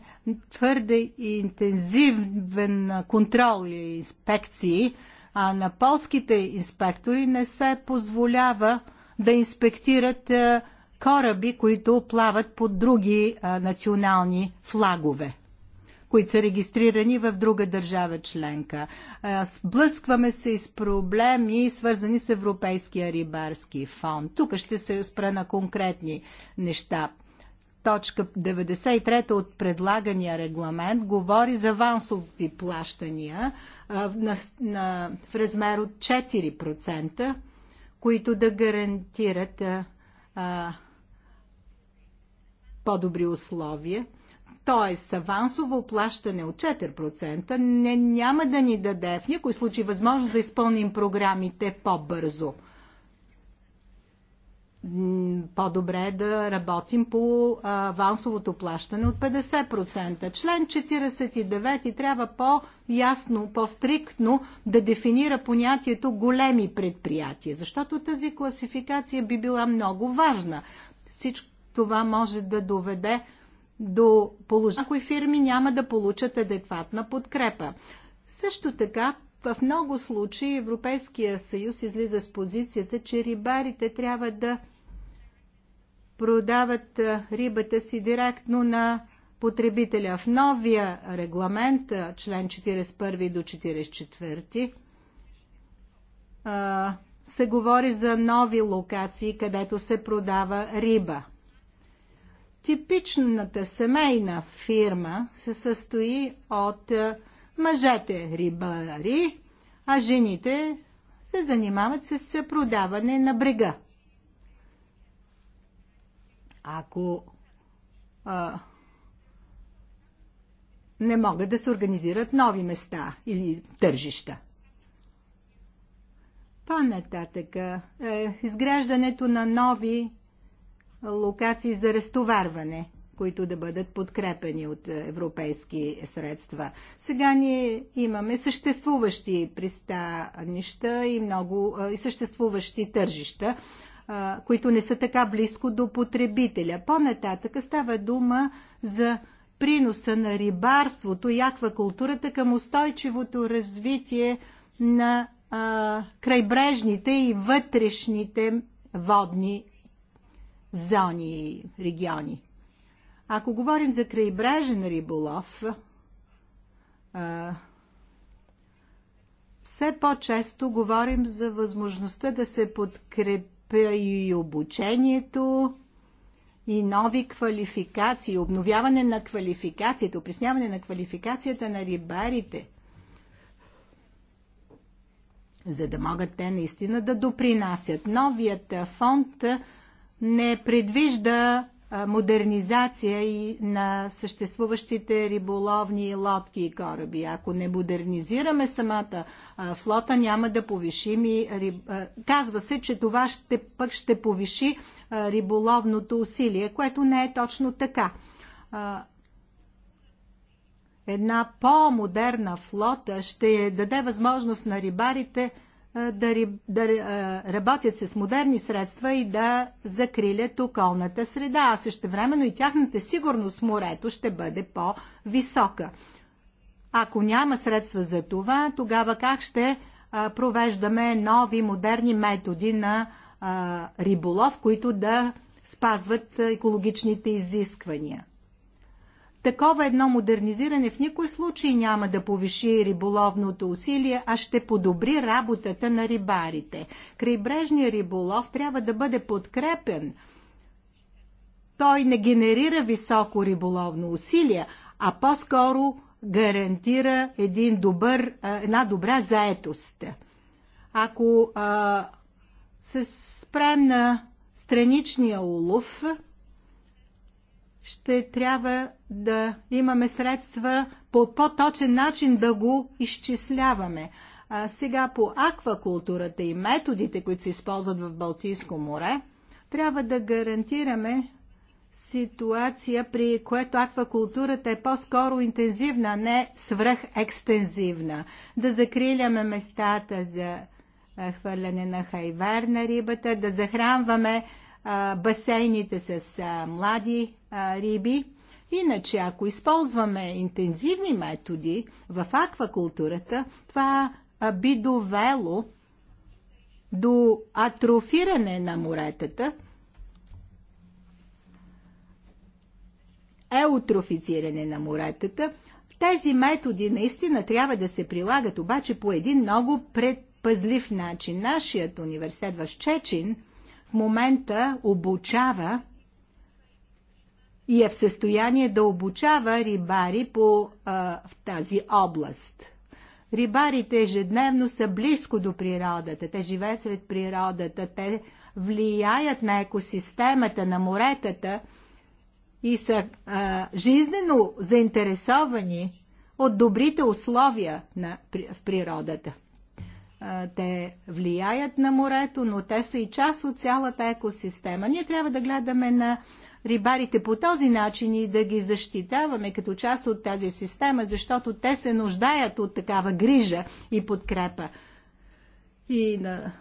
твърде интензивен контрол и инспекции, а на полските инспектори не се позволява да инспектират кораби, които плават под други национални флагове които са регистрирани в друга държава членка. Сблъскваме се и с проблеми, свързани с Европейския рибарски фонд. Тук ще се спра на конкретни неща точка 93 от предлагания регламент говори за авансови плащания а, на, на, в размер от 4%, които да гарантират а, а, по-добри условия с авансово плащане от 4% не, няма да ни даде в никой случай възможност да изпълним програмите по-бързо. По-добре е да работим по авансовото плащане от 50%. Член 49 трябва по-ясно, по-стриктно да дефинира понятието големи предприятия, защото тази класификация би била много важна. Всичко това може да доведе до положение. Някои фирми няма да получат адекватна подкрепа. Също така, в много случаи Европейския съюз излиза с позицията, че рибарите трябва да продават рибата си директно на потребителя. В новия регламент, член 41 до 44, се говори за нови локации, където се продава риба. Типичната семейна фирма се състои от е, мъжете рибари, а жените се занимават с продаване на брега. Ако а, не могат да се организират нови места или тържища. По-нататък е изграждането на нови локации за разтоварване, които да бъдат подкрепени от европейски средства. Сега ние имаме съществуващи пристанища и много и съществуващи тържища, които не са така близко до потребителя. по нататък става дума за приноса на рибарството и аквакултурата към устойчивото развитие на а, крайбрежните и вътрешните водни зони и региони. Ако говорим за крайбрежен риболов, все по-често говорим за възможността да се подкрепя и обучението, и нови квалификации, обновяване на квалификацията, опресняване на квалификацията на рибарите, за да могат те наистина да допринасят. Новият фонд не предвижда модернизация и на съществуващите риболовни лодки и кораби. Ако не модернизираме самата флота, няма да повишим и риб... казва се, че това ще, пък ще повиши риболовното усилие, което не е точно така. Една по-модерна флота ще даде възможност на рибарите да, да работят с модерни средства и да закрилят околната среда, а времено и тяхната сигурност морето ще бъде по-висока. Ако няма средства за това, тогава как ще провеждаме нови модерни методи на риболов, които да спазват екологичните изисквания? Такова едно модернизиране в никой случай няма да повиши риболовното усилие, а ще подобри работата на рибарите. Крайбрежният риболов трябва да бъде подкрепен. Той не генерира високо риболовно усилие, а по-скоро гарантира един добър, една добра заетост. Ако а, се спрем на страничния улов, ще трябва да имаме средства по по-точен начин да го изчисляваме. А сега по аквакултурата и методите, които се използват в Балтийско море, трябва да гарантираме ситуация, при което аквакултурата е по-скоро интензивна, а не свръхекстензивна. Да закриляме местата за хвърляне на хайвер на рибата, да захранваме а, басейните с а, млади а, риби Иначе, ако използваме интензивни методи в аквакултурата, това би довело до атрофиране на моретата, еутрофициране на моретата. Тези методи наистина трябва да се прилагат обаче по един много предпазлив начин. Нашият университет в Чечин в момента обучава и е в състояние да обучава рибари по, а, в тази област. Рибарите ежедневно са близко до природата, те живеят сред природата, те влияят на екосистемата, на моретата и са а, жизнено заинтересовани от добрите условия на, в природата. А, те влияят на морето, но те са и част от цялата екосистема. Ние трябва да гледаме на рибарите по този начин и да ги защитаваме като част от тази система, защото те се нуждаят от такава грижа и подкрепа. И на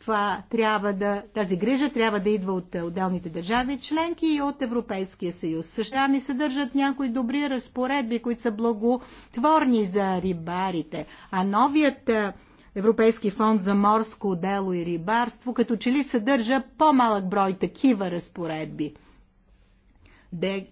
това трябва да, тази грижа трябва да идва от отделните държави членки и от Европейския съюз. Също ми съдържат някои добри разпоредби, които са благотворни за рибарите. А новият Европейски фонд за морско дело и рибарство, като че ли съдържа по-малък брой такива разпоредби.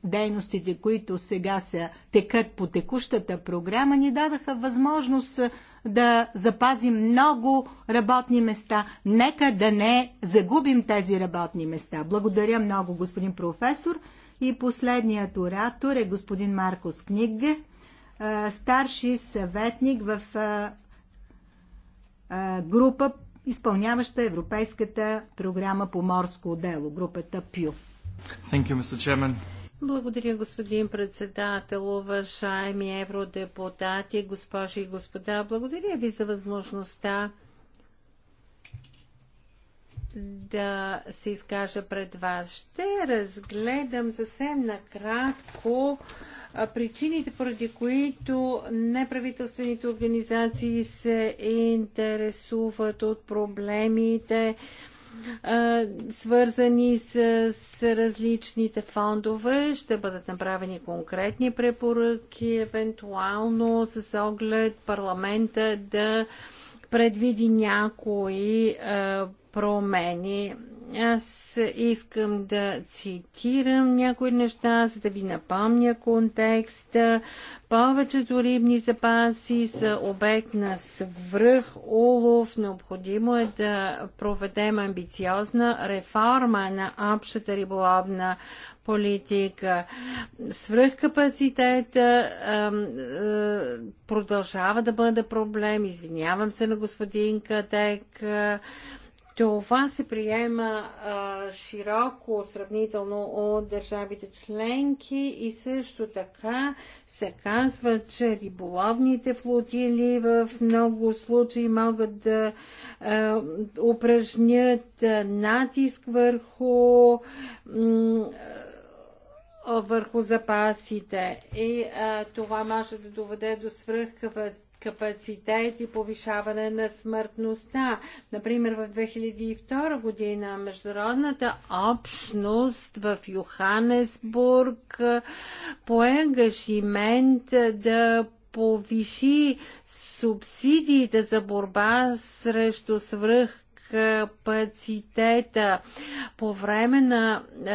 дейностите, които сега се текат по текущата програма, ни дадаха възможност да запазим много работни места. Нека да не загубим тези работни места. Благодаря много, господин професор. И последният оратор е господин Маркос Книг, старши съветник в група, изпълняваща Европейската програма по морско дело, групата ПЮ. Благодаря, господин председател, уважаеми евродепутати, госпожи и господа. Благодаря ви за възможността да се изкажа пред вас. Ще разгледам съвсем накратко а, причините, поради които неправителствените организации се интересуват от проблемите, свързани с, с различните фондове. Ще бъдат направени конкретни препоръки, евентуално с оглед парламента да предвиди някои промени. Аз искам да цитирам някои неща, за да ви напомня контекста. Повечето рибни запаси са обект на свръх улов. Необходимо е да проведем амбициозна реформа на общата риболовна политика. Свръхкапацитета е, продължава да бъде проблем. Извинявам се на господин Катек. Това се приема а, широко, сравнително от държавите членки и също така се казва, че риболовните флотили в много случаи могат да а, упражнят натиск върху върху запасите и а, това може да доведе до свръхкапацитет капацитет и повишаване на смъртността. Например, в 2002 година международната общност в Йоханесбург пое ангажимент да повиши субсидиите за борба срещу свръх капацитета. По време на а,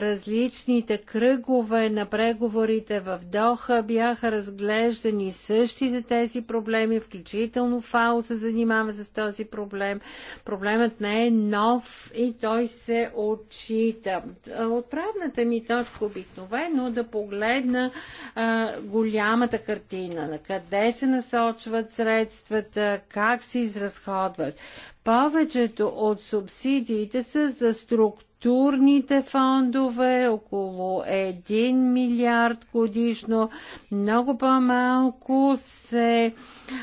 различните кръгове на преговорите в Доха бяха разглеждани същите тези проблеми, включително ФАО се занимава с този проблем. Проблемът не е нов и той се отчита. Отправната ми точка обикновено да погледна а, голямата картина, на къде се насочват средствата, как се изразходват. Повечето от субсидиите са за структури структурните фондове, около 1 милиард годишно, много по-малко се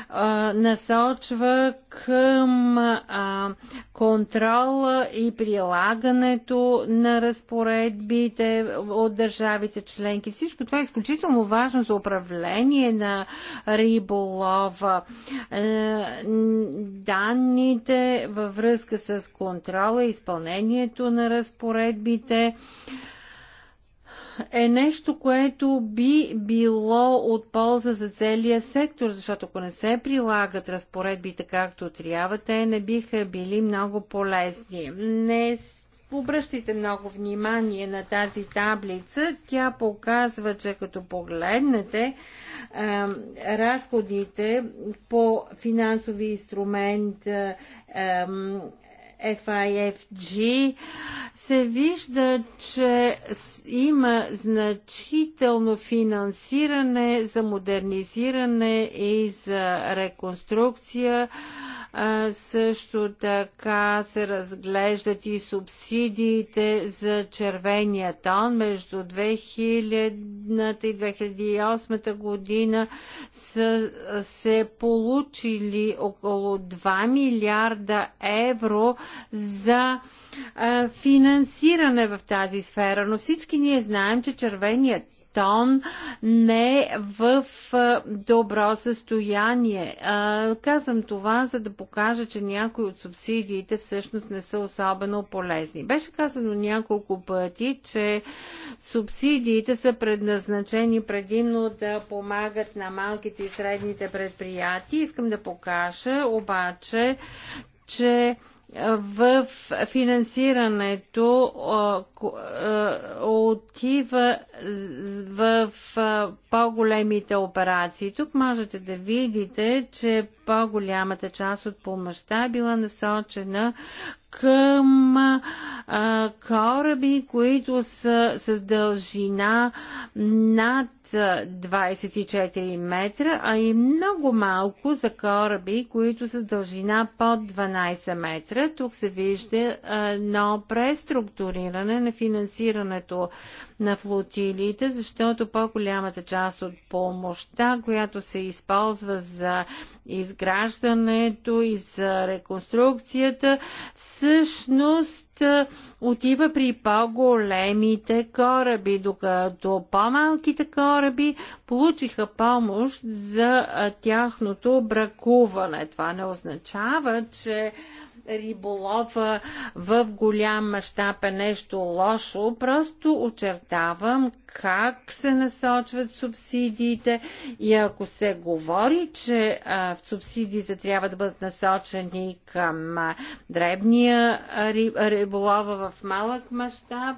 а, насочва към а, контрола и прилагането на разпоредбите от държавите членки. Всичко това е изключително важно за управление на риболова. Е, данните във връзка с контрола и изпълнението на разпоредбите разпоредбите е нещо, което би било от полза за целия сектор, защото ако не се прилагат разпоредбите както трябва, те не биха били много полезни. Не обръщайте много внимание на тази таблица. Тя показва, че като погледнете е, разходите по финансови инструмент е, FIFG, се вижда, че има значително финансиране за модернизиране и за реконструкция също така се разглеждат и субсидиите за червения тон. Между 2000 и 2008 година са се получили около 2 милиарда евро за финансиране в тази сфера. Но всички ние знаем, че червеният тон не в добро състояние. Казвам това, за да покажа, че някои от субсидиите всъщност не са особено полезни. Беше казано няколко пъти, че субсидиите са предназначени предимно да помагат на малките и средните предприятия. Искам да покажа обаче, че в финансирането отива в по-големите операции. Тук можете да видите, че по-голямата част от помощта е била насочена към а, кораби, които са с дължина над 24 метра, а и много малко за кораби, които са с дължина под 12 метра. Тук се вижда едно преструктуриране на финансирането на флотилиите, защото по-голямата част от помощта, която се използва за изграждането и за реконструкцията, всъщност отива при по-големите кораби, докато по-малките кораби получиха помощ за тяхното бракуване. Това не означава, че риболова в голям мащаб е нещо лошо, просто очертавам как се насочват субсидиите и ако се говори, че в субсидиите трябва да бъдат насочени към дребния риболова в малък мащаб,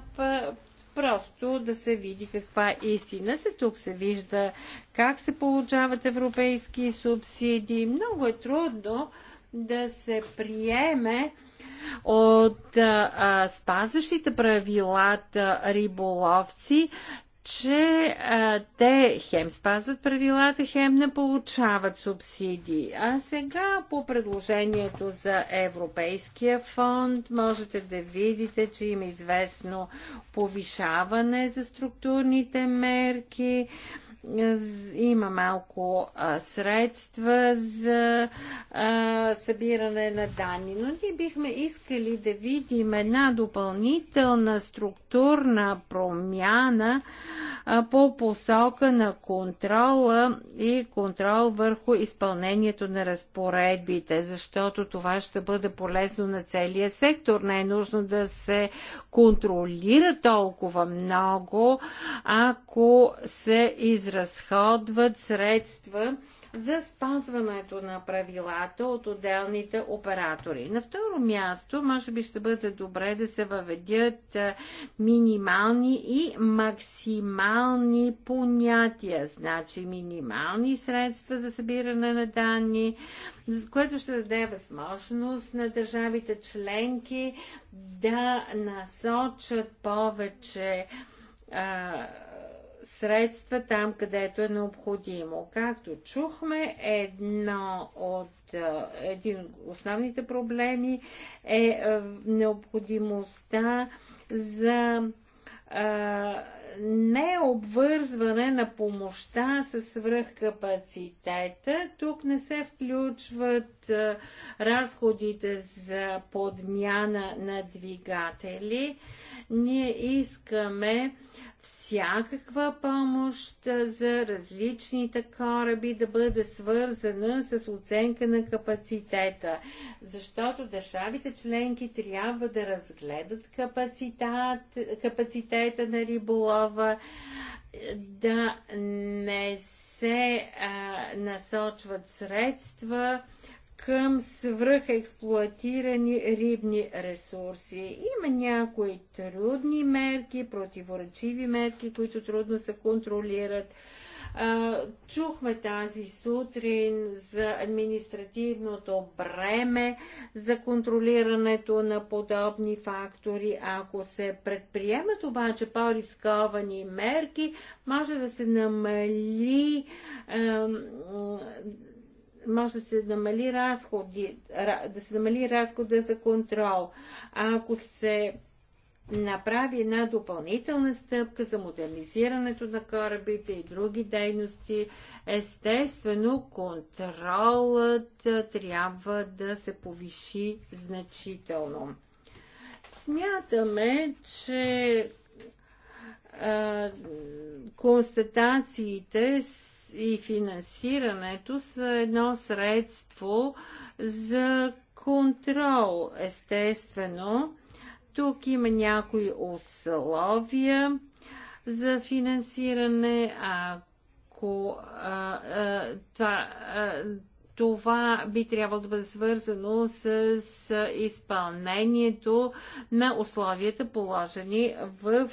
просто да се види каква е истината. Тук се вижда как се получават европейски субсидии. Много е трудно да се приеме от а, спазващите правилата риболовци, че а, те хем спазват правилата, хем не получават субсидии. А сега по предложението за Европейския фонд можете да видите, че има известно повишаване за структурните мерки има малко а, средства за а, събиране на данни, но ние бихме искали да видим една допълнителна структурна промяна а, по посока на контрола и контрол върху изпълнението на разпоредбите, защото това ще бъде полезно на целия сектор. Не е нужно да се контролира толкова много, ако се изразява изразходват средства за спазването на правилата от отделните оператори. На второ място, може би ще бъде добре да се въведят минимални и максимални понятия, значи минимални средства за събиране на данни, което ще даде възможност на държавите членки да насочат повече а, средства там, където е необходимо. Както чухме, едно от, е, един от основните проблеми е, е необходимостта за е, необвързване на помощта с свръхкапацитета. Тук не се включват разходите за подмяна на двигатели. Ние искаме всякаква помощ за различните кораби да бъде свързана с оценка на капацитета, защото държавите членки трябва да разгледат капацитет, капацитета на риболова, да не се а, насочват средства към свръхексплуатирани рибни ресурси. Има някои трудни мерки, противоречиви мерки, които трудно се контролират. чухме тази сутрин за административното бреме за контролирането на подобни фактори. Ако се предприемат обаче по-рисковани мерки, може да се намали може да се намали разходи, да се намали разхода за контрол. А ако се направи една допълнителна стъпка за модернизирането на корабите и други дейности, естествено контролът трябва да се повиши значително. Смятаме, че а, констатациите и финансирането са едно средство за контрол, естествено. Тук има някои условия за финансиране, ако а, а, това, а, това би трябвало да бъде свързано с изпълнението на условията положени в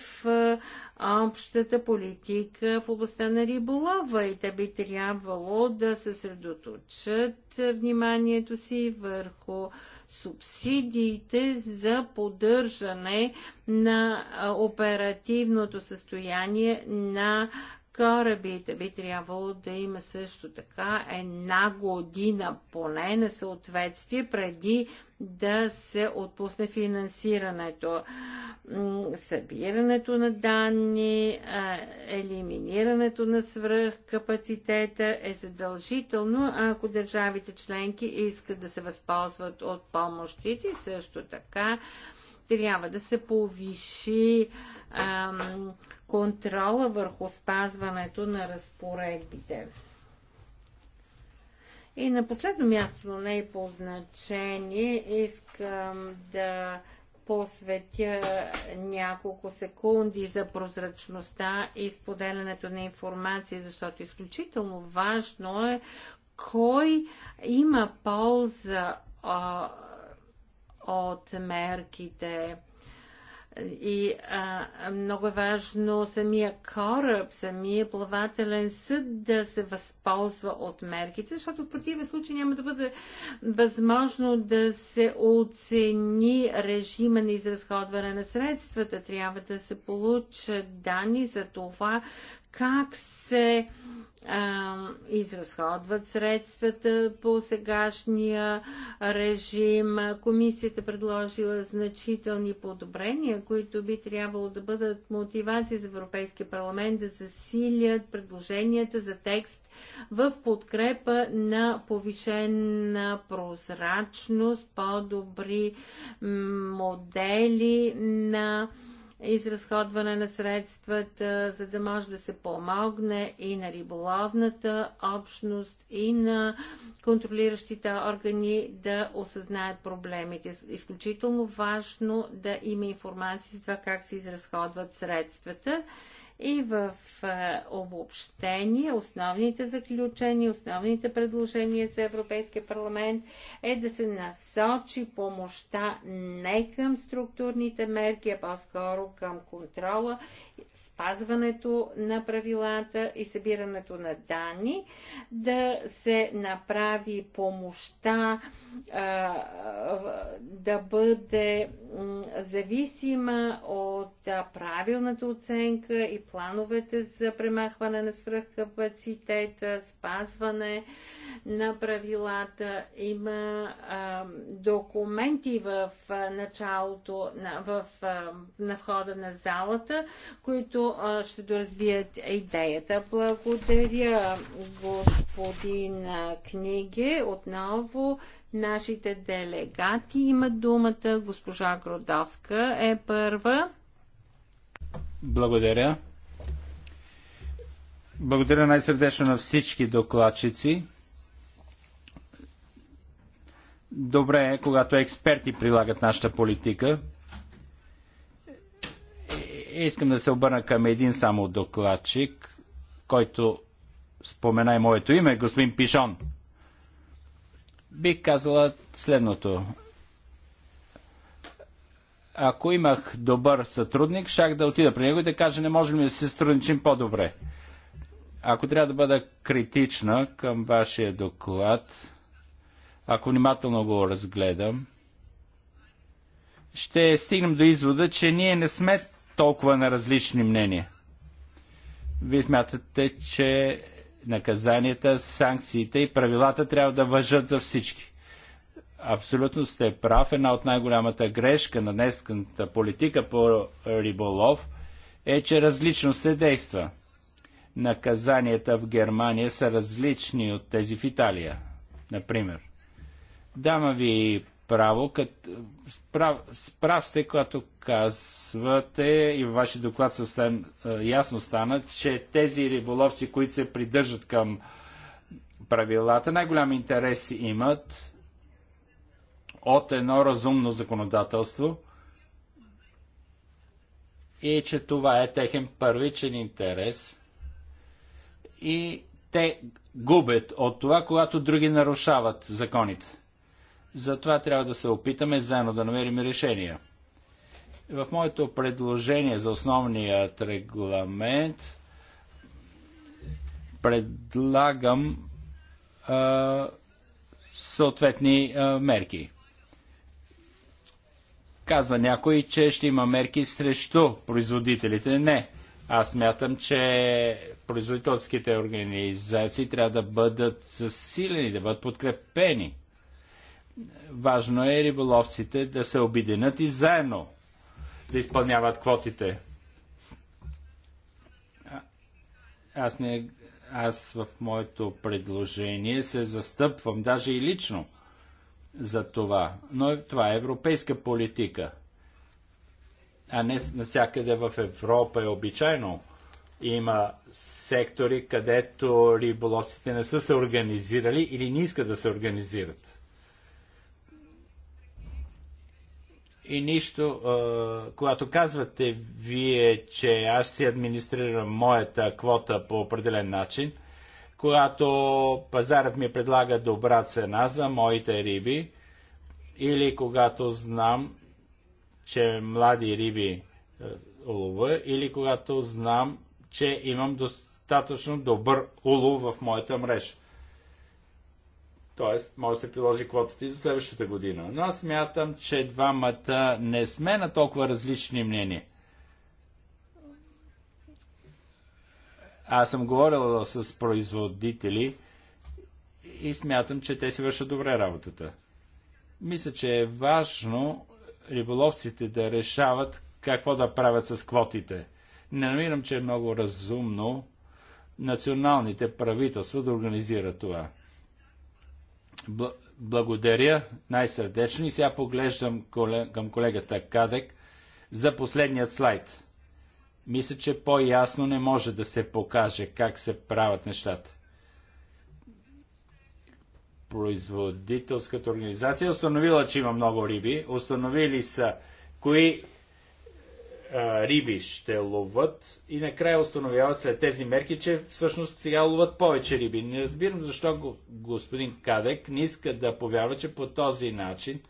общата политика в областта на риболова и те би трябвало да съсредоточат вниманието си върху субсидиите за поддържане на оперативното състояние на корабите би трябвало да има също така една година поне на съответствие преди да се отпусне финансирането. Събирането на данни, елиминирането на свръхкапацитета е задължително, ако държавите членки искат да се възползват от помощите. Също така трябва да се повиши а, контрола върху спазването на разпоредбите. И на последно място, но не е по значение, искам да посветя няколко секунди за прозрачността и споделянето на информация, защото изключително важно е кой има полза а, от мерките. И а, много е важно самия кораб, самия плавателен съд да се възползва от мерките, защото в противен случай няма да бъде възможно да се оцени режима на изразходване на средствата. Трябва да се получат данни за това как се а, изразходват средствата по сегашния режим. Комисията предложила значителни подобрения, които би трябвало да бъдат мотивации за Европейския парламент да засилят предложенията за текст в подкрепа на повишена прозрачност, по-добри модели на изразходване на средствата, за да може да се помогне и на риболовната общност, и на контролиращите органи да осъзнаят проблемите. Изключително важно да има информация за това как се изразходват средствата и в обобщение основните заключения, основните предложения за Европейския парламент е да се насочи помощта не към структурните мерки, а по-скоро към контрола спазването на правилата и събирането на данни, да се направи помощта да бъде зависима от правилната оценка и плановете за премахване на свръхкапацитета, спазване на правилата. Има документи в началото, в, на входа на залата, които ще доразвият идеята. Благодаря, господин Книги. Отново нашите делегати имат думата. Госпожа Гродовска е първа. Благодаря. Благодаря най-сърдечно на всички докладчици. Добре е, когато експерти прилагат нашата политика. Искам да се обърна към един само докладчик, който спомена и моето име, господин Пишон. Бих казала следното. Ако имах добър сътрудник, шах да отида при него и да кажа, не можем ли да се сътрудничим по-добре. Ако трябва да бъда критична към вашия доклад, ако внимателно го разгледам, ще стигнем до извода, че ние не сме толкова на различни мнения. Вие смятате, че наказанията, санкциите и правилата трябва да въжат за всички. Абсолютно сте прав. Една от най-голямата грешка на днесната политика по риболов е, че различно се действа. Наказанията в Германия са различни от тези в Италия, например. Дама ви право. Кът, прав, прав сте, когато казвате и във вашия доклад съвсем е, ясно стана, че тези риболовци, които се придържат към правилата, най-голям интерес имат от едно разумно законодателство и че това е техен първичен интерес и те губят от това, когато други нарушават законите. Затова трябва да се опитаме заедно да намерим решения. В моето предложение за основният регламент предлагам а, съответни а, мерки. Казва някой, че ще има мерки срещу производителите. Не. Аз мятам, че производителските организации трябва да бъдат засилени, да бъдат подкрепени. Важно е риболовците да се обединят и заедно да изпълняват квотите. аз, не, аз в моето предложение се застъпвам, даже и лично, за това. Но това е европейска политика. А не навсякъде в Европа е обичайно. Има сектори, където риболовците не са се организирали или не искат да се организират. И нищо, когато казвате вие, че аз си администрирам моята квота по определен начин, когато пазарът ми предлага добра цена за моите риби, или когато знам, че млади риби улова, или когато знам, че имам достатъчно добър улов в моята мрежа. Тоест, може да се приложи квотата и за следващата година. Но аз мятам, че двамата не сме на толкова различни мнения. Аз съм говорил с производители и смятам, че те си вършат добре работата. Мисля, че е важно риболовците да решават какво да правят с квотите. Не намирам, че е много разумно националните правителства да организират това. Благодаря най-сърдечно и сега поглеждам към колегата Кадек за последният слайд. Мисля, че по-ясно не може да се покаже как се правят нещата. Производителската организация е установила, че има много риби, установили са кои риби ще ловат и накрая установяват след тези мерки, че всъщност сега ловат повече риби. Не разбирам защо господин Кадек не иска да повярва, че по този начин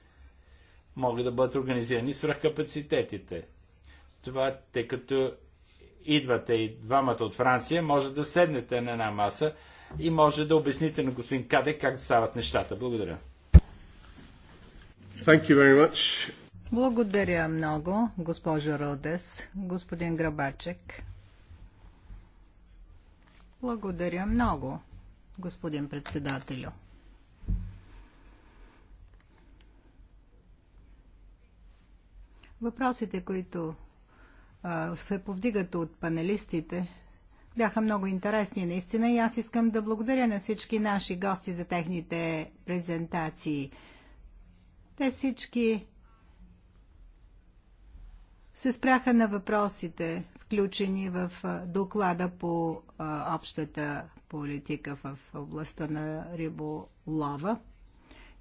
могат да бъдат организирани свръхкапацитетите. Това, тъй като идвате и двамата от Франция, може да седнете на една маса и може да обясните на господин Кадек как стават нещата. Благодаря. Thank you very much. Благодаря много, госпожо Родес, господин Грабачек. Благодаря много, господин председателю. Въпросите, които се повдигат от панелистите, бяха много интересни наистина и аз искам да благодаря на всички наши гости за техните презентации. Те всички се спряха на въпросите, включени в доклада по общата политика в областта на риболова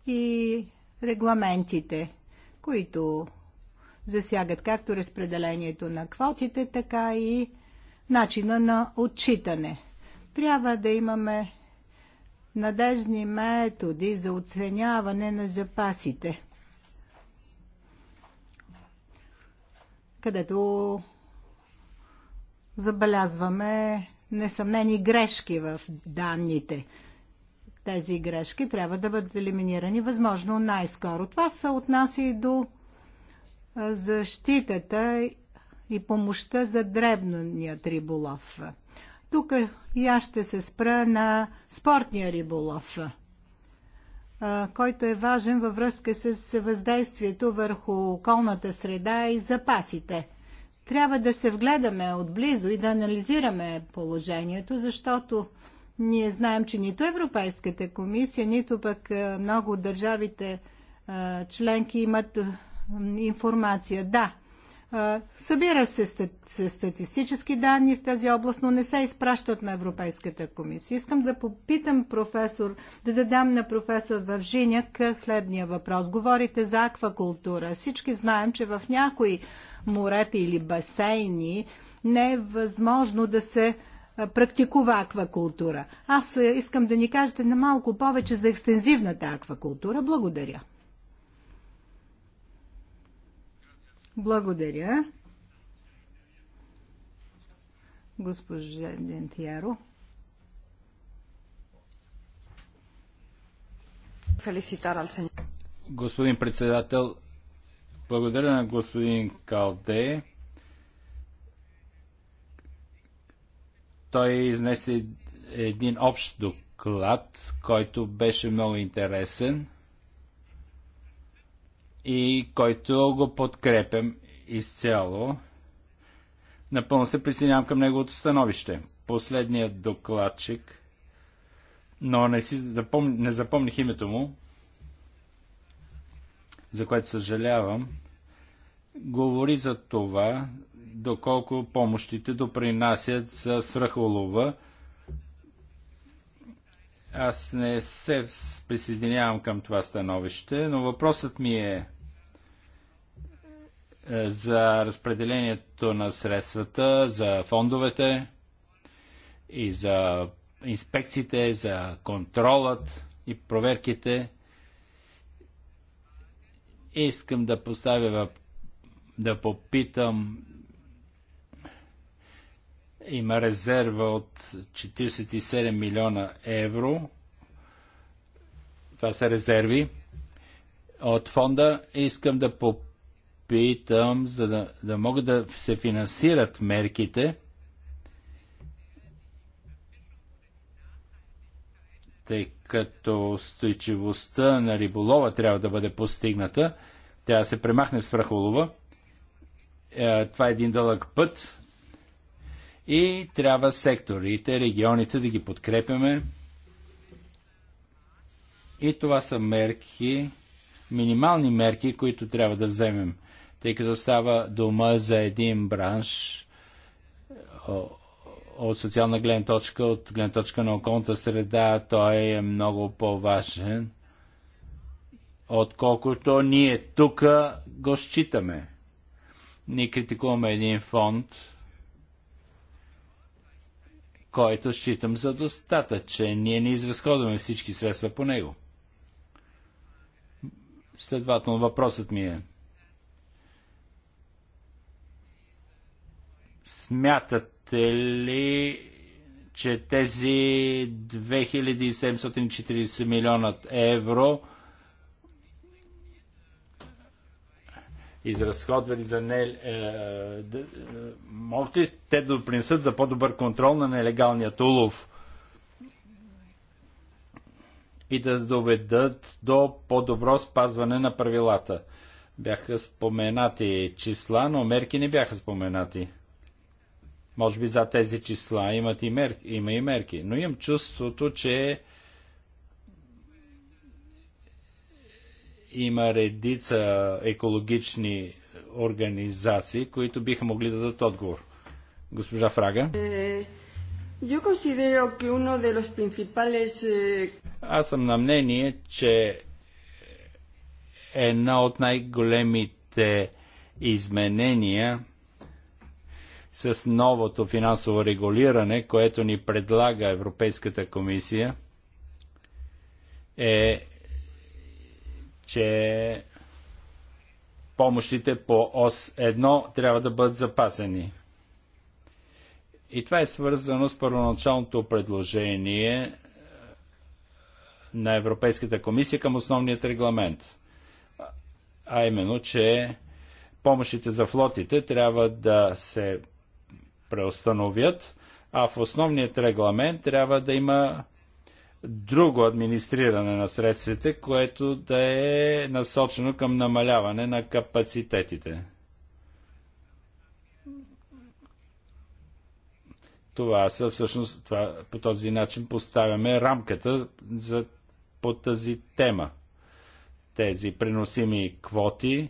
и регламентите, които засягат както разпределението на квотите, така и начина на отчитане. Трябва да имаме надежни методи за оценяване на запасите – където забелязваме несъмнени грешки в данните. Тези грешки трябва да бъдат елиминирани възможно най-скоро. Това се отнася и до защитата и помощта за дребният риболов. Тук и аз ще се спра на спортния риболов – който е важен във връзка с въздействието върху околната среда и запасите. Трябва да се вгледаме отблизо и да анализираме положението, защото ние знаем, че нито Европейската комисия, нито пък много от държавите членки имат информация. Да, Събира се статистически данни в тази област, но не се изпращат на Европейската комисия. Искам да попитам професор, да задам на професор Вавжиняк следния въпрос. Говорите за аквакултура. Всички знаем, че в някои морета или басейни не е възможно да се практикува аквакултура. Аз искам да ни кажете на малко повече за екстензивната аквакултура. Благодаря. Благодаря. Госпожа Дентияро. Господин председател, благодаря на господин Калде. Той изнесе един общ доклад, който беше много интересен – и който го подкрепям изцяло. Напълно се присъединявам към неговото становище. Последният докладчик, но не, си запом... не запомних името му, за което съжалявам, говори за това, доколко помощите допринасят за свръхолова. Аз не се присъединявам към това становище, но въпросът ми е за разпределението на средствата, за фондовете и за инспекциите, за контролът и проверките. Искам да поставя да попитам има резерва от 47 милиона евро. Това са резерви от фонда. Искам да попитам питам, за да, да могат да се финансират мерките, тъй като устойчивостта на риболова трябва да бъде постигната, тя да се премахне с върхолова. Е, това е един дълъг път и трябва секторите, регионите да ги подкрепяме. И това са мерки, минимални мерки, които трябва да вземем тъй като става дума за един бранш от социална гледна точка, от гледна точка на околната среда, той е много по-важен, отколкото ние тук го считаме. Ние критикуваме един фонд, който считам за достатъчен. Ние не изразходваме всички средства по него. Следователно, въпросът ми е – Смятате ли, че тези 2740 милиона евро изразходвали за не... Е, могат ли те да допринесат за по-добър контрол на нелегалния улов и да доведат до по-добро спазване на правилата? Бяха споменати числа, но мерки не бяха споменати. Може би за тези числа имат и мерки, има и мерки, но имам чувството, че има редица екологични организации, които биха могли да дадат отговор. Госпожа Фрага. Е, е, Аз съм на мнение, че една от най-големите изменения – с новото финансово регулиране, което ни предлага Европейската комисия, е, че помощите по ОС 1 трябва да бъдат запасени. И това е свързано с първоначалното предложение е, на Европейската комисия към основният регламент. А именно, че помощите за флотите трябва да се преустановят, а в основният регламент трябва да има друго администриране на средствите, което да е насочено към намаляване на капацитетите. Това са всъщност, това, по този начин поставяме рамката за, по тази тема. Тези преносими квоти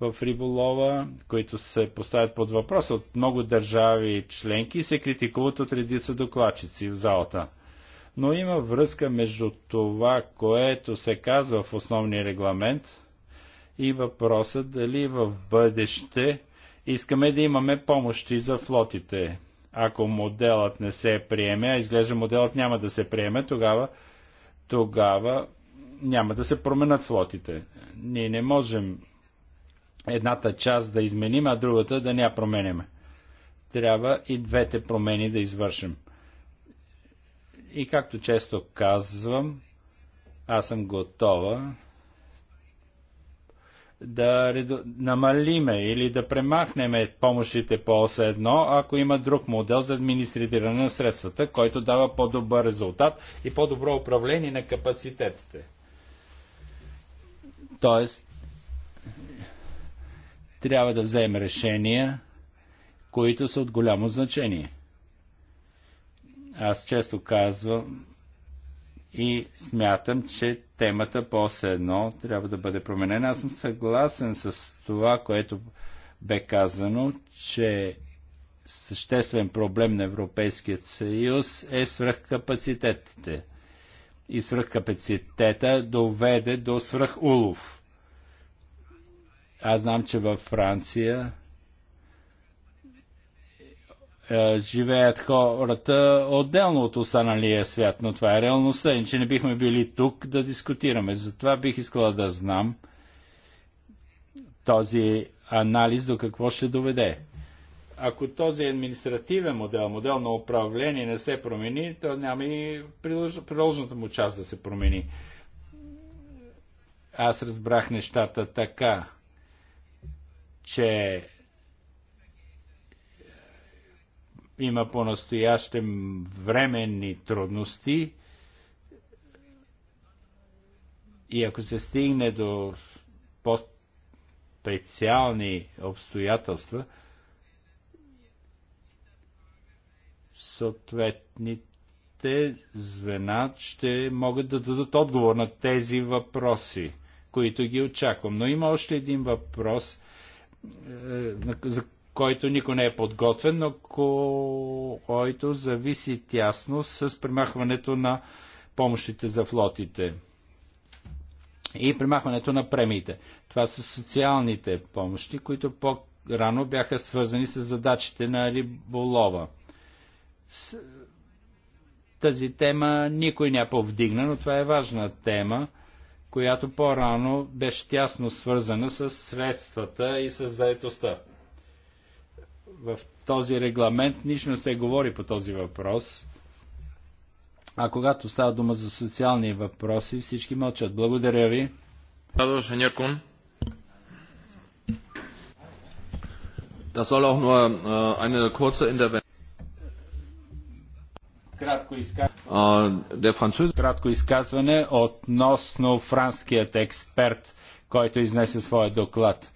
в риболова, които се поставят под въпрос от много държави членки и се критикуват от редица докладчици в залата. Но има връзка между това, което се казва в основния регламент и въпроса дали в бъдеще искаме да имаме помощи за флотите. Ако моделът не се приеме, а изглежда моделът няма да се приеме, тогава, тогава няма да се променят флотите. Ние не можем едната част да изменим, а другата да не я променяме. Трябва и двете промени да извършим. И както често казвам, аз съм готова да реду... намалиме или да премахнем помощите по ОС 1, ако има друг модел за администриране на средствата, който дава по-добър резултат и по-добро управление на капацитетите. Тоест, трябва да вземем решения, които са от голямо значение. Аз често казвам и смятам, че темата по едно трябва да бъде променена. Аз съм съгласен с това, което бе казано, че съществен проблем на Европейският съюз е свръхкапацитетите. И свръхкапацитета доведе до свръхулов. Аз знам, че във Франция е, живеят хората отделно от останалия свят, но това е реалността, иначе не бихме били тук да дискутираме. Затова бих искала да знам този анализ до какво ще доведе. Ако този административен модел, модел на управление не се промени, то няма и приложната му част да се промени. Аз разбрах нещата така че има по-настоящем временни трудности и ако се стигне до по-специални обстоятелства, съответните звена ще могат да дадат отговор на тези въпроси, които ги очаквам. Но има още един въпрос, за който никой не е подготвен, но който зависи тясно с примахването на помощите за флотите и примахването на премиите. Това са социалните помощи, които по-рано бяха свързани с задачите на риболова. С... Тази тема никой не повдигна, но това е важна тема – която по-рано беше тясно свързана с средствата и с заетостта. В този регламент нищо не се говори по този въпрос, а когато става дума за социални въпроси, всички мълчат. Благодаря ви. Das soll auch nur äh, eine kurze Intervention. Кратко изказване, Кратко изказване относно франският експерт, който изнесе своя доклад.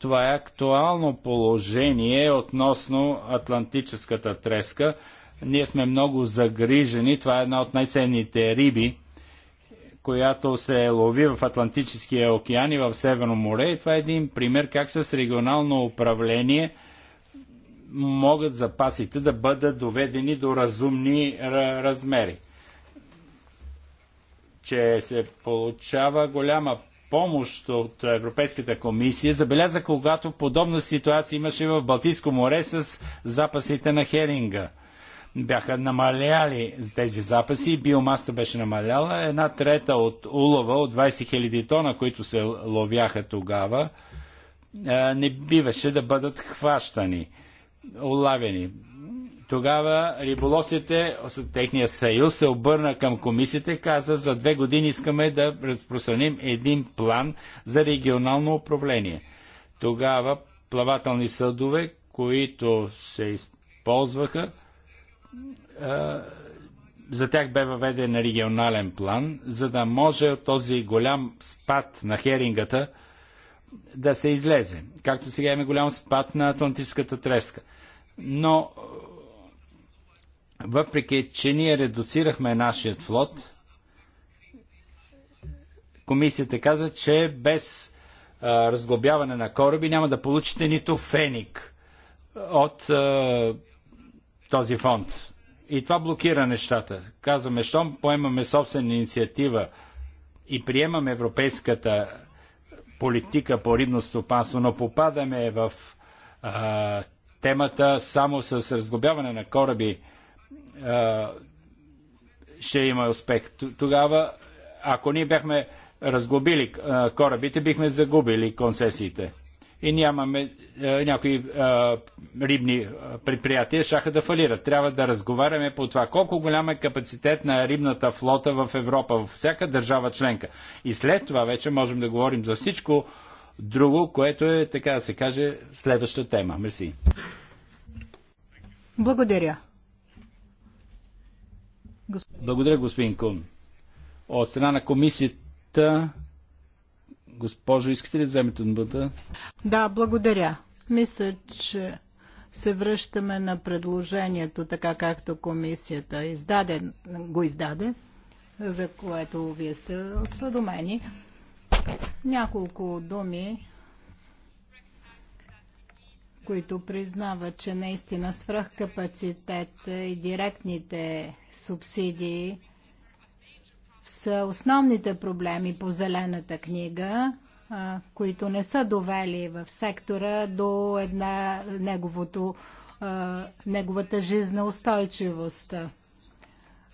Това е актуално положение относно атлантическата треска. Ние сме много загрижени. Това е една от най-ценните риби, която се е лови в Атлантическия океан и в Северно море. И това е един пример как с регионално управление – могат запасите да бъдат доведени до разумни размери. Че се получава голяма помощ от Европейската комисия забеляза, когато подобна ситуация имаше в Балтийско море с запасите на херинга. Бяха намаляли тези запаси, биомаста беше намаляла, една трета от улова, от 20 000 тона, които се ловяха тогава, не биваше да бъдат хващани улавени. Тогава риболовците, техния съюз се обърна към комисията и каза, за две години искаме да разпространим един план за регионално управление. Тогава плавателни съдове, които се използваха, за тях бе въведен регионален план, за да може този голям спад на херингата да се излезе. Както сега има голям спад на атлантическата треска – но е, въпреки, че ние редуцирахме нашият флот, комисията каза, че без а, е, разглобяване на кораби няма да получите нито феник от а, е, този фонд. И това блокира нещата. Казваме, щом поемаме собствена инициатива и приемаме европейската политика по рибно стопанство, но попадаме в а, темата само с разглобяване на кораби ще има успех. Тогава, ако ние бяхме разглобили корабите, бихме загубили концесиите. И нямаме някои а, рибни предприятия, шаха да фалират. Трябва да разговаряме по това колко голям е капацитет на рибната флота в Европа, във всяка държава членка. И след това вече можем да говорим за всичко друго, което е, така да се каже, следваща тема. Мерси. Благодаря. Господин... Благодаря, господин Кун. От страна на комисията, госпожо, искате ли да вземете думата? Да, благодаря. Мисля, че се връщаме на предложението, така както комисията издаде, го издаде, за което вие сте осведомени. Няколко думи, които признават, че наистина свръхкапацитет и директните субсидии са основните проблеми по зелената книга, които не са довели в сектора до една неговото, неговата жизнеустойчивост. устойчивост.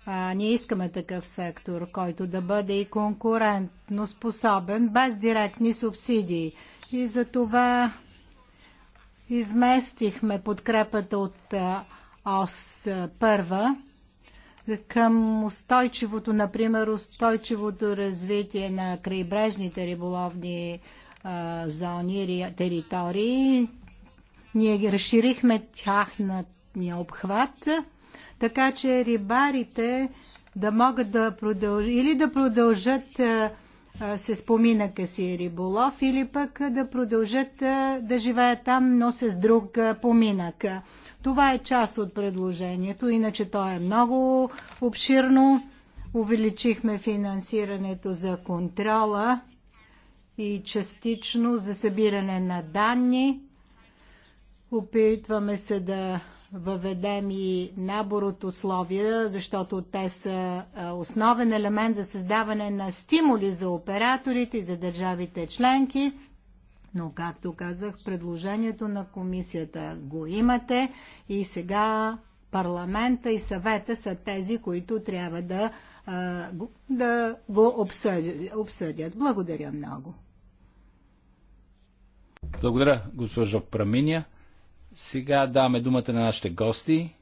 А, ние искаме такъв сектор, който да бъде и конкурентно способен, без директни субсидии. И за това изместихме подкрепата от ОС първа към устойчивото, например, устойчивото развитие на крайбрежните риболовни а, зони, територии. Ние разширихме тяхната обхват така че рибарите да могат да продължат или да продължат а, с споминъка си риболов или пък да продължат а, да живеят там, но с друг а, поминък. Това е част от предложението, иначе то е много обширно. Увеличихме финансирането за контрола и частично за събиране на данни. Опитваме се да въведем и набор от условия, защото те са основен елемент за създаване на стимули за операторите и за държавите членки. Но, както казах, предложението на комисията го имате и сега парламента и съвета са тези, които трябва да, да го обсъдят. Благодаря много. Благодаря, госпожо Праминя. Сега даваме думата на нашите гости.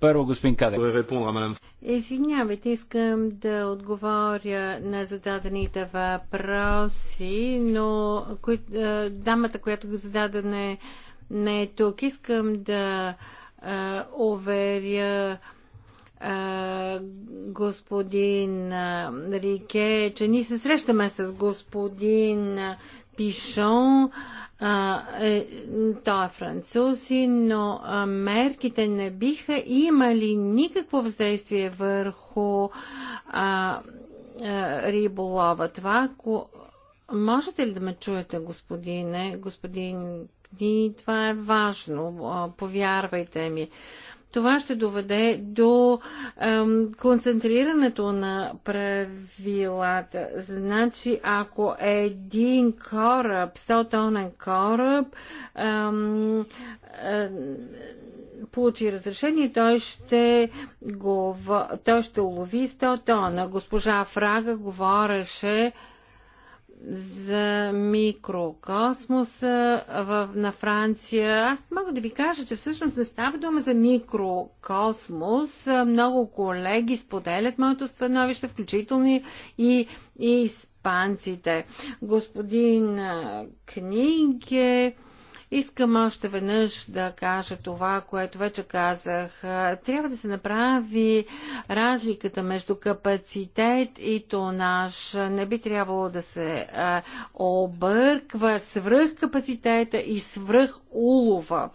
Първо, господин Кадек. Извинявайте, искам да отговоря на зададените въпроси, но е, дамата, която го зададе, не, не е тук. Искам да uh, uh, over Uh, господин uh, Рике, че ние се срещаме с господин Пишон. uh, Той е французи, но uh, мерките не биха имали никакво въздействие върху uh, uh, риболова. Това, ако Можете ли да ме чуете, господине, господин и това е важно, повярвайте ми. Това ще доведе до ем, концентрирането на правилата. Значи, ако един кораб, 100-тонен кораб, ем, ем, получи разрешение, той ще, го, той ще улови 100 тона. Госпожа Фрага говореше за микрокосмоса в, на Франция. Аз мога да ви кажа, че всъщност не става дума за микрокосмос. Много колеги споделят моето становище, включително и, испанците. Господин Книге Искам още веднъж да кажа това, което вече казах. Трябва да се направи разликата между капацитет и тонаж. Не би трябвало да се обърква свръхкапацитета и свръхулова.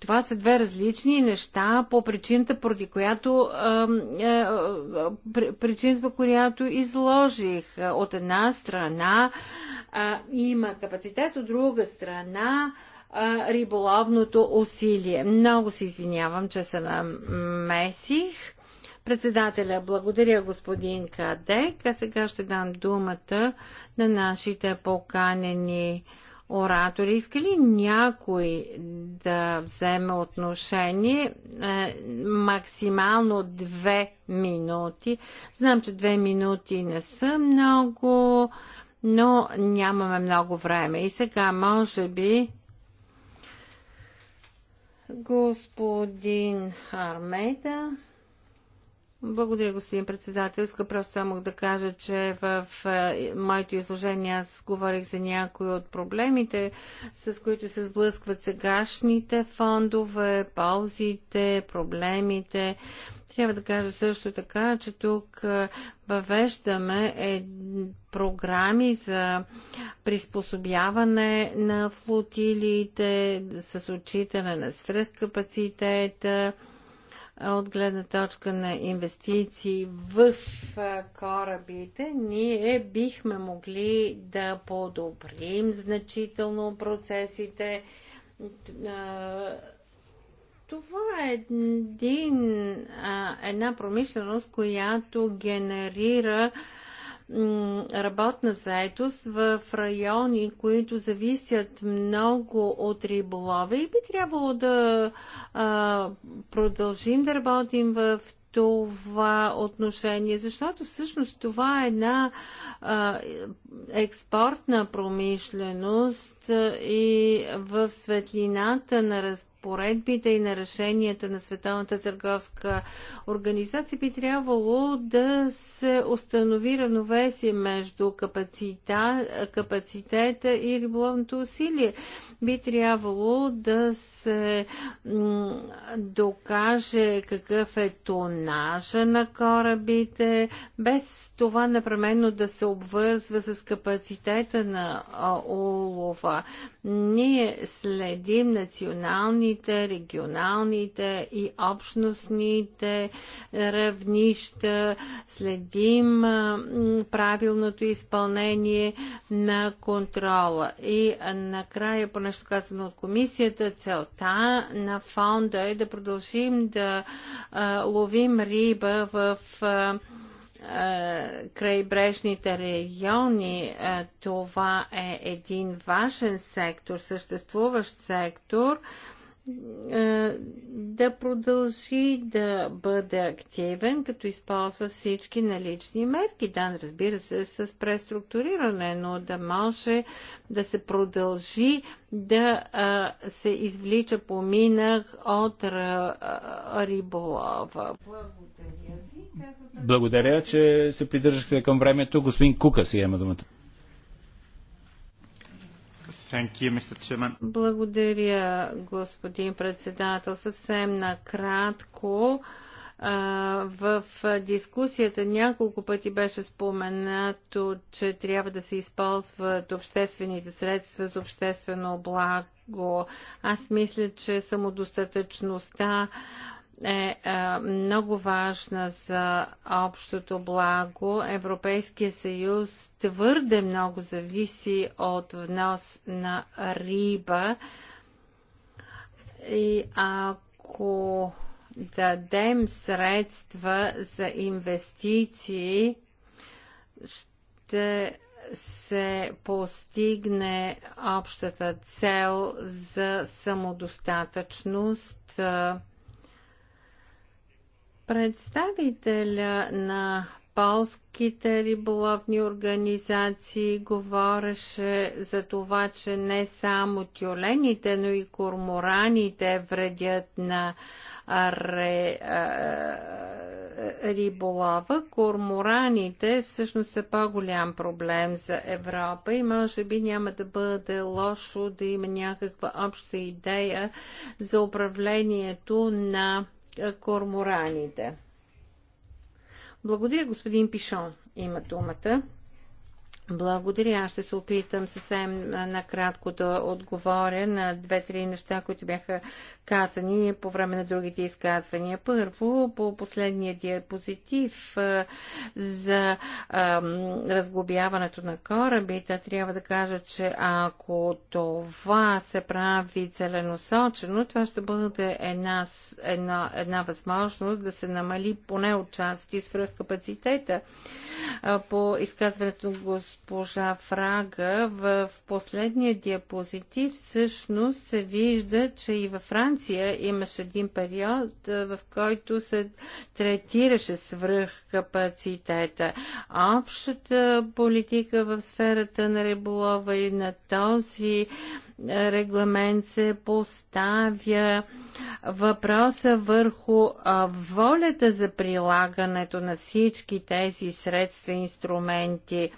Това са две различни неща по причината, поради която, е, е, причината, която изложих. От една страна е, има капацитет, от друга страна риболовното усилие. Много се извинявам, че се намесих. Председателя, благодаря господин Кадек, а сега ще дам думата на нашите поканени оратори. Иска ли някой да вземе отношение? Е, максимално две минути. Знам, че две минути не са много, но нямаме много време. И сега, може би, господин Армейда. Благодаря, господин председател. Иска просто само да кажа, че в е, моето изложение аз говорих за някои от проблемите, с които се сблъскват сегашните фондове, ползите, проблемите. Трябва да кажа също така, че тук е, въвеждаме е, програми за приспособяване на флотилиите с отчитане на свръхкапацитета, от гледна точка на инвестиции в корабите, ние бихме могли да подобрим значително процесите. Това е един, една промишленост, която генерира работна заетост в райони, които зависят много от риболова и би трябвало да а, продължим да работим в това отношение, защото всъщност това е една а, експортна промишленост и в светлината на разпределението разпоредбите и на решенията на Световната търговска организация би трябвало да се установи равновесие между капацита, капацитета и риболовното усилие. Би трябвало да се докаже какъв е тонажа на корабите, без това напременно да се обвързва с капацитета на улова. Ние следим националните, регионалните и общностните равнища, следим правилното изпълнение на контрола. И накрая, по нещо казано от комисията, целта на фонда е да продължим да ловим риба в е, крайбрежните райони. Е, това е един важен сектор, съществуващ сектор е, да продължи да бъде активен, като използва всички налични мерки. Да, разбира се, с преструктуриране, но да може да се продължи да а, се извлича поминах от риболова. Благодаря ви. Благодаря, че се придържахте към времето. Господин Кука си има думата. Благодаря, господин председател. Съвсем накратко. В дискусията няколко пъти беше споменато, че трябва да се използват обществените средства за обществено благо. Аз мисля, че самодостатъчността е а, е, много важна за общото благо. Европейския съюз твърде много зависи от внос на риба. И ако дадем средства за инвестиции, ще се постигне общата цел за самодостатъчност. А, е, Представителя на полските риболовни организации говореше за това, че не само тюлените, но и кормораните вредят на ре, риболова. Кормораните всъщност са по-голям проблем за Европа и може би няма да бъде лошо да има някаква обща идея за управлението на кормораните. Благодаря, господин Пишон. Има думата. Благодаря. Аз ще се опитам съвсем накратко да отговоря на две-три неща, които бяха казани по време на другите изказвания. Първо, по последния диапозитив за разглобяването на корабите, трябва да кажа, че ако това се прави целенасочено, това ще бъде една, една, една възможност да се намали поне отчасти свръхкапацитета. По изказването го госпожа Фрага, в последния диапозитив всъщност се вижда, че и във Франция имаше един период, в който се третираше свръхкапацитета. Общата политика в сферата на риболова и на този регламент се поставя въпроса върху волята за прилагането на всички тези средства и инструменти.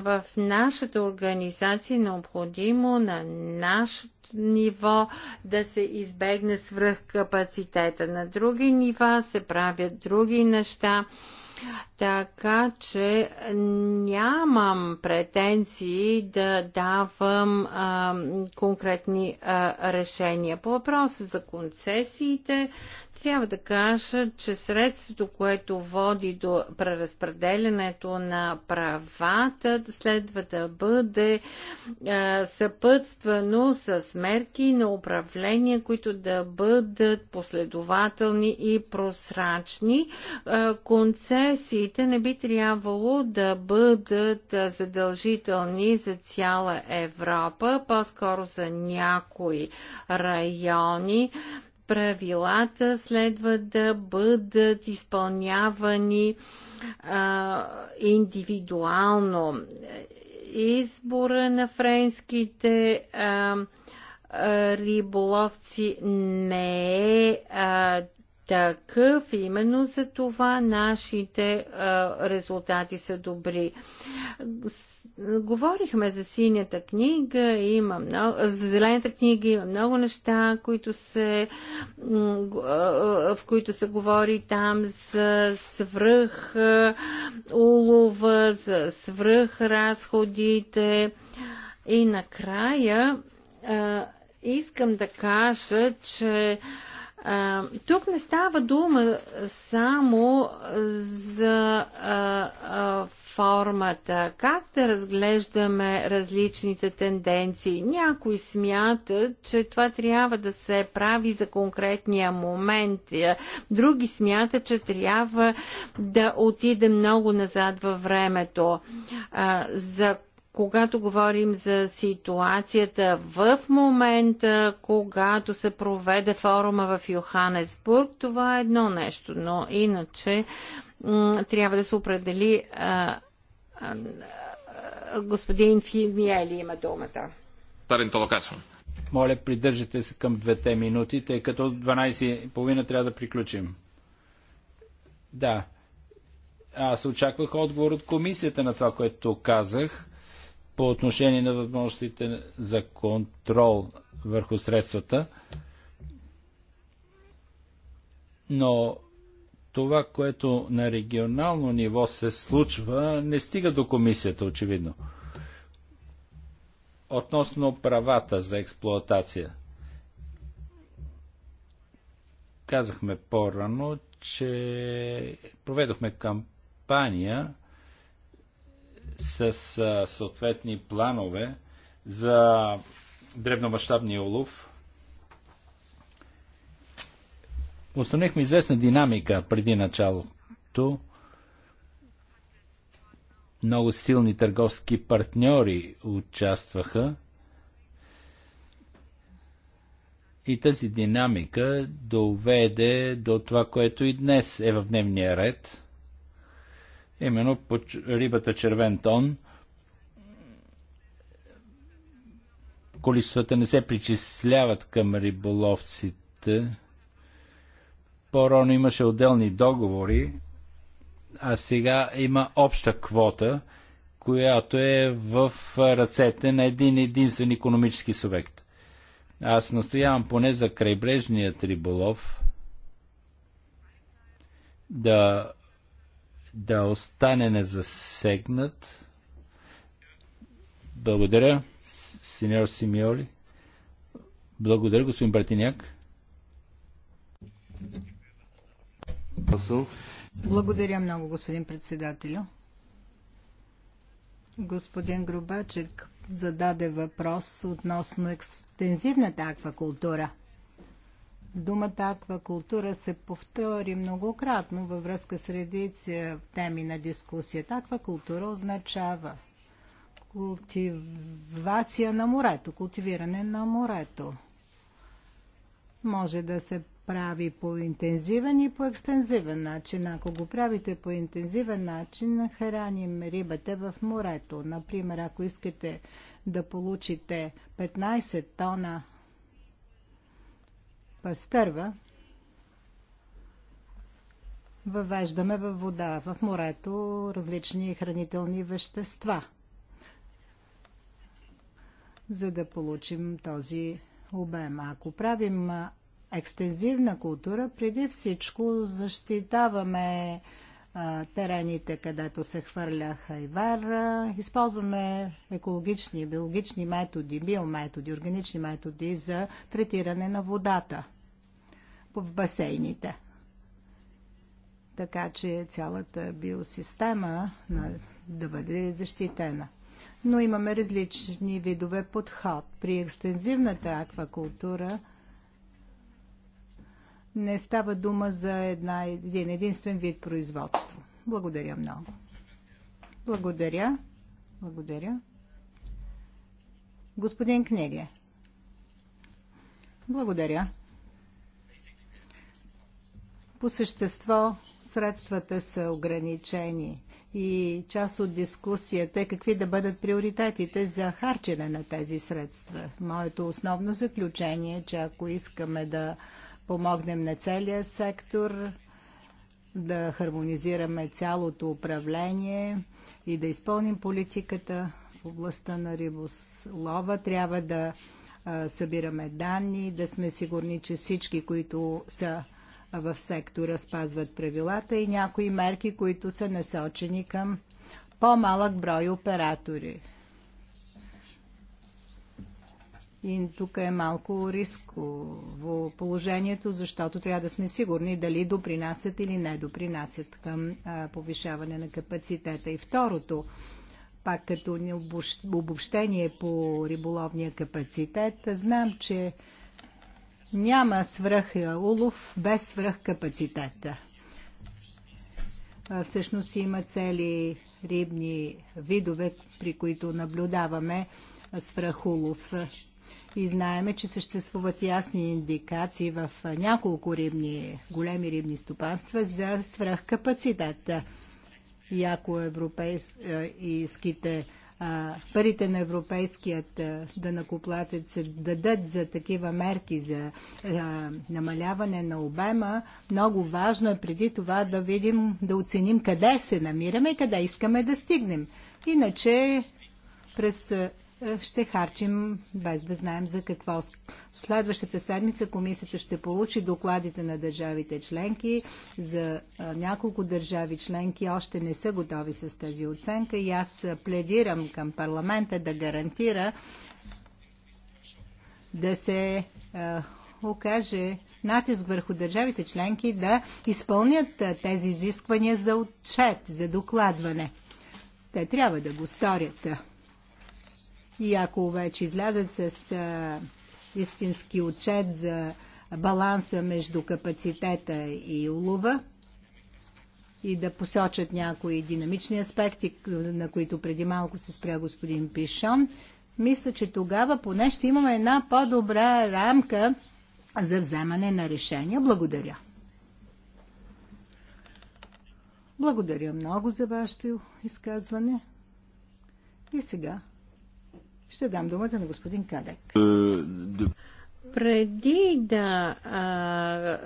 В нашата организация е необходимо на нашата ниво да се избегне свръхкапацитета. На други нива се правят други неща. Така че нямам претенции да давам а, конкретни а, решения. По въпроса за концесиите, трябва да кажа, че средството, което води до преразпределянето на правата, следва да бъде е, съпътствано с мерки на управление, които да бъдат последователни и прозрачни. Е, концесиите не би трябвало да бъдат задължителни за цяла Европа, по-скоро за някои райони правилата следва да бъдат изпълнявани а, индивидуално. Избора на френските а, риболовци не е а, такъв. Именно за това нашите а, резултати са добри. Говорихме за синята книга, има много, за зелената книга има много неща, които се, в които се говори там за свръх улова, за свръх разходите. И накрая искам да кажа, че тук не става дума само за а, а, Формата, как да разглеждаме различните тенденции. Някои смятат, че това трябва да се прави за конкретния момент, други смятат, че трябва да отиде много назад във времето. За когато говорим за ситуацията в момента, когато се проведе форума в Йоханесбург, това е едно нещо, но иначе трябва да се определи. господин Фимиели има думата. Тарен Толокасон. Моля, придържате се към двете минути, тъй като 12.30 трябва да приключим. Да. Аз очаквах отговор от комисията на това, което казах по отношение на възможностите за контрол върху средствата. Но това, което на регионално ниво се случва, не стига до комисията, очевидно. Относно правата за експлоатация. Казахме по-рано, че проведохме кампания с съответни планове за дребномащабния улов – установихме известна динамика преди началото. Много силни търговски партньори участваха. И тази динамика доведе до това, което и днес е в дневния ред. Именно по рибата червен тон количествата не се причисляват към риболовците – по-рано имаше отделни договори, а сега има обща квота, която е в ръцете на един единствен економически субект. Аз настоявам поне за крайбрежният риболов да, да остане незасегнат. Благодаря, сеньор Симиоли. Благодаря, господин Бартиняк. Благодаря много, господин председателю. Господин Грубачек зададе въпрос относно екстензивната аквакултура. Думата аквакултура се повтори многократно във връзка с в теми на дискусията. Аквакултура означава култивация на морето, култивиране на морето. Може да се прави по интензивен и по екстензивен начин. Ако го правите по интензивен начин, храним рибата в морето. Например, ако искате да получите 15 тона пастърва, въвеждаме във вода, в морето, различни хранителни вещества, за да получим този обем. Ако правим екстензивна култура, преди всичко защитаваме а, терените, където се хвърля хайвар. Използваме екологични, биологични методи, биометоди, органични методи за третиране на водата в басейните. Така че цялата биосистема на, да бъде защитена но имаме различни видове подход. При екстензивната аквакултура не става дума за една, един единствен вид производство. Благодаря много. Благодаря. Благодаря. Господин Книге. Благодаря. По същество средствата са ограничени и част от дискусията е какви да бъдат приоритетите за харчене на тези средства. Моето основно заключение е, че ако искаме да помогнем на целия сектор, да хармонизираме цялото управление и да изпълним политиката в областта на рибослова. Трябва да събираме данни, да сме сигурни, че всички, които са в сектора, спазват правилата и някои мерки, които са насочени към по-малък брой оператори. И тук е малко рисково положението, защото трябва да сме сигурни дали допринасят или не допринасят към повишаване на капацитета. И второто, пак като обобщение по риболовния капацитет, знам, че няма свръх улов без свръх капацитета. Всъщност има цели рибни видове, при които наблюдаваме свръхулов. И знаеме, че съществуват ясни индикации в няколко рибни, големи рибни стопанства за свръхкапацитета. И ако европейските е, парите на европейският е, данакоплатец се дадат за такива мерки за е, намаляване на обема, много важно е преди това да видим, да оценим къде се намираме и къде искаме да стигнем. Иначе през е, ще харчим без да знаем за какво. Следващата седмица комисията ще получи докладите на държавите членки. За няколко държави членки още не са готови с тази оценка и аз пледирам към парламента да гарантира да се окаже натиск върху държавите членки да изпълнят тези изисквания за отчет, за докладване. Те трябва да го сторят. И ако вече излязат с а, истински отчет за баланса между капацитета и улова и да посочат някои динамични аспекти, на които преди малко се спря господин Пишон, мисля, че тогава поне ще имаме една по-добра рамка за вземане на решения. Благодаря. Благодаря много за вашето изказване. И сега ще дам думата на господин Кадек. Е, преди да а,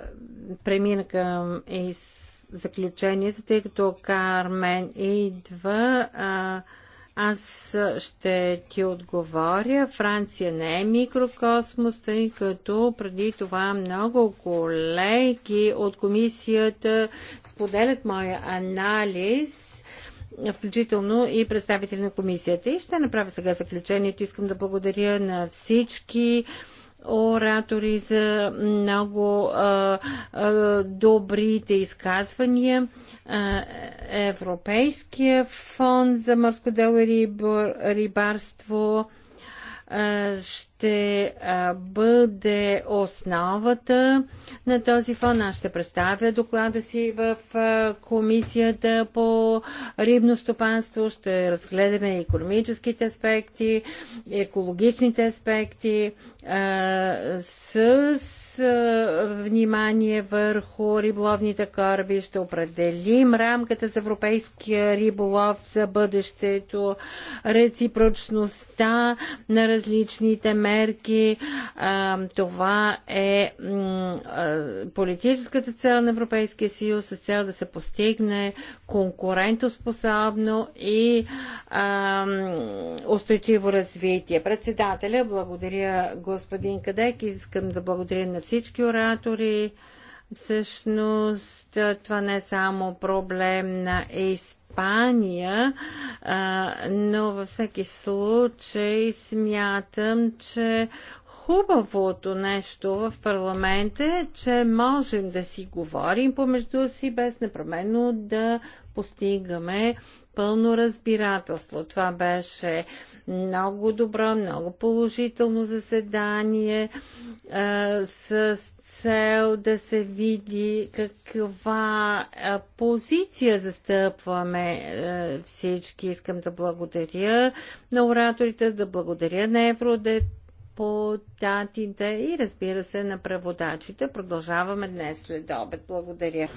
премина към из заключението, тъй като Кармен идва, а, аз ще ти отговоря. Франция не е микрокосмос, тъй като преди това много колеги от комисията споделят моя анализ включително и представители на комисията. И ще направя сега заключението. Искам да благодаря на всички оратори за много а, а, добрите изказвания. А, Европейския фонд за морско дело и рибарство ще бъде основата на този фон. Аз ще представя доклада си в комисията по рибно стопанство. Ще разгледаме економическите аспекти, екологичните аспекти с внимание върху риболовните кораби, ще определим рамката за европейския риболов за бъдещето, реципрочността на различните мерки. Това е политическата цел на Европейския съюз с цел да се постигне конкурентоспособно и устойчиво развитие. Председателя, благодаря господин Кадек. Искам да благодаря на всички оратори. Всъщност това не е само проблем на Испания, но във всеки случай смятам, че хубавото нещо в парламента е, че можем да си говорим помежду си, без непременно да постигаме пълно разбирателство. Това беше много добро, много положително заседание а, с цел да се види каква а, позиция застъпваме а, всички. Искам да благодаря на ораторите, да благодаря на евродепутатите и разбира се на преводачите. Продължаваме днес след обед. Благодаря.